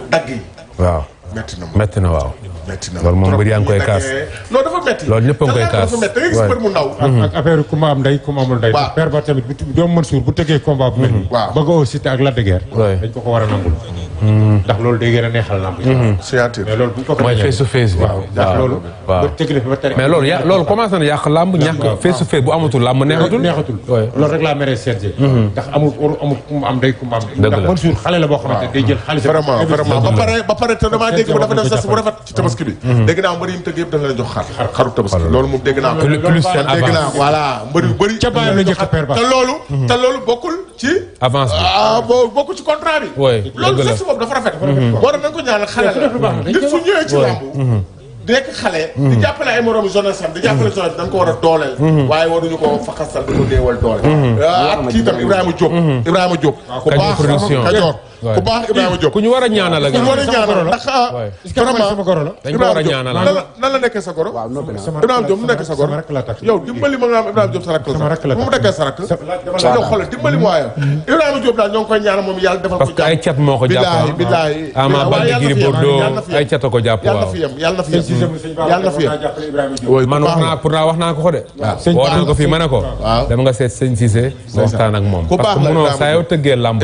waaw metti na ma metti na waaw. metti loolu moom mbir yaa ngi koy kaas. Eh, non dafa metti loolu ñëpp a ngi koy kaas dafa da ngay mu ndaw. Mm-hmm. ak affaire ku ma am ndey ku ma amul ndey. waaw père ba tamit bu doom Mansour bu tëggee combat bu mel nii. waaw mm-hmm. bëgg a de Guiers. dañ ko ko a nangul. Mm-hmm. ndax loolu a neexal lamb. scientifique mais loolu bu ñu ko ko mooy face to ya loolu commencé na yàq lamb ñàkk face to face amul amul ku mu am ndey ku mu am. dëgg la ndax Mansour xale la boo xamante day jël xaalis. ba pare ba pare te damaa dégg mu dafa def geste bu rafet ci tabaski bi mm-hmm. dégg naa mbëri yi mu tëgg yëpp dafa leen jox xar xaru tabaski loolu moom dégg naa ko dégg naa voilà mbëri yu bëri te loolu mm-hmm. te loolu bokkul ci avance bi ah, bokkul ci contrat bi loolu geste boobu dafa rafet moo tax nañ ko ñaanal xale la nit su ñëwee ci làmb mm-hmm. di nekk xale di jàppale ay moromu jeunesse am di jàppale jeunesse dañ ko war a dooleel waaye waruñu ko faxasal di ko néewal doole ah, ak kii tam Ibrahima Diop Ibrahima Diop bu baax Kajoor ku baax Ibrahima Diop ku ñu war a ñaanal la. ku ñu war a ñaanal ah, ah, la vraiment sa goro. waaw non mu nekkee sa goro. yow dimbali ma nga am Ibrahima Diop sa rakk la ñoo koy ñaanal moom yàlla defal parce que ay cat moo ko jàpp bilaay ah. a ko jàpp waaw. yàlla na fi yem yàlla na naa pour ko ko de. ma ne ko. dama nga seet sëñ Cissé waxtaan ak moom. parce que munoo saa yoo tëggee làmb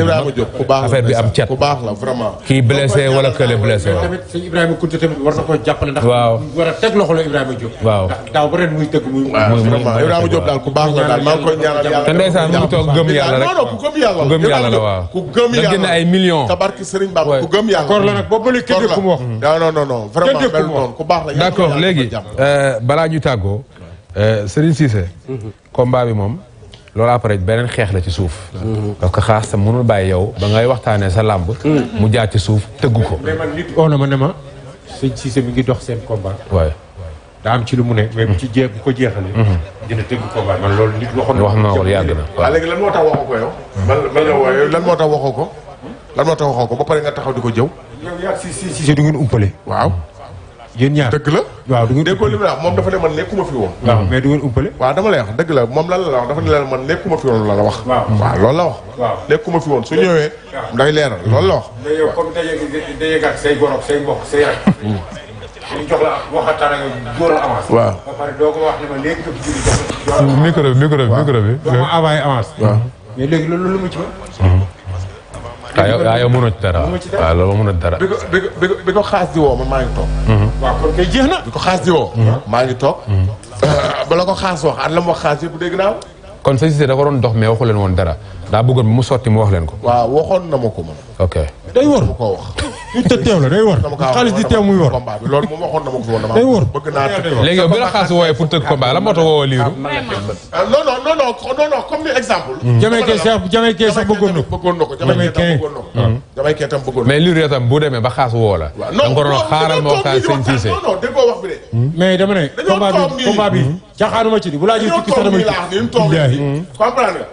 affaire am cet ku baax la vraiment. kii blessé wala kële blessé waaw. tamit sëñ Ibrahima Kounta tamit war na ko jàppale. ndax war a teg loxo la Ibrahima Diop. waaw ndax daaw ba ren muy dëgg muy. waaw vraiment Ibrahima Diop daal ku baax la daal maa ngi koy ñaanal yàlla. te ndeysaan mu ngi toog gëm yàlla rek non non ku gëm yàlla la. gëm yàlla la waaw ku gëm yàlla la ay millions. tabarki Serigne Ba ku gëm yàlla. kor la nag boobu léegi kenn ku mu wax. Mm. non non non vraiment mel noonu ku baax la. d'accord léegi euh, balaa ñu tàggoo euh, Serigne Cissé mm-hmm. combat bi moom loolu après beneen xeex la ci suuf. parce mhm. que xaas tam mënul bàyyi yow ba ngay waxtaanee sa làmb. Mhm. mu jaar ci suuf tëggu ko. nit oo na ma ne ma. sëñ Cissé mi ngi dox seen combat. waay daa am ci lu mu ne. mais bu mhm. ci jeex bu ko jeexalee. dina tëgg combat man loolu nit waxoon na. wax na ko yàgg na waaw ah, léegi lan moo tax waxu ko yow. la wooyee lan moo tax waxoo ko. lan moo tax ko ba pare nga taxaw di ko jëw. yow yaa si si ngeen umpale waaw. yéen ñaar dëgg la. waaw du ngeen déggoo li ma wax moom dafa ne man nekkuma fi woon. waaw hmm. mais du ngeen umpale. waaw dama lay wax dëgg la moom lan la wax dafa ne la man nekkuma fi woon la la wax. waaw hmm. waaw loolu la wax. waaw nekkuma fi woon su ñëwee. waaw day say gorog say mbokk say rak. Hmm. ñu jox la waxataan ak a avance. ko wax ne ma léegi dëkk bi bi micro bi micro bi. waaw doo ma waaw yow waaw yow mënoo dara waaw loolu mënoo ci dara. bi ko bi bi ko xaas di woo man maa ngi toog. Mhm. waaw kon kay jeex na. ko xaas di woo. Mhm. maa ngi toog. Mhm. Euh, bala ko xaas wax at la mu xaas yëpp dégg kon sa Cissé da ko doon dox mais waxu leen woon dara daa bëggoon mu sotti mu wax leen ko. waaw waxoon na ma ko ok day war ma koo te teew la day war xaalis di teew muy war day war léegi yow bi la xaalis wooyee pour la moo tax woowoo liiru ah, non non hmm. bëggoon na ko hmm. liiru itam bu demee ba xaas woo la da nga ko doon xaaral moo xaas seen Cissé non non déggoo wax bi de hmm. ci di bu ji tukki sax dama ci comprendre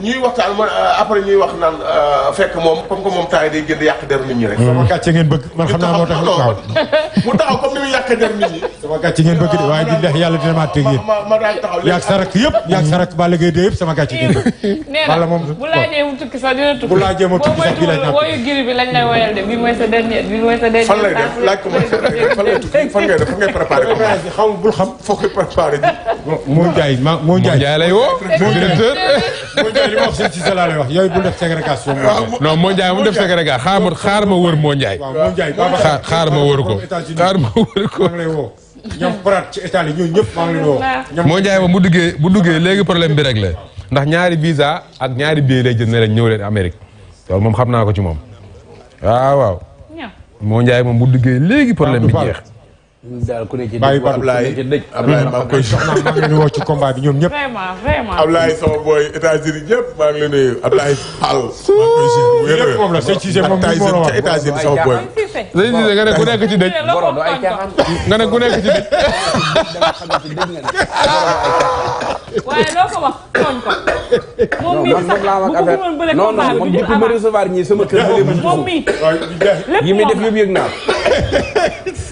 ñuy waxtaan man euh, après ñuy wax naan euh, fekk moom comme que moom taay day gën yàq der nit ñi rek. Hmm. sama gàcce ngeen bëgg man xam naa moo tax waaw mu taxaw comme ni muy yàq der nit ñi. sama gàcce ngeen bëgg de waaye billahi yàlla dina ma teg yéen. ma daal taxaw léegi sa rak yëpp yaag sa rak ba liggéey de yëpp sama gàcce ngeen bëgg. nee na bu laajee mu tukki sax dina tukki. bu laajee mu tukki sax bi lañ naan woyu giri bi lañ lay woyal de bi mooy sa dernier bi mooy sa dernier. fan lay def laaj ko ma fan lay tukki fan ngay def fan ngay préparé ko. xam bul xam foo koy préparé ji. moo njaay moo njaay lay woo directeur li ma wax sëñ Cissé laa lay wax yooyu bu moo Ndiaye mu def ségrégation xaar ma wër moo jaay waaw moo Ndiaye xaar ma wër ko xaar ma wër ko. ñoom Prat ci ñëpp maa moo jaay moom mu duggee bu duggee léegi problème bi réglé ndax ñaari visa ak ñaari billet lay jël ne leen ñëw leen Amérique moom xam naa ko ci moom waaw waaw. moo Ndiaye moom bu duggee léegi problème bi jeex. daal ku ne ci bàyyi ba Ablaye Ablaye maa ngi koy soxna maa ngi leen woo ci combat bi ñoom ñëpp. vraiment vraiment Ablaye sama booy États-Unis ñëpp maa ngi leen nuyu Ablaye Fall. ñëpp moom la c' est ci moom mi mu war a wax États-Unis sama booy. dañuy gis nga ne ku nekk ci dëj. borom ay caaxaan nga ne ku nekk ci dëj. waaye loo ko wax tooñ ko. moom mii sax bu ko bëre non non moom depuis ma recevoir ñii sama kër. moom mii lépp moom la yi muy def yëpp yëg naa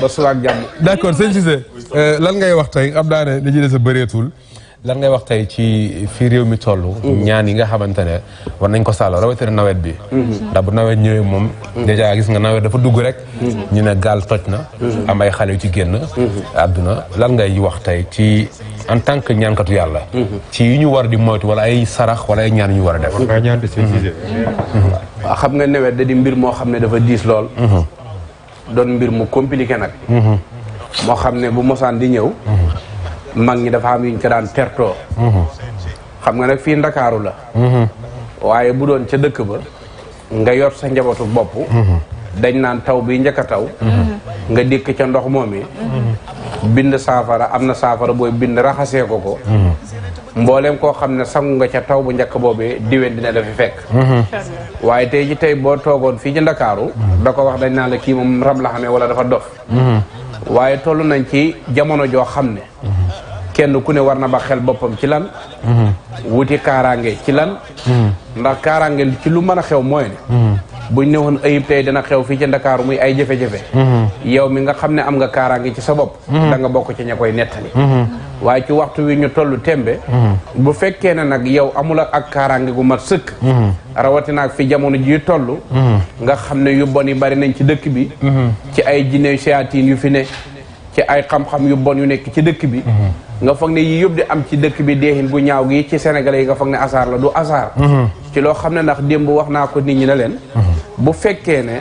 ba suba ak jàmm. d' accord sëñ Cissé euh, lan ngay wax tey am naa ne li ñu des a bëreetul. lan ngay wax tey ci fii réew mi toll. ñaan yi nga xamante ne war nañ ko sàlloo rawatina nawet bi. Mhm. ndax bu nawet ñëwee moom. Mhm. dèjà gis nga nawet dafa dugg rek. Mhm. ñu ne gaal toj na. am ay xale yu ci génn. àdduna lan ngay wax tey ci en tant que ñaankatu yàlla. ci yu ñu war di moytu wala ay sarax wala ay ñaan yu ñu war a def. xam nga nawet da di mbir moo xam ne dafa diis lool. doon mbir mu compliqué nag mhm. moo xam ne bu mosaan di ñëw mhm. mag ñi dafa am yuñ ko daan tertoo mhm. xam nga nag fii ndakaaru la waaye bu doon ca dëkk ba nga yor sa njabootu bopp dañ naan taw bi njëkk a taw nga dikk ca ndox moom mi bind saafara am na saafara booy bind raxasee ko ko mbooleem koo xam ne sangu nga ca taw bu njëkk boobee diwén dina la fi fekk mhm. waaye tey ji tey boo toogoon fii ci ndakaaru mhm. da ko wax dañ naa la kii moom rab la xamee wala dafa dof mhm. waaye toll nañ ci jamono joo xam ne kenn ku ne war na ba xel boppam ci lan wuti kaaraange ci lan ndax kaaraange ci lu mën a xew mooy buñ ne woon ayib tey a xew fii ci ndakaaru muy ay jafe-jafe mhm. yow mi nga xam ne am nga kaaraange ci sa bopp mhm. da nga bokk ci a koy nettali mhm. waaye ci waxtu wi ñu toll tembe bu fekkee ne nag yow amula ak kaaraange gu mat sëkk rawatina ak fi jamono ji toll nga xam ne yu bon yi bari ci dëkk bi ci ay jinne seyaatiin yu fi ne te ay xam-xam yu bon yu nekk ci dëkk bi nga foog ne yii yëpp di am ci dëkk bi deexin bu ñaaw gi ci sénégalais yi nga foog ne asaar la du asaar ci loo xam ne ndax démb wax naa ko nit ñi ne leen bu fekkee ne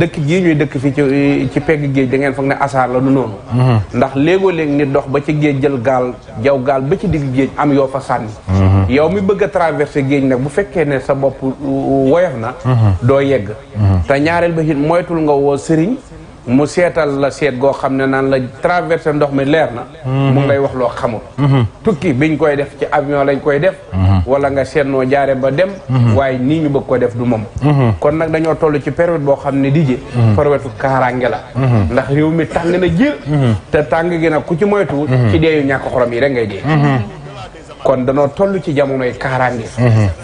dëkk gii ñuy dëkk fii ci ci pegg géej da ngeen foog ne asaar la du noonu ndax léegoo-léeg nit dox ba ci géej jël gaal jaw gaal ba ci digg géej am yoo fa sànni yow mi bëgg a traversé géej nag bu fekkee ne sa bopp woyof na mhm. doo yegg mhm. te ñaareel ba it moytul nga woo sëriñ mu seetal la seet goo xam ne naan la traversé ndox mi leer na mhm. mu ngay wax loo xamul mhm. tukki biñ koy def ci avion lañ koy def mhm. wala nga seet noo jaare ba dem waaye nii ñu bëgg ko def du moom kon nag dañoo toll ci période boo xam ne di ji période kaaraange la ndax réew mi tàng na jër te tàng gi nag ku ci moytu ci deeyu ñàkk xorom yi rek ngay dee kon danoo toll ci jamonoy kaaraange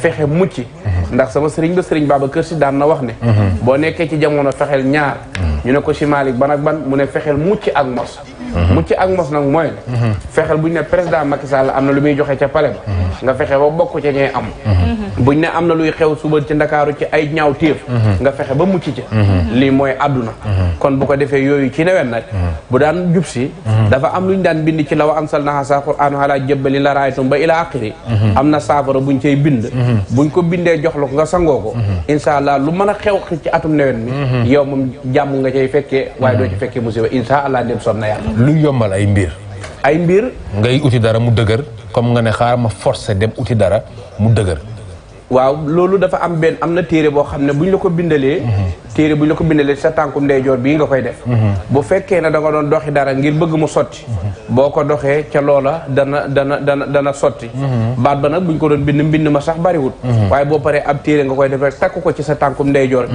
fexe mucc ndax sama sëriñ ba sëriñ Babacar Si daan na wax ne boo ñu ne ko si malik ban ak ban mu ne fexeel mucc ak mos mucc ak mos nag mooy mhm. fexeel bu ñu ne président Macky Sall am na lu muy joxe ca palais ba mhm. nga fexe ba bokk ca ñee am mhm. buñ ne am na luy xew suba ci ndakaaru ci ay ñaaw téef nga fexe ba mucc ci lii mooy àdduna kon bu ko defee yooyu ci nawet nag bu daan jub si dafa am lu ñu daan bind ci law anzalnaa haazaa qur'aanan alaa jabalin la ra'aytahu ba ilaa aaxiri am na saafara buñ cay bind buñ ko bindee jox la ko nga sangoo ko incha allah lu mën a xew ci atum nawet mi yow moom jàmm nga cay fekkee waaye doo fekkee musiba incha allah dem sob na lu yombal ay mbir. ay mbir. ngay uti dara mu dëgër comme nga ne xaar ma forcé dem uti dara mu dëgër. waaw loolu dafa am benn am na téere boo xam ne bu ñu la ko bindalee mhm. téere bu ñu la ko bindalee sa tànkum ndeyjoor bi nga koy def mhm. bu fekkee ne da doon doxi dara ngir bëgg mu sotti mhm. boo ko doxee ca loola dana dana dana dana sotti baat ba nag bu ñu ko doon bind mbind ma sax bariwut waaye boo paree ab téere nga koy def rek ko ci sa tànkum ndeyjoor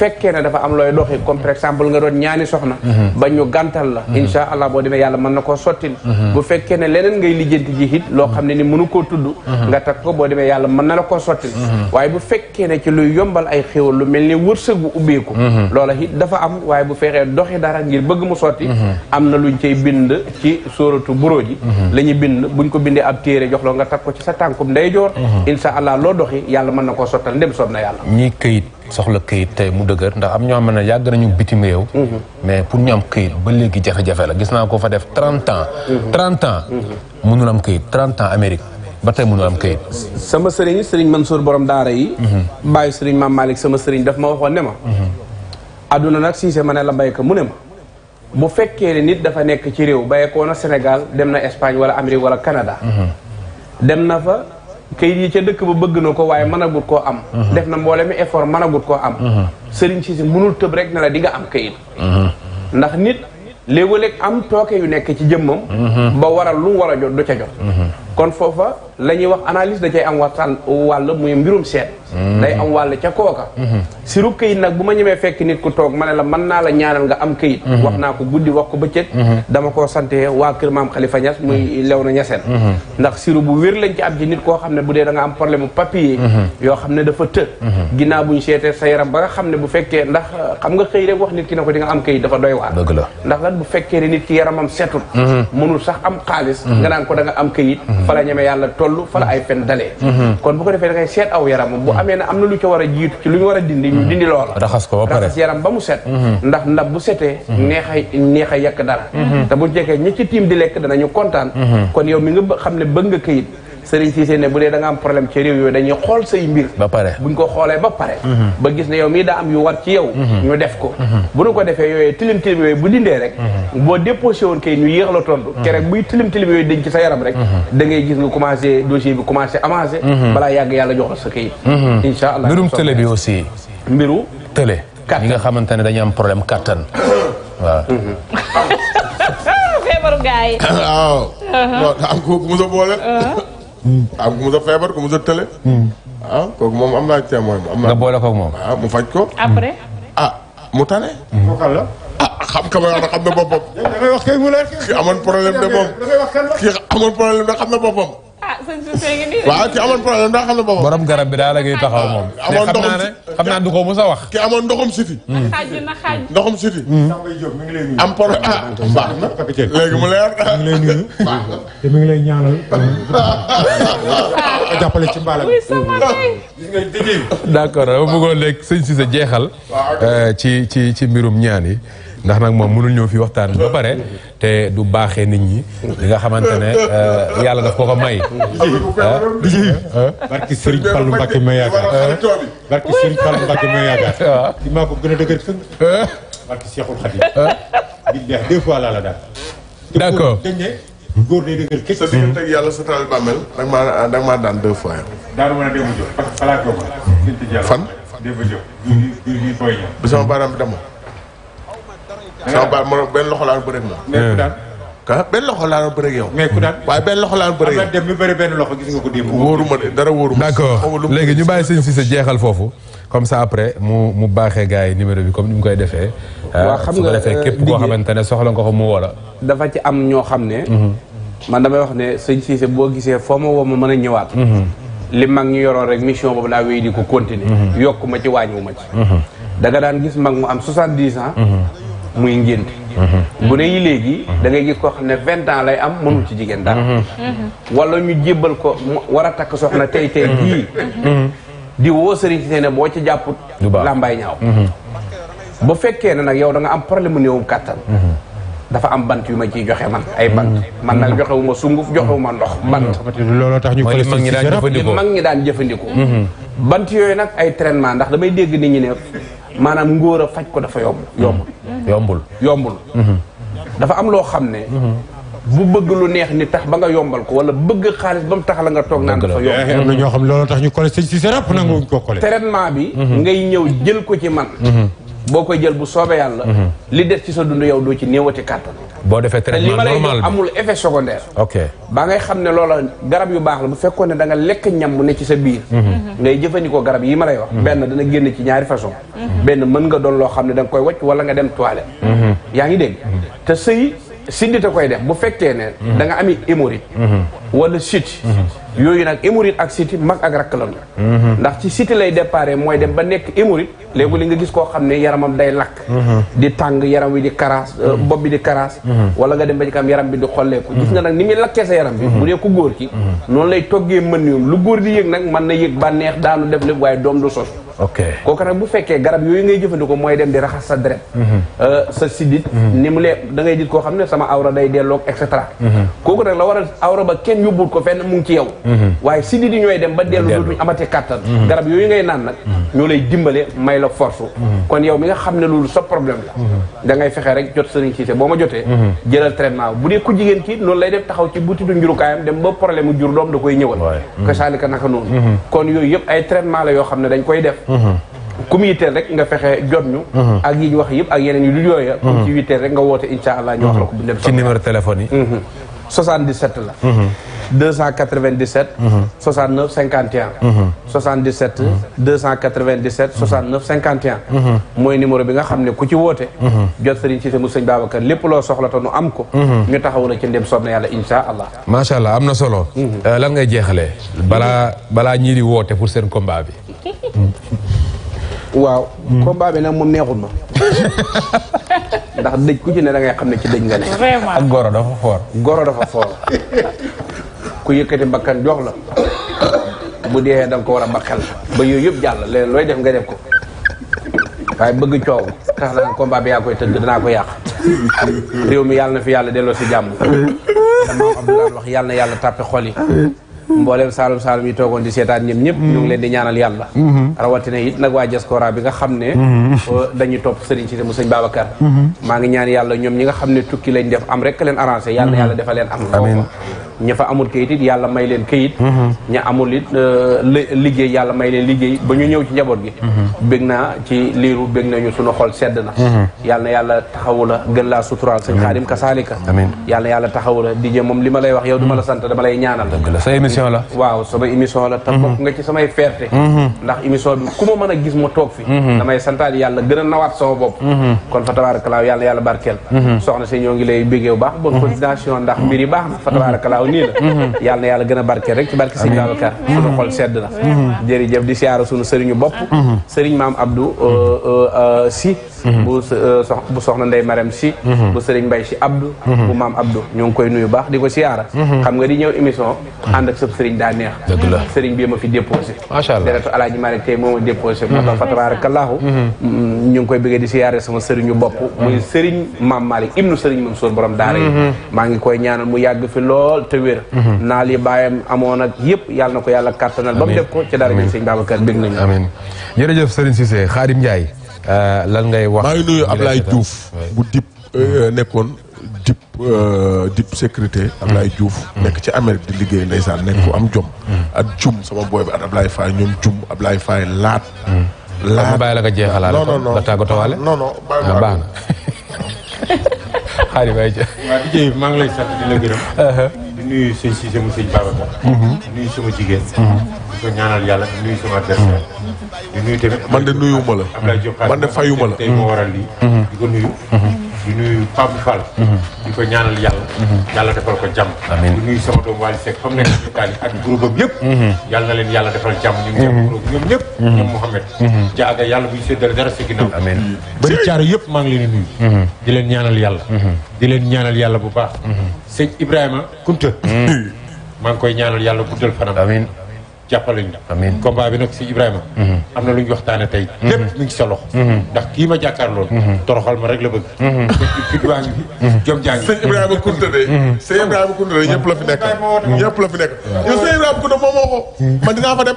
fekkee ne dafa am looy doxi comme par exemple nga doon ñaani soxna ba ñu gantal la insha allah boo demee yàlla mën na koo sottil bu fekkee ne leneen ngay lijjanti ji it loo xam ne ni mënu koo tudd nga takk ko boo demee yàlla mën na la koo sotti waaye bu fekkee ne ci luy yombal ay xéwal lu mel ni wërsëg bu ubbeeku loola it dafa am waaye bu fexee doxi dara ngir bëgg mu sotti am na luñ cay bind ci sóoratu buroo yi la ñuy bind buñ ko bindee ab téere jox la nga takk ko ci sa tànkum ndeyjoor insha allah loo doxi yàlla mën na koo sottal ndem soob na yàlla ñii këyit soxla këyit tey mu dëgër ndax am ñoo xam ne yàgg nañu bitim réew mais pour ñu am këyit ba léegi jafe-jafe la gis naa ko fa def trente ans mm-hmm. trente ans mm-hmm. mënul am këyit trente ans Amérique ba tey mënul am kayit. sama sëriñ sëriñ Mansour borom daara yi. Mhm. bàyyi sëriñ maam Malick sama sëriñ daf ma waxoon ne ma. Mhm. adduna nag siise ma ne la mbay ko mu ne ma. bu fekkee ne nit dafa nekk ci réew bàyyeekoo na Sénégal dem na Espagne wala Amérique wala Canada. Mhm. dem na fa kayit yi ca dëkk ba bëgg na ko waaye mënagut koo am. def na mboole mboolemi effort mënagut koo am. sëriñ siise mënul tëb rek ne la di nga am kayit. ndax nit léegoo léeg am tooke yu nekk ci jëmmam. ba war a kon foofa la ñuy wax analise da cay am waxtaan wàll muy mbirum seet mm-hmm. day am wàll ca kooka mm-hmm. siru këyit nag bu ma ñemee fekk nit ku toog ma ne la mën naa la ñaanal nga am këyit mm-hmm. wax naa ko guddi wax ko bëccëg dama koo sante waa kër maam xalifa ñas muy lew na ñaseen ndax siru bu wér lañ ci am ci nit koo xam ne bu dee da nga am problème mu papier yoo xam ne dafa të ginnaaw buñ seetee sa yaram ba nga xam ne bu fekkee ndax euh, xam nga xëy rek wax nit ki ne ko di nga am këyit dafa doy waar la ndax bu fekkee ne nit ki yaramam setut mënul sax am xaalis nga da nga am këyit fa la ñeme yàlla toll fa la ay fen dalee mhm. kon bu ko defee da ngay seet aw yaramam bu amee na am na lu ca war a jiitu ci lu ñu war a dindi ñu mhm. dindi loola raxas ko ba pare raxas yaram ba mu set mhm. ndax ndab bu setee a neex a yekk dara te bu jekkee ñi ci tiim di lekk danañu kontaan kon yow mi nga xam ne bëgg nga këyit Serigne Cissé né boudé da nga am problème ci réew yi dañuy xol say mbir. ba paré buñ ko xolé ba paré ba gis né yow mi da am yu war ci mhm. yow. ñu def ko. Mhm. buñ ko défé yoyé tilim tilim yooyu bu dindé rek. Mhm. bo déposé won kay ñu yéx la tontu. keroog buy tilim tilim yooyu dëñ ci sa yaram rek. da ngay gis nga commencé dossier bi commencé avancer bala yag yalla jox sa kay inshallah allah mbirum télé bi aussi. mbiru télé. kattan nga xamante ne dañu am problème kattan waaw. feebaru gars uh-huh. waaw. am ko ku mu sa Hmm. ah ku mos a feebar ku mos a tële. Hmm. ah kooku moom am naa témoin am naa. nga boole ko moom. ah mu faj ko. après. ah mu tane. Hmm. kooku la. ah xam ka ma xam na boppam. da ngay wax kay mu leer. ki amoon problème de moom. da ngay wax kan la ki amoon problème de xam na boppam. Ah, waaw ki amoon problème daa xam ne borom garab bi daal la ngay taxaw moom. amoon xam naa ne xam naa wax. ki amoon ndoxum siti. Hmm. xaaj na xaaj. ndoxum siti. am problème léegi mu mi ngi lay nuyu. Ah, te jàppale ci mbaalam. Hmm. d'accord ma bëggoon léegi sëñ si sa jeexal. Euh, ci ci ci mbirum ñaan yi. ndax nak mom mënul ñëw fi waxtaan ba paré té du baxé nit ñi li nga xamantene euh yalla daf ko ko may. barki Serigne Fallou mbacké may yaaka barki Serigne Fallou mbacké may yaaka ci mako gëna dëgër fëng. barki Cheikhul Khadim. billahi deux fois la la da d'accord te de day dëgër kecc. sa diggante ak yàlla sa taal bàmmeel daan deux fois. parce que ma. fan sama dama. Eh. sama baal ma benn loxo laa bëreeg moom. mais ku daan. ah benn loxo laa bëreeg yow. mais ku daan waaye benn loxo laa bëreeg yow. am dem mi bëri benn loxo gis nga ko démb. wóoruma de dara wóoruma. d'accord léegi ñu bàyyi sëñ Cissé jeexal foofu. comme ça après mu mu baaxee gars yi numéro bi comme ni mu koy defee. waaw euh, xam nga su ko defee euh, képp koo xamante ne soxla nga ko mu wala. dafa ci am ñoo xam ne. Mhm. man damay wax ne sëñ Cissé boo gisee foo ma woo ma mën a ñëwaat. Mhm. li mag ñu yoroon rek mission boobu laa wéy di ko continuer. Mhm. yokk ma ci wàññiwu ma ci. da nga daan gis mag mu am soixante-dix ans. muy ngénte gune mm-hmm. yi léegi mm-hmm. da ngay koo xam ne vingt ans lay am mënul ci jigéen dara mm-hmm. walla ñu jébbal ko war a takk soxna tey tey jii di woo sëriñ si ne boo ci jàpput làmbaay ñaaw bu fekkee ne nag yow danga nga am problème mu néewum kàttan dafa am bant yu ma ciy joxe man ay bant man nag joxewu ma sunguf joxewu ma ndox bant looloo tax ñu mag ñi daan jëfandikoo bant yooyu nag ay traitement ndax damay dégg nit ñi ne maanaam ngóor a faj ko dafa yomb yomb yombul yombul dafa am loo xam ne mhm. bu bëgg lu neex ni tax ba nga yombal ko wala bëgg xaalis ba mu tax nga toog naan dafa yomb eh, am na ñoo xam looloo tax ñu collé sëñ si sa rap nanguwuñ ko collé traitement bi mhm. ngay ñëw jël ko ci man mhm. boo koy jël bu soobee yàlla. Mhm. li des ci sa dund yow doo ci néewati kàttan. boo defee traitement normal li ma amul effet secondaire. ok ba ngay xam ne loola garab yu baax la bu fekkoon ne da nga lekk ñam bu ne ci sa biir. Mhm. Mhm. ngay jëfandikoo garab yi ma lay wax. benn dana génn ci ñaari façon. benn mën nga doon loo xam ne da nga koy wacc wala nga dem toilette. yaa ngi dégg te sëy di ta koy def bu fekkee ne da nga ami hémorroïde wala siti yooyu nag hémorroïde ak siti mag ak rakk lan ndax ci siti lay déparé mooy dem ba nekk hémorroïde léegi li nga gis koo xam ne yaramam day lakk di tàng yaram wi di karaas euh, bopp bi di karaas wala nga dem ba ci kam yaram bi di xolleeku gis nga nag ni muy lakkee sa yaram bi bu dee ku góor ki noonu lay toggee mën yoon lu góor di yëg nag mën na yëg bànneex daanu def lépp waaye doom du sos ok kooku nag bu fekkee garab yooyu ngay jëfandikoo mooy dem di raxas sa deret mhm. euh, sa sidit mhm. ni mu lee da ngay dit koo xam ne sama awra day delloog et cetera mhm. kooku nag la waral awra ba kenn yóbbul ko fenn mu ngi ci yow waaye sidit yi ñooy dem ba dellu dootuñ amati kàttan garab yooyu ngay naan nag ñoo lay dimbale may la force kon yow mi nga xam ne loolu sa problème la da ngay fexe rek jot sëriñ Cissé boo ma jotee jëlal traitement bu dee ku jigéen ki noonu lay d taxaw ci butitu njurukaayam dem ba yooyu yëpp ay la yoo xam ne dañ koy def ku mu yitteel rek nga fexe jot ñu mhm. ak yi wax yëpp ak yeneen yu dul yooya mhm. ku mu ci yitteel rek nga woote insha allah ñu wax la ko bu dem ci numéro téléphone yi 77 mhm. bi nga xam ne ku ci woote jot loo soxla te nu am ko la ndem soob na yàlla insha allah macha allah am na solo euh, lan ngay jeexalee balaa balaa woote pour seen combat bi waaw. combat bi nag moom neexul ma. ndax dëj ku ci ne da xam ne ci dëj nga ne. vraiment ak goro dafa foor. goro dafa foor ku yëkkati mbakkan jox la bu dee da ko war a mbakkal ba yooyu yëpp jàll leneen looy def nga def ko waaye bëgg coow tax na combat bi yaa koy tëgg danaa ko yàq réew mi yàlla na fi yàlla delloo si jàmm. damaa Abdoulaye wax yàlla yàlla tàppe xol yi. Mm-hmm. mbooleem saalum saalum yi toogoon di seetaan ñëpp ñëpp ñu ngi mm-hmm. leen di ñaanal yàlla mm-hmm. rawatina it nag waa diaspora bi nga xam ne dañuy topp sëriñ si mu sëñ Babacar maa ngi ñaan yàlla ñoom ñi nga xam ne tukki lañ def am rek leen arrangé yàlla yàlla leen am ña amul kayit it yàlla may leen kayit mm-hmm. ña amul it euh, liggéey yàlla may leen liggéey ba ñu ñëw ci njaboot gi mm-hmm. bég naa ci liiru bég nañu suñu xol sedd mm-hmm. na yàlla taxawu la gën moom li ma lay wax yow du ma la sant dama lay ñaanal sa émission la waaw sama émission la te bokk nga ci samay fierté ndax émission bi ku ma mën a gis ma toog fi damay santaat yàlla gën a nawaat sama bopp kon fa tabaarakalaaw yàlla yàlla barkeel soxna si ñoo ngi lay bégee bu baax bonne continuation ndax mbir yi baax noonu nii la mhm. yàlla na a gën a barke rek ci barke sëñ Babacar suñu xol sedd na mhm. Mhm. jërëjëf di siyaara suñu sëriñu bopp sëriñ maam Abdou euh, euh, euh, si bu bu soxna Ndey Marème si bu sëriñ Mbay si Abdou bu maam Abdou ñoo ngi koy nuyu baax di ko siyaara xam nga di ñëw émission ànd ak sëb sëriñ daa neex dëgg la sëriñ bii ma fi déposé macha allah deretu alaaji Malick tey moo ma déposé moo tax mm, borom daara yi maa ngi koy ñaanal mu yàgg fi lool wér mhm. naal yi bàyyam amoon ak yëpp yal na ko yàlla kàttanal ba mu def ko ci dara gi sëñ Babacar bég nañu amiin jërëjëf euh, lan ngay wax maa ngi nuyu Ablaye Diouf bu dip nekkoon dip dip sécurité Ablaye Diouf nekk ci Amérique di liggéey ndeysaan nekk fu am mhm. jom mhm. ak jum sama booy bi ak Ablaye Faye ñoom jum Ablaye Faye laat laat bàyyi la nga jeexalaat non non nga tàggatawaale non non ah, baax na nuyu sëñ Cissé mu sëñ Babacar mhm. nuyu sama jigéen mhm. di ko ñaanal yàlla nuyu sama adversaire di nuyu tamit man de nuyuma la. man de fayuma la. tey moo waral lii. Mm-hmm. di ko nuyu. Mm-hmm. di nuyu Pape Fall. Mm-hmm. di ko ñaanal yàlla. yàlla defal ko jàmm. amiin di nuyu sama doom Waly Seck fa mu nekk ci Italie ak groupe am yëpp. yàlla na leen yàlla defal jàmm. ñu ngi jàmm ñaanal yàlla. bu baax. sëñ Ibrahima Kunta. maa ngi koy ñaanal yàlla guddal fanam. jàppalañ la amin combat bi nag si ibrahima mm-hmm. am na lu ñu waxtaane tey mm-hmm. lépp mi ngi sa loxo mm-hmm. ndax kii ma Ibrahim lool toroxal ma rek la bëgg fit waa ngi jom si Ibrahim sëñ ibrahima kunta de sëñ ibrahima kunta de ñëpp la fi nekk ñëpp la fi nekk yow sëñ ibrahima kunta moom moo man dinaa fa dem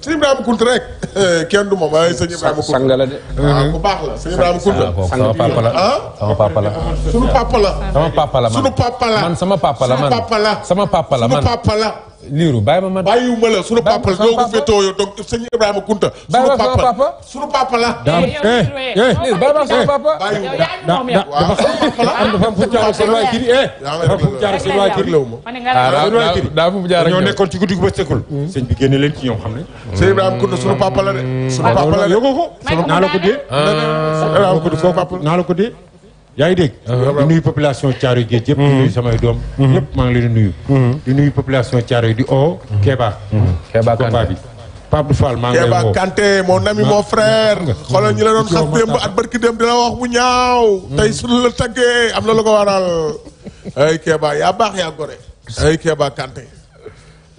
sëñ ibrahima kunta rek kenn du moom ay sëñ ibrahima kunta sang la de ah, bu baax la sëñ ibrahima kunta ah, sama papa la ah? sama papa la sunu papa la sama papa la man sama papa la man sama papa la man sama papa la liiru bàyyi ma man bàyyiwuma la sunu papa la doogu féetoo yow donc sëñ Ibrahima Kunta. sunu papa sunu papa la. daam eh eh liir bàyyi ma sama papa. bàyyiwuma da da dafa am dafa am fu mu jaar seen waay kii eh. dafa am fu mu jaar seen waay kii daa fu mu jaar ak ñoo nekkoon ci guddi gu ba sekul. Hmm. sëñ bi génne leen ci ñoom xam ne. sëñ Ibrahima Kunta sunu papa la de. Hmm. sunu papa la de ah, ah. naa la ko dee. naa la ko dee. yaa ngi dégg ah, di nuyu population Thiaroye Géej yëpp di mm-hmm. nuyu samay doom mm-hmm. yëpp maa ngi leen nuyu mm-hmm. di nuyu population Thiaroye di o Kéba Kéba combat bi Pape Abdou Fall maa ngi lay woo Kéba Kanté frère xoolal ñi la doon xas démb at barki démb dina wax bu ñaaw tey suñu la tàggee am na lu ko waral ay Kéba yaa baax yaa gore ay Kéba Kanté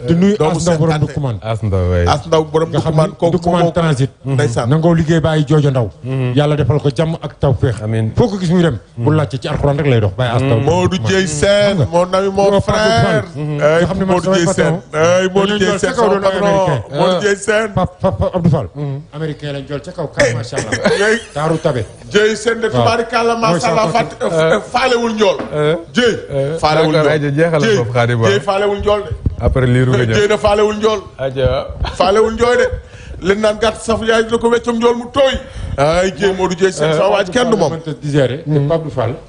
di nuyu As Ndaw borom Ndoukoumane. As Ndaw waay As Ndaw borom Ndoukoumane kooku Ndoukoumane transit. ndeysaan nangoo liggéey bàyyi joojo ndaw. Mhm. yàlla defal ko jàmm ak taw féex. amiin foo gis muy dem. bu mhm. laajte ci alxuraan rek lay dox bàyyi As Ndaw. Modou Dieye Sène mon ami mon frère. nga xam ne man samay patron ay Modou Dieye Sène son patron Modou Dieye Sène. Papa Abdou Fall. américain lañ jël ca kaw kan eh. macha allah. taaru tabe. jëy seen de tubaarikàlla masàlla fàtt faalewul njool jëy euh. euh. euh. faalewul njool jëy faalewul njool de après liiru nga ñëw jëy na faalewul njool faalewul njool de leen naan gàtt saf yaay dina ko weccam njool mu tooy ay jëy Modou Jëy seen sa waaj kenn du moom hmm.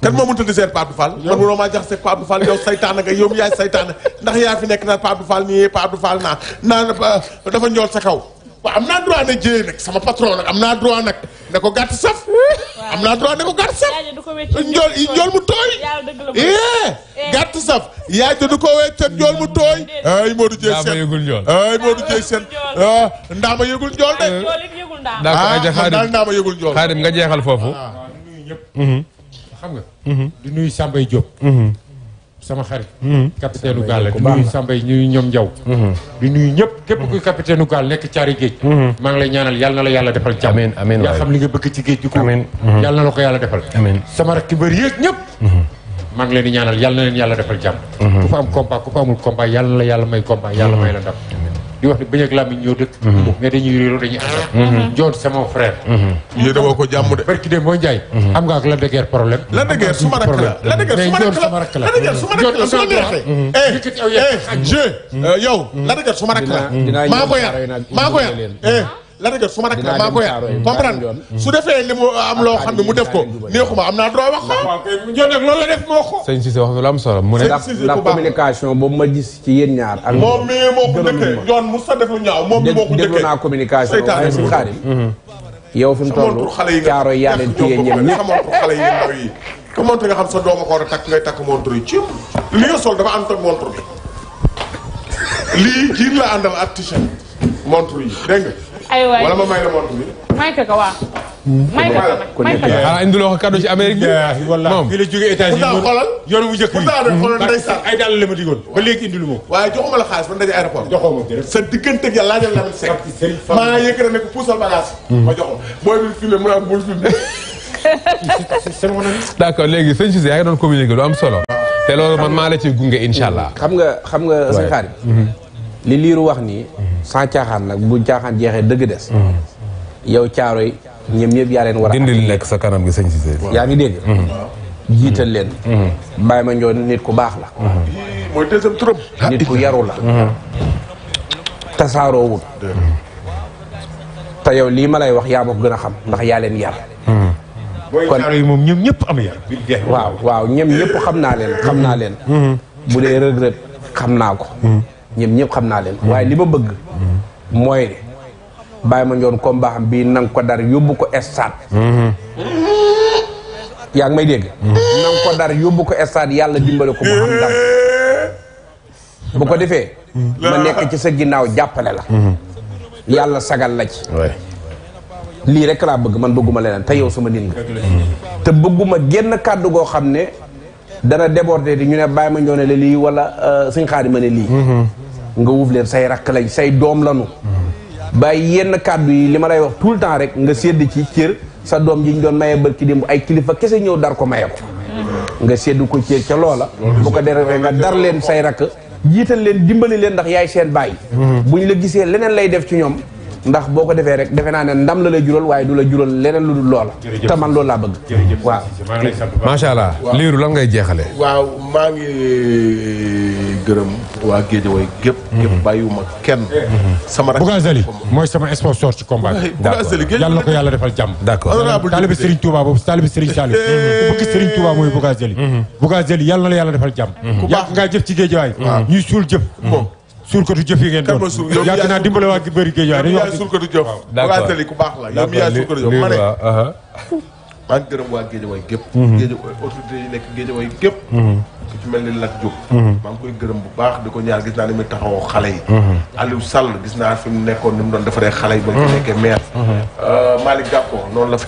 kenn moo mënta digérer Pape Abdou Fall man mënoo maa jaxase Pape Abdou Fall yow saytaana nga yow mi yaay saytaana ndax yaa fi nekk naan Pape Abdou Fall nii Pape Abdou Fall naa naan dafa njool sa kaw waaw am naa droit na nag sama patron am naa droit nag ne ko gàtt saf. am naa droit ne ko gàtt saf. njool njool mu tooy. yee gàtt saf. yaay du ko wéccat njool mu tooy. Eh, eh. ay Modou Dieng seen ndaama yëgul njool. ay ah, ndaama yëgul njool de. Eh. d'accord ah, nga jeexal foofu. Ah, mhm. xam nga. di nuyu Samba Diop. Mhm. sama xarit. Hmm. capitaine u gaal la di nuyu Sambay ñuy ñoom Njaw hmm. di nuyu ñëpp képp hmm. kuy capitaine gaal nekk caari géej. maa ngi ñaanal yal na la yàlla defal jàmm. amiin amiin yaa xam li nga bëgg ci géej gi ko. yal na la ko yàlla defal. amiin sama rakk bëri yéeg ñëpp. maa ngi leen ñaanal yal na leen yàlla defal jàmm. ku fa am combat ku fa amul combat yal na la yàlla may combat yàlla may la ndam. di wax ne bëñ ak làmmiñ ñoo dëkk. mais mhm. dañuy réeroo dañuy àndal. njoon mhm. mhm. c'est mon frère. yéen a woo ko jàmm de. barki de mooy Ndiaye. am nga ak Lac de problème. Lac de Guiers suma rakk la la Lac su ma neexee. yow Lac de Guiers suma rakk la maa ko maa ko la dëgg su ma rek maa ko yar comprendre su defee li mu am loo xam ne mu def ko neexuma am naa droit wax ko ñoo nag loolu la def moo ko sëñ Cissé wax lu am solo mu ne la communication boobu ma gis ci yéen ñaar ak moom mi moo ko dëkkee yoon mu sa def lu ñaaw moom mi moo ko dëkkee déglu naa communication waaye si xaarim yow fi mu toll caaro yaa leen téye ñoom ñëpp xamoon pour xale yi ndaw yi que montre nga xam sa dooma ko war a takk ngay takk montre yi ci li nga sol dafa ànd ak montre bi lii jiin la àndal ak t-shirt montre yi dégg nga aywaay wala ma may la montre bi. may ka ka waaw. may ka ka may ka ka. ah indiloo ko cadeau ci Amérique bi. moom fii la jógee États-Unis. pourtant xoolal yoon wu njëkk bi pourtant ndeysaan ay dàll la ma digoon. ba léegi indilu ma ko. waaye joxuma la xaalis ba ndaje aéroport. joxoo ma jërëjëf sa diggante ak yàlla laajal la amul sekk. maa yëkkati ne ko puusal bagage. Hmm. ma joxo booy bi filmé mu naan bul filmé. d' accord léegi sëñ Cissé yaa ngi doon communiqué lu am solo. Ah. te loolu man maa la ciy gunge incha allah. Hmm. xam nga xam nga sëñ Karim li liiru wax nii mhm. sans nag bu caaxaan jeexee dëgg des mhm. yow caaro yi ñoom ñëpp yaa leen war a nekk sa kanam gi sëñ yaa ngi dégg mhm. jiital leen bàyyi ma njoon nit ku baax la mooy deuxième turam ah, nit ku yaru la tasaaroowul te yow lii ma lay wax yaa ma gën a xam ndax yaa leen yar kon caaro yi waaw waaw ñoom naa xam naa leen bu dee rëg-rëg xam naa ko ñoom ñëpp xam naa leen waaye li ma bëgg mooy ne bàyyi ma njoon combat xam bii nang ko dar yóbbu ko stade yaa ngi may dégg nang ko dar yóbbu ko stade yàlla dimbale ko mu xam ndam ko defee ci sa ginnaaw jàppale la sagal la ci lii rek laa bëgg man bëgguma leneen te yow suma nit nga te bëgguma génn kàddu goo xam ne dana déborder di ñu ne bàyyi ma ñoo euh, ne lii wala suñ xaari ma ne lii nga wuuf leen say rakk lañ say doom lañu bàyyi yenn kàddu yi li ma lay wax tout le temps rek nga sédd ci cër sa doom ji ñu doon maye ki démb ay kilifa kese ñëw dar ko maye ko nga sédd ko cër ca loola bu ko defee nga dar leen say rakk jiital leen dimbali leen ndax yaay seen bàyyi mm-hmm. bu ñu la gisee leneen lay def ci ñoom ndax boo ko defee rek defe naa ne ndam la lay jural waaye du la jural leneen lu dul loola te man loolu laa bëgg waaw macha allah liiru lan ngay jeexale waaw maa ngi gërëm waa Géejawaay gépp gépp bàyyiwuma kenn sama Bougazelli mooy sama sponsor ci combat Bougazelli yàlla na ko yàlla defal jàmm d'accord taalibe Serigne Touba boobu taalibe Serigne Saliou bu bëgg Serigne Touba mooy Bougazelli Bougazelli yàlla na la yàlla defal jàmm yàgg ngaa jëf ci Géejawaay ñuy suul jëf suurkatu jëf yi ngeen doon yàgg naa dimbale waa bëri géej waaye dañuy wax suurkatu jëf bugaatali gërëm waa géej way gépp mhm. géej autorité yi nekk géej way gépp mhm. ku ci mel ni Lat Diop mhm. maa ngi koy gërëm bu baax di ko ñaar gis naa ni muy taxawoo xale yi Aliou Sall gis naa fi mu nekkoon ni mu doon defaree xale yi ba ñu nekkee euh, noonu la fi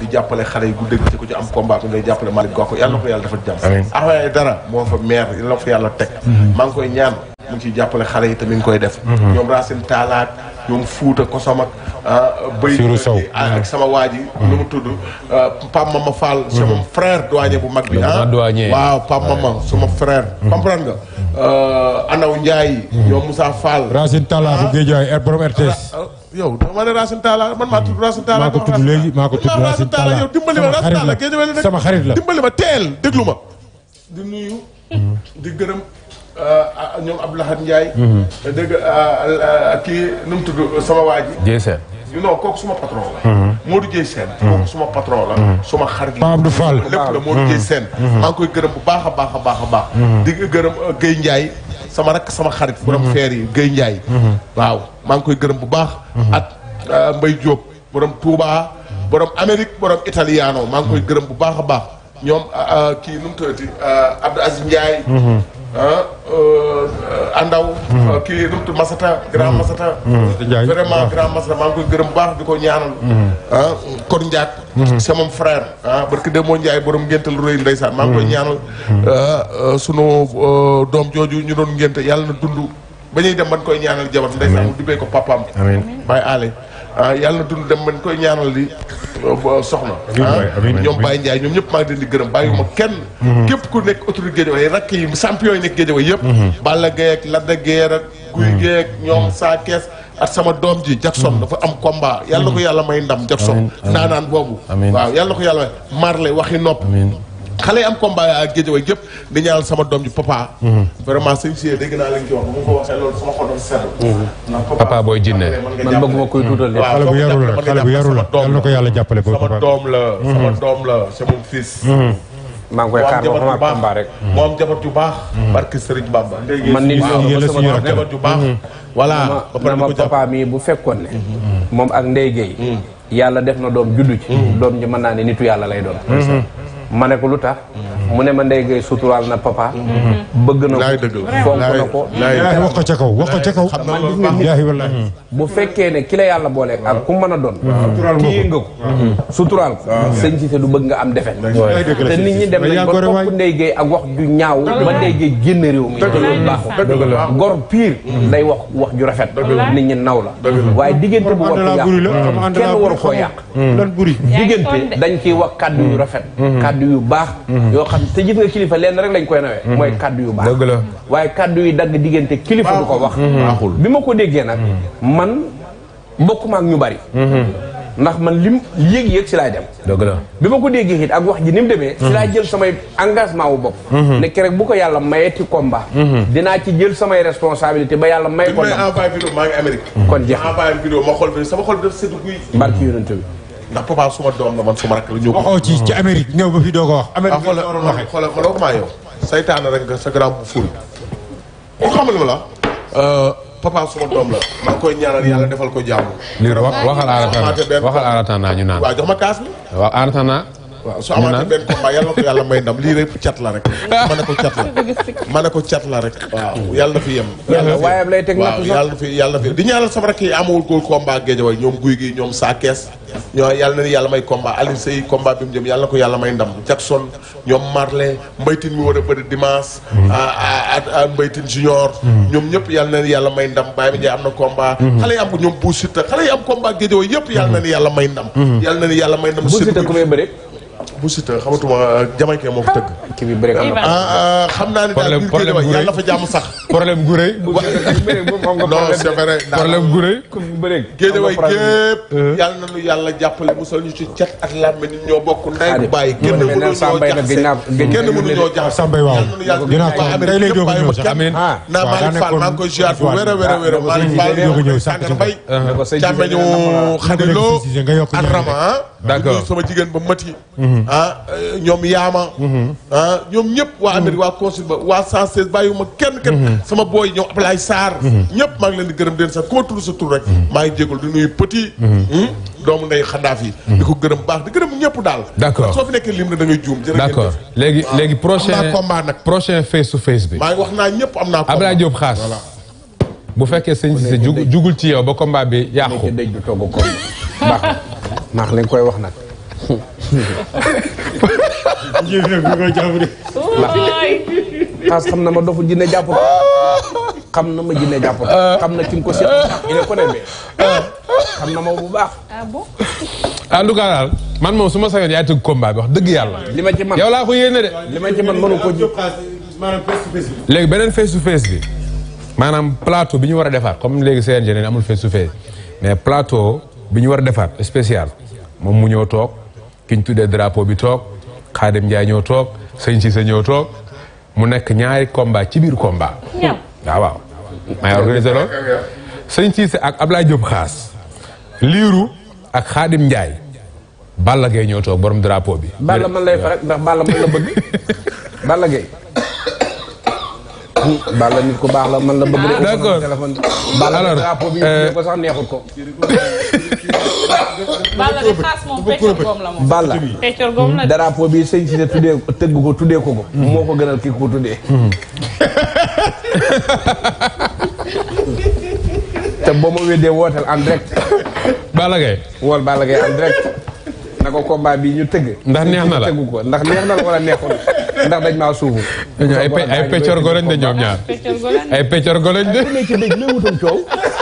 di jàppale xale yi gu dëgg ci ku am combat bi ngay jàppale Malick Gakko yàlla na ko yàlla dafa jàmm Ahmed Aidara moo fa maire yàlla na fa yàlla teg maa ngi koy ñaan mu ci ciy xalé yi te koy def. Mhm. ñom rasim talat ñom Fouta euh, mhm. sama mhm. euh, pam Mama Fall. sama frère douanier bu mag bi ah. waaw pam Mama sama frère. comprendre nga. Euh, Anaw Moussa Fall. bu ah. er, borom RTS. yow dama ne man ko yow sama di nuyu. di Euh, ah, ñoom ab Ndiaye. Mhm. Euh, dégg nga euh, kii nu mu sama waa ji. Dieng Sène. non kooku suma patron la. Mhm. Modou Dieng Sène. Mhm. kooku suma patron la. suma xarit la Abdou Fall lépp la Modou Dieng Sène. maa ngi koy gërëm bu baax a baax a baax a baax. di gërëm Guèye Ndiaye sama rakk sama xarit. borom feer yi Guèye Ndiaye. waaw maa ngi koy gërëm bu baax. ak Mbaye Diop borom Touba. Amérique borom Italiano maa ngi gërëm bu baax a baax ñoom kii nu mu tënati Abdou Aziz Ah, euh, euh, Andaw. Hmm. Ah, kii ruptu Masata. grand hmm. Masata. Hmm. vraiment grand Masata maa ngi koy gërëm baax di ko ñaanal. ah kon Ndiak. sama frère ah barki Demba Ndiaye borom ngéntal rëy ndeysaan. maa ngi koy ñaanal. Ah, euh, sunu doom jooju ñu doon ngénte yàlla na dund ba ñuy dem ban koy ñaanal jabar ndeysaan mu dubbee ko papaam. amiin bàyyi ah yàlla na dem man koy ñaanal li soxna ah, ñoom Baye Ndiaye ñoom ñëpp maa ngi leen gërëm bàyyi ma mm-hmm. kenn mm-hmm. képp ku nekk autorité Guédiawaye rakk yi champion yi nekk Guédiawaye yëpp mm-hmm. Balla Gaye ak Lac de Guiers ñoom saa Thiès ak sama doom ji Jackson dafa am combat yàlla na ko yàlla may ndam Jackson naanaan boobu waaw yàlla na ko yàlla may Marley waxi nopp xale am combat ak géej way gépp di ñaanal sama dom ju papa. Mhm. vraiment sëñ Seye dégg na leen ci wax bu ko waxee loolu sama xol dafa mhm. papa boy jinné jinne man bëgguma koy tutal de. xalé bu yarul xalé bu yarul la ko yàlla jàppale booy papa mhm. sama dom la sama dom la c'est mon fils. maa ngi koy xaar ba xam ak combat rek. mu am jabar ju baax. barke Serigne Bamba. man nit sama jabar ju baax. voilà ba papa mi bu fekkoon ne. moom ak Ndeye Gueye. yàlla def na doom juddu ci. doom ji mën naa ne nitu yàlla lay doon. ma ne ko lu mu ne ma Ndeye Gueye suturaal na papa. bëgg na ko fonk na ko. wax ko ca kaw wax ko ca kaw. bu fekkee ne ki la yàlla boole ak ku mën a doon. téye nga ko suturaal ko. sëñ Cissé du bëgg nga am defet te nit ñi dem nañ ba topp Ndeye Gueye ak wax ju ñaaw ba Ndeye Gueye génn réew mi. dëgg la gor pire. day wax wax ju rafet. nit ñi naw la. waaye diggante bu war ko yàq hmm. kenn waru koo yàq. diggante dañ ciy wax kàddu yu rafet. Hmm. kàddu yu baax. Hmm. te gis nga kilifa lenn rek lañ koy nawee mhm. mooy kàddu yu baax dëgg waaye kàddu yu dagg diggante kilifa du ko wax mhm. bi ma ko déggee nag mhm. man mbokk maak ñu bari ndax man lim yéeg-yéeg si laay dem la bi ma ko déggee it ak wax ji ni mu demee si laa jël samay engagement wu bopp ne kerek bu ko yàlla mayee ci combat dinaa ci jël samay responsabilité ba yàlla may ko ndam envoyé vidéo kon jeex envoyé xool sama xol bi def séddu ndax oh, ah, ah. uh, papa suma doom la man suma rak la ñëw waxoo ci ci amérique ñëw ba fi doo ko wax amérique xoolal xoolal xoolal ko yow rek nga sa ful ko papa suma doom la ma koy ñaanal yàlla defal ko jàmm li ra wax waxal aratan waxal aratan ñu naan waaw jox ma kaas bi waaw aratan waaw su amaatee benn combat yàlla ko yàlla may ndam lii rek cat la rek ko la ko la rek fi yem lay fi fi di ñaanal sama rek yi amawul góor combat géej way ñoom gi ñoo yàlla na yàlla may combat Alioune Seye combat bi mu jëm yàlla na ko yàlla may ndam Jackson ñoom Marley mbaytin mi war a bëri dimanche mm. a ah, ah, ah, mbaytin junior mm. ñoom ñëpp yàlla na yàlla may ndam Baye Ndiaye am na combat mm. xale yi am ñoom Bou Siteu xale yi am combat géejoo yëpp yàlla na yàlla may ndam yàlla na yàlla may ndam bu Siteu xamatuma euh, jamaykee moo ko tëgg. kii bi bëri am na xam naa ne daal biir géej waay yàlla fa jàmm sax. problème gu rëy. non c'est vrai problème gu rëy. géej waay gépp euh. yàlla na nu yàlla jàppale musal ñu ci cet ak làmmiñ nit ñoo bokk ndey bàyyi kenn mënu ñoo jaxase kenn mënu ñoo jaxase sambay waaw ginnaaw ko day lay doog ñëw sax amiin naa Malick Fall maa ngi koy ziar bu wér a wér a wér ah, Malick Fall ñëw sax ci ah. càmmeñu xadiloo ak rama ah. d'accord sama jigéen ba mati mhm. ah euh, ñoom yaama mhm. ah ñoom ñëpp waa mhm. Amérique waa consul ba waa 116 bàyyiwuma kenn kenn mhm. sama booy ñoom Ablaye Sarr ñëpp maa ngi leen di gërëm den sax ku ma tudd sa tur rek maa ngi jégalu di nuyu petit hmm, doomu ndey xadaaf yi di ko gërëm baax di gërëm ñëpp daal d'accord soo fi lim na da ngay juum jërëjëf d'accord léegi léegi prochain am naa combat nag prochain face to face bi maa ngi wax naa ñëpp am naa combat Ablaye Diop xaas bu fekkee sëñ si jugul ci yow ba combat bi yàqu baax na maa ngi leen koy wax nag xaas xam na ma dofu jinne jàpp ko xam na ma jinne jàpp ko xam na kim ko seet il est connaît xam na ma bu baax. ah bon. daal man moom su ma sañoon yaay tëgg combat wax dëgg yàlla. li ma ci man yow laa ko yéene de. li ma ci man mënu léegi beneen face to face bi maanaam plateau bi ñu war a defaat comme léegi CNG ne amul face to face mais plateau bi ñu war a defaat spécial moom mu ñëw toog. ki ñu tuddee drapeau bi toog Xaadim Njaay ñoo toog sëñ si sa ñoo toog mu nekk ñaari combat ci biir combat. waaw waaw. may organisé lool sëñ Cissé ak Ablaye Diop xaas liiru ak Xaadim Njaay Balla Gaye ñoo toog borom drapeau bi. Balla man lay faral ndax Balla man la bëgg Balla Gaye. Balla nit ku baax la man la bëgg. d'accord téléphone Balla drapeau bi ñu euh, ko sax neexut ko. Balla de xaas la moom. Balla peccor goom bi sëñ si ne tuddee tëgg ko tuddee ko ko. moo ko gënal kii ko tuddee. te boo ma weddee wooteel en direct. Balla Gaye. wool Balla Gaye en direct. na ko combat bi ñu tëgg. ndax neex na la tëggu ko ndax neex na la wala neexul ndax dañ maa suufu. ay peccor go lañ de ñoom ñaar. ay peccor go lañ de. ay peccor go de.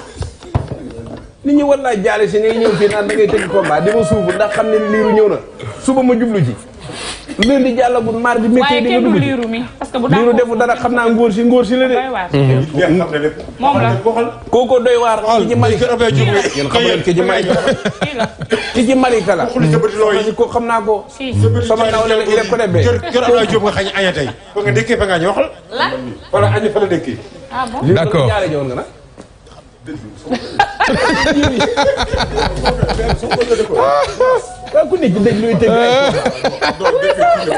nit ñi war naa jaale si ngay ñëw fii naan da ngay tëgg combat di suufu ndax xam ne liiru ñëw na suba ma jublu ji lundi jàllagul mardi météo di nga dugg liiru mi parce que bu liiru defu dara xam naa ngóor si ngóor si la de. Mhm. moom la kooku doy waar. ki ci Malika yéen xam ngeen ki ci Malika ki ci Malika la. ko xam naa ko. sama naw la il est prêt be. kër Abdoulaye Diop nga ñu waxal. la waaw ku nekk dëgg luy tëgg ay. donc dëgg yi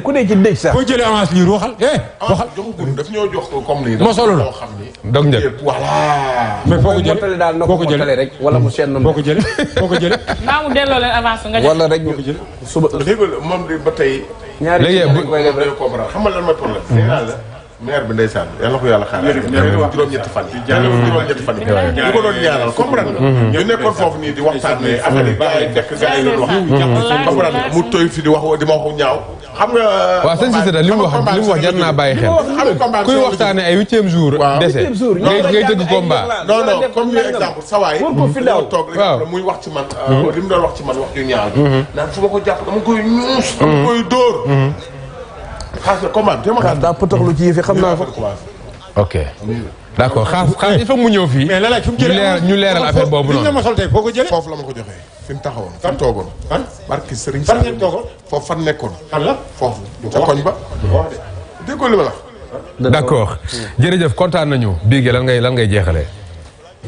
ku nekk ci dëgg sax. foo jëlee avance lii waxal. waxal joxagul daf ñoo jox comme ma solo la loo mais foo ko jëlee mottali daal mu seen noonu foo ko jëlee foo ko jëlee. mu delloo leen avance nga. wala ñaari xam nga lan mooy problème. nee la bi ndeysaan yal na ko yàlla xaaral. jërëjëf juróom-ñetti fan yi. juróom-ñetti fan yi. ñu ko doon ñaanal comprendre nga. ñu nekkoon foofu di wax. comprendre mu toy fi di wax di ma wax ñaaw xam nga. waaw sëñ Cissé da li mu wax li mu wax jar naa bàyyi xel. kuy waxtaane ay huitième jour. waaw huitième jour ngay ngay tëgg combat. non non comme ni exemple sa waay. pour ko fi daw toog rek muy wax ci man. Euh, mm-hmm. li mu doon wax ci man wax ju ñaar. Mm-hmm. naan fu ma ko jàpp dama koy ñuus. dama mm-hmm. koy dóor. xaaral comment. dama xaaral daa potoxlu ci yëf yi xam naa ko. ok. d' accord xaas xaas il faut mu ñëw fii. mais léeg-léeg fi mu jëlee ñu leeral affaire boobu noonu. foofu la ma ko joxee. fi mu taxawoon fan toogoon. fan foofu fan nekkoon. fan la foofu. ca koñ ba. déggoo li ma la. d' accord jërëjëf kontaan nañu Biége lan ngay lan ngay jeexale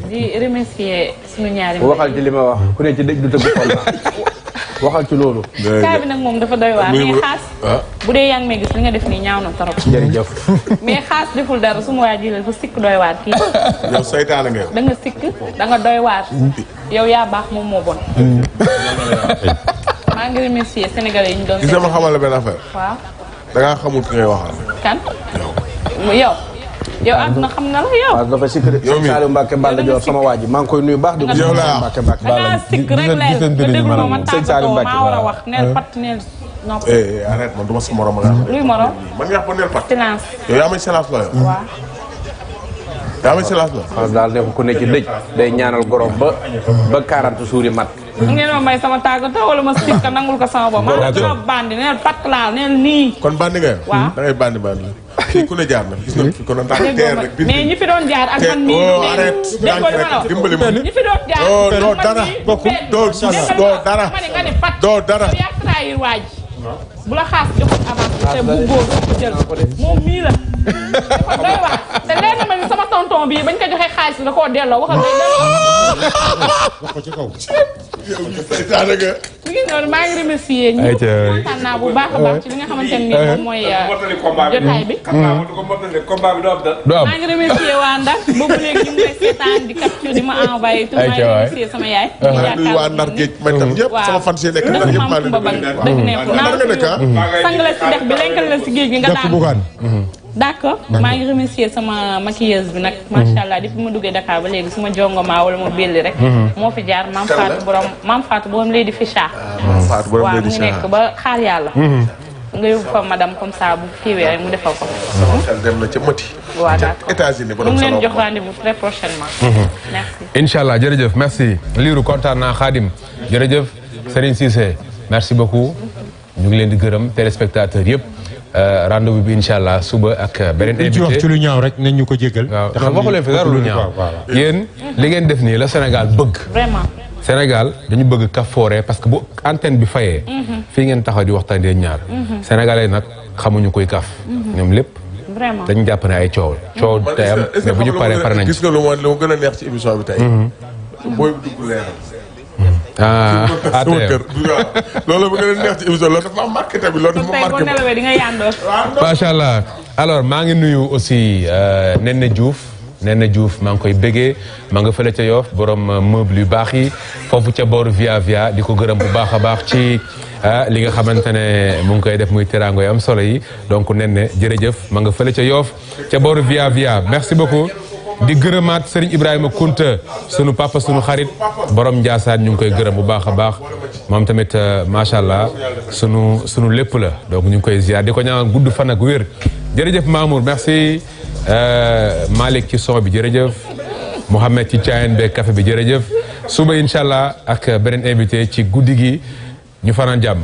di remercier sunu ñaari. waxal li ma wax ku ne ci dëj du tëgg xol la. waxal ci loolu. kaa bi nag moom dafa doy waar mais xaas. Ah. bu dee yan ngi gis li nga def nii ñaaw na trop. jërëjëf. mais xaas deful dara su ma waa ji la dafa sikk doy waar kii. yow saytaale nga. da nga sikk da nga doy waar. yow yaa baax moom moo bon. maa ngi remercier Sénégalais yi ñu doon. gis nga ma xamal la benn affaire. waaw. da ngaa ngay waxal. kan. yow. yow àdduna xam na la yow. waaw dafa sikk de yow Saliou Mbacke Balla Dior sama waa ji maa ngi koy nuyu baax di ko. yow laa Mbacke Mbacke Balla di di non eh arrête man du ma sa morom la. luy morom man nga wax ba neel pat. silence yow yaa may silence la yow. waaw. yaa may silence la. daal ne ko ku ne ci dëj day ñaanal gorom ba ba 40 suuri mat. mu may sama tàggatoo wala ma sikka nangul ko sama bopp. maa neel pat laa neel nii. kon bandi nga yow. waaw bandi bandi la. ku ne jaar na gis na hmm? teer mais ñi fi doon jaar ak man oh, dimbali ma ñi fi doon jaar. doo dara doo dara. doo dara. yaa trahir waaj. bu la xaas joxoon avance te bu góor moom mii la dafa wax te leer na sama tonton bii bi da koo ko ci kaw mi ngi noonu maa ngi remercier ñi kontaan naa a baax ci li nga xamante ne moom mooy euh, jotaay bi ma envoyé tout maa ngi remercier sama yaay uh-huh. waa Ndar sang mhm. la si dex bi lenkal la si géej gi nga daan d'accord maa ngi sama maquilleuse bi nag mhm. macha allah depuis ma duggee Dakar ba léegi suma jongomaa wala ma belli rek mhm. moo fi jaar maam Fatou borom maam Ficha ah, waaw mu nekk ba xaar yàlla nga yóbbu fa madame comme ça bu kiiwee mu defal ko. sama xel dem na ca Mati. waaw d' accord ca très prochainement. merci jërëjëf merci. Lirou kontaan naa Khadim jërëjëf Serigne Cissé merci beaucoup. ñu ngi leen di gërëm téléspectateurs yëpp euh, rendez-vous bi incha allah suba ak beneen invité ci rek nañ ñu ko jégal. waaw xam waxu leen fi dara lu ñaaw yéen li ngeen def nii la Sénégal bëgg. Sénégal dañu bëgg foore parce que bu antenne bi fayee. Mhm. fii ngeen taxaw di waxtaanee ñaar. Mhm. Sénégalais nag xamuñu koy kaf. Mhm. ñoom lépp. dañu jàpp ne ay coow coow tey am bu ñu paree pare nañ gis nga lu ma gën a neex ci émission bi tey. ah ma di macha allah alors maa ngi nuyu aussi euh, Nene Diouf Nene Diouf maa ngi koy bégee maa nga fële ca yoof borom euh, meuble yu baax yi foofu ca boor via via di ko gërëm bu baax a baax ci euh, li nga xamante ne mu ngi koy def muy teraango yu am solo yi donc Nene jërëjëf ma nga fële ca yoof ca boor via via merci beaucoup di gërëmaat Serigne Ibrahima Kunta sunu papa sunu xarit borom Ndiassane ñu ngi koy gërëm bu baax a baax moom tamit euh, macha allah sunu sunu lépp la donc ñu ngi koy ziar di ko ñaanal gudd fan ak wér. jërëjëf Mamour merci euh, Malick ci son bi jërëjëf Mouhamed ci caayan beeg kafe bi jërëjëf suba incha allah ak beneen invité ci guddi gi ñu fanaan jàmm.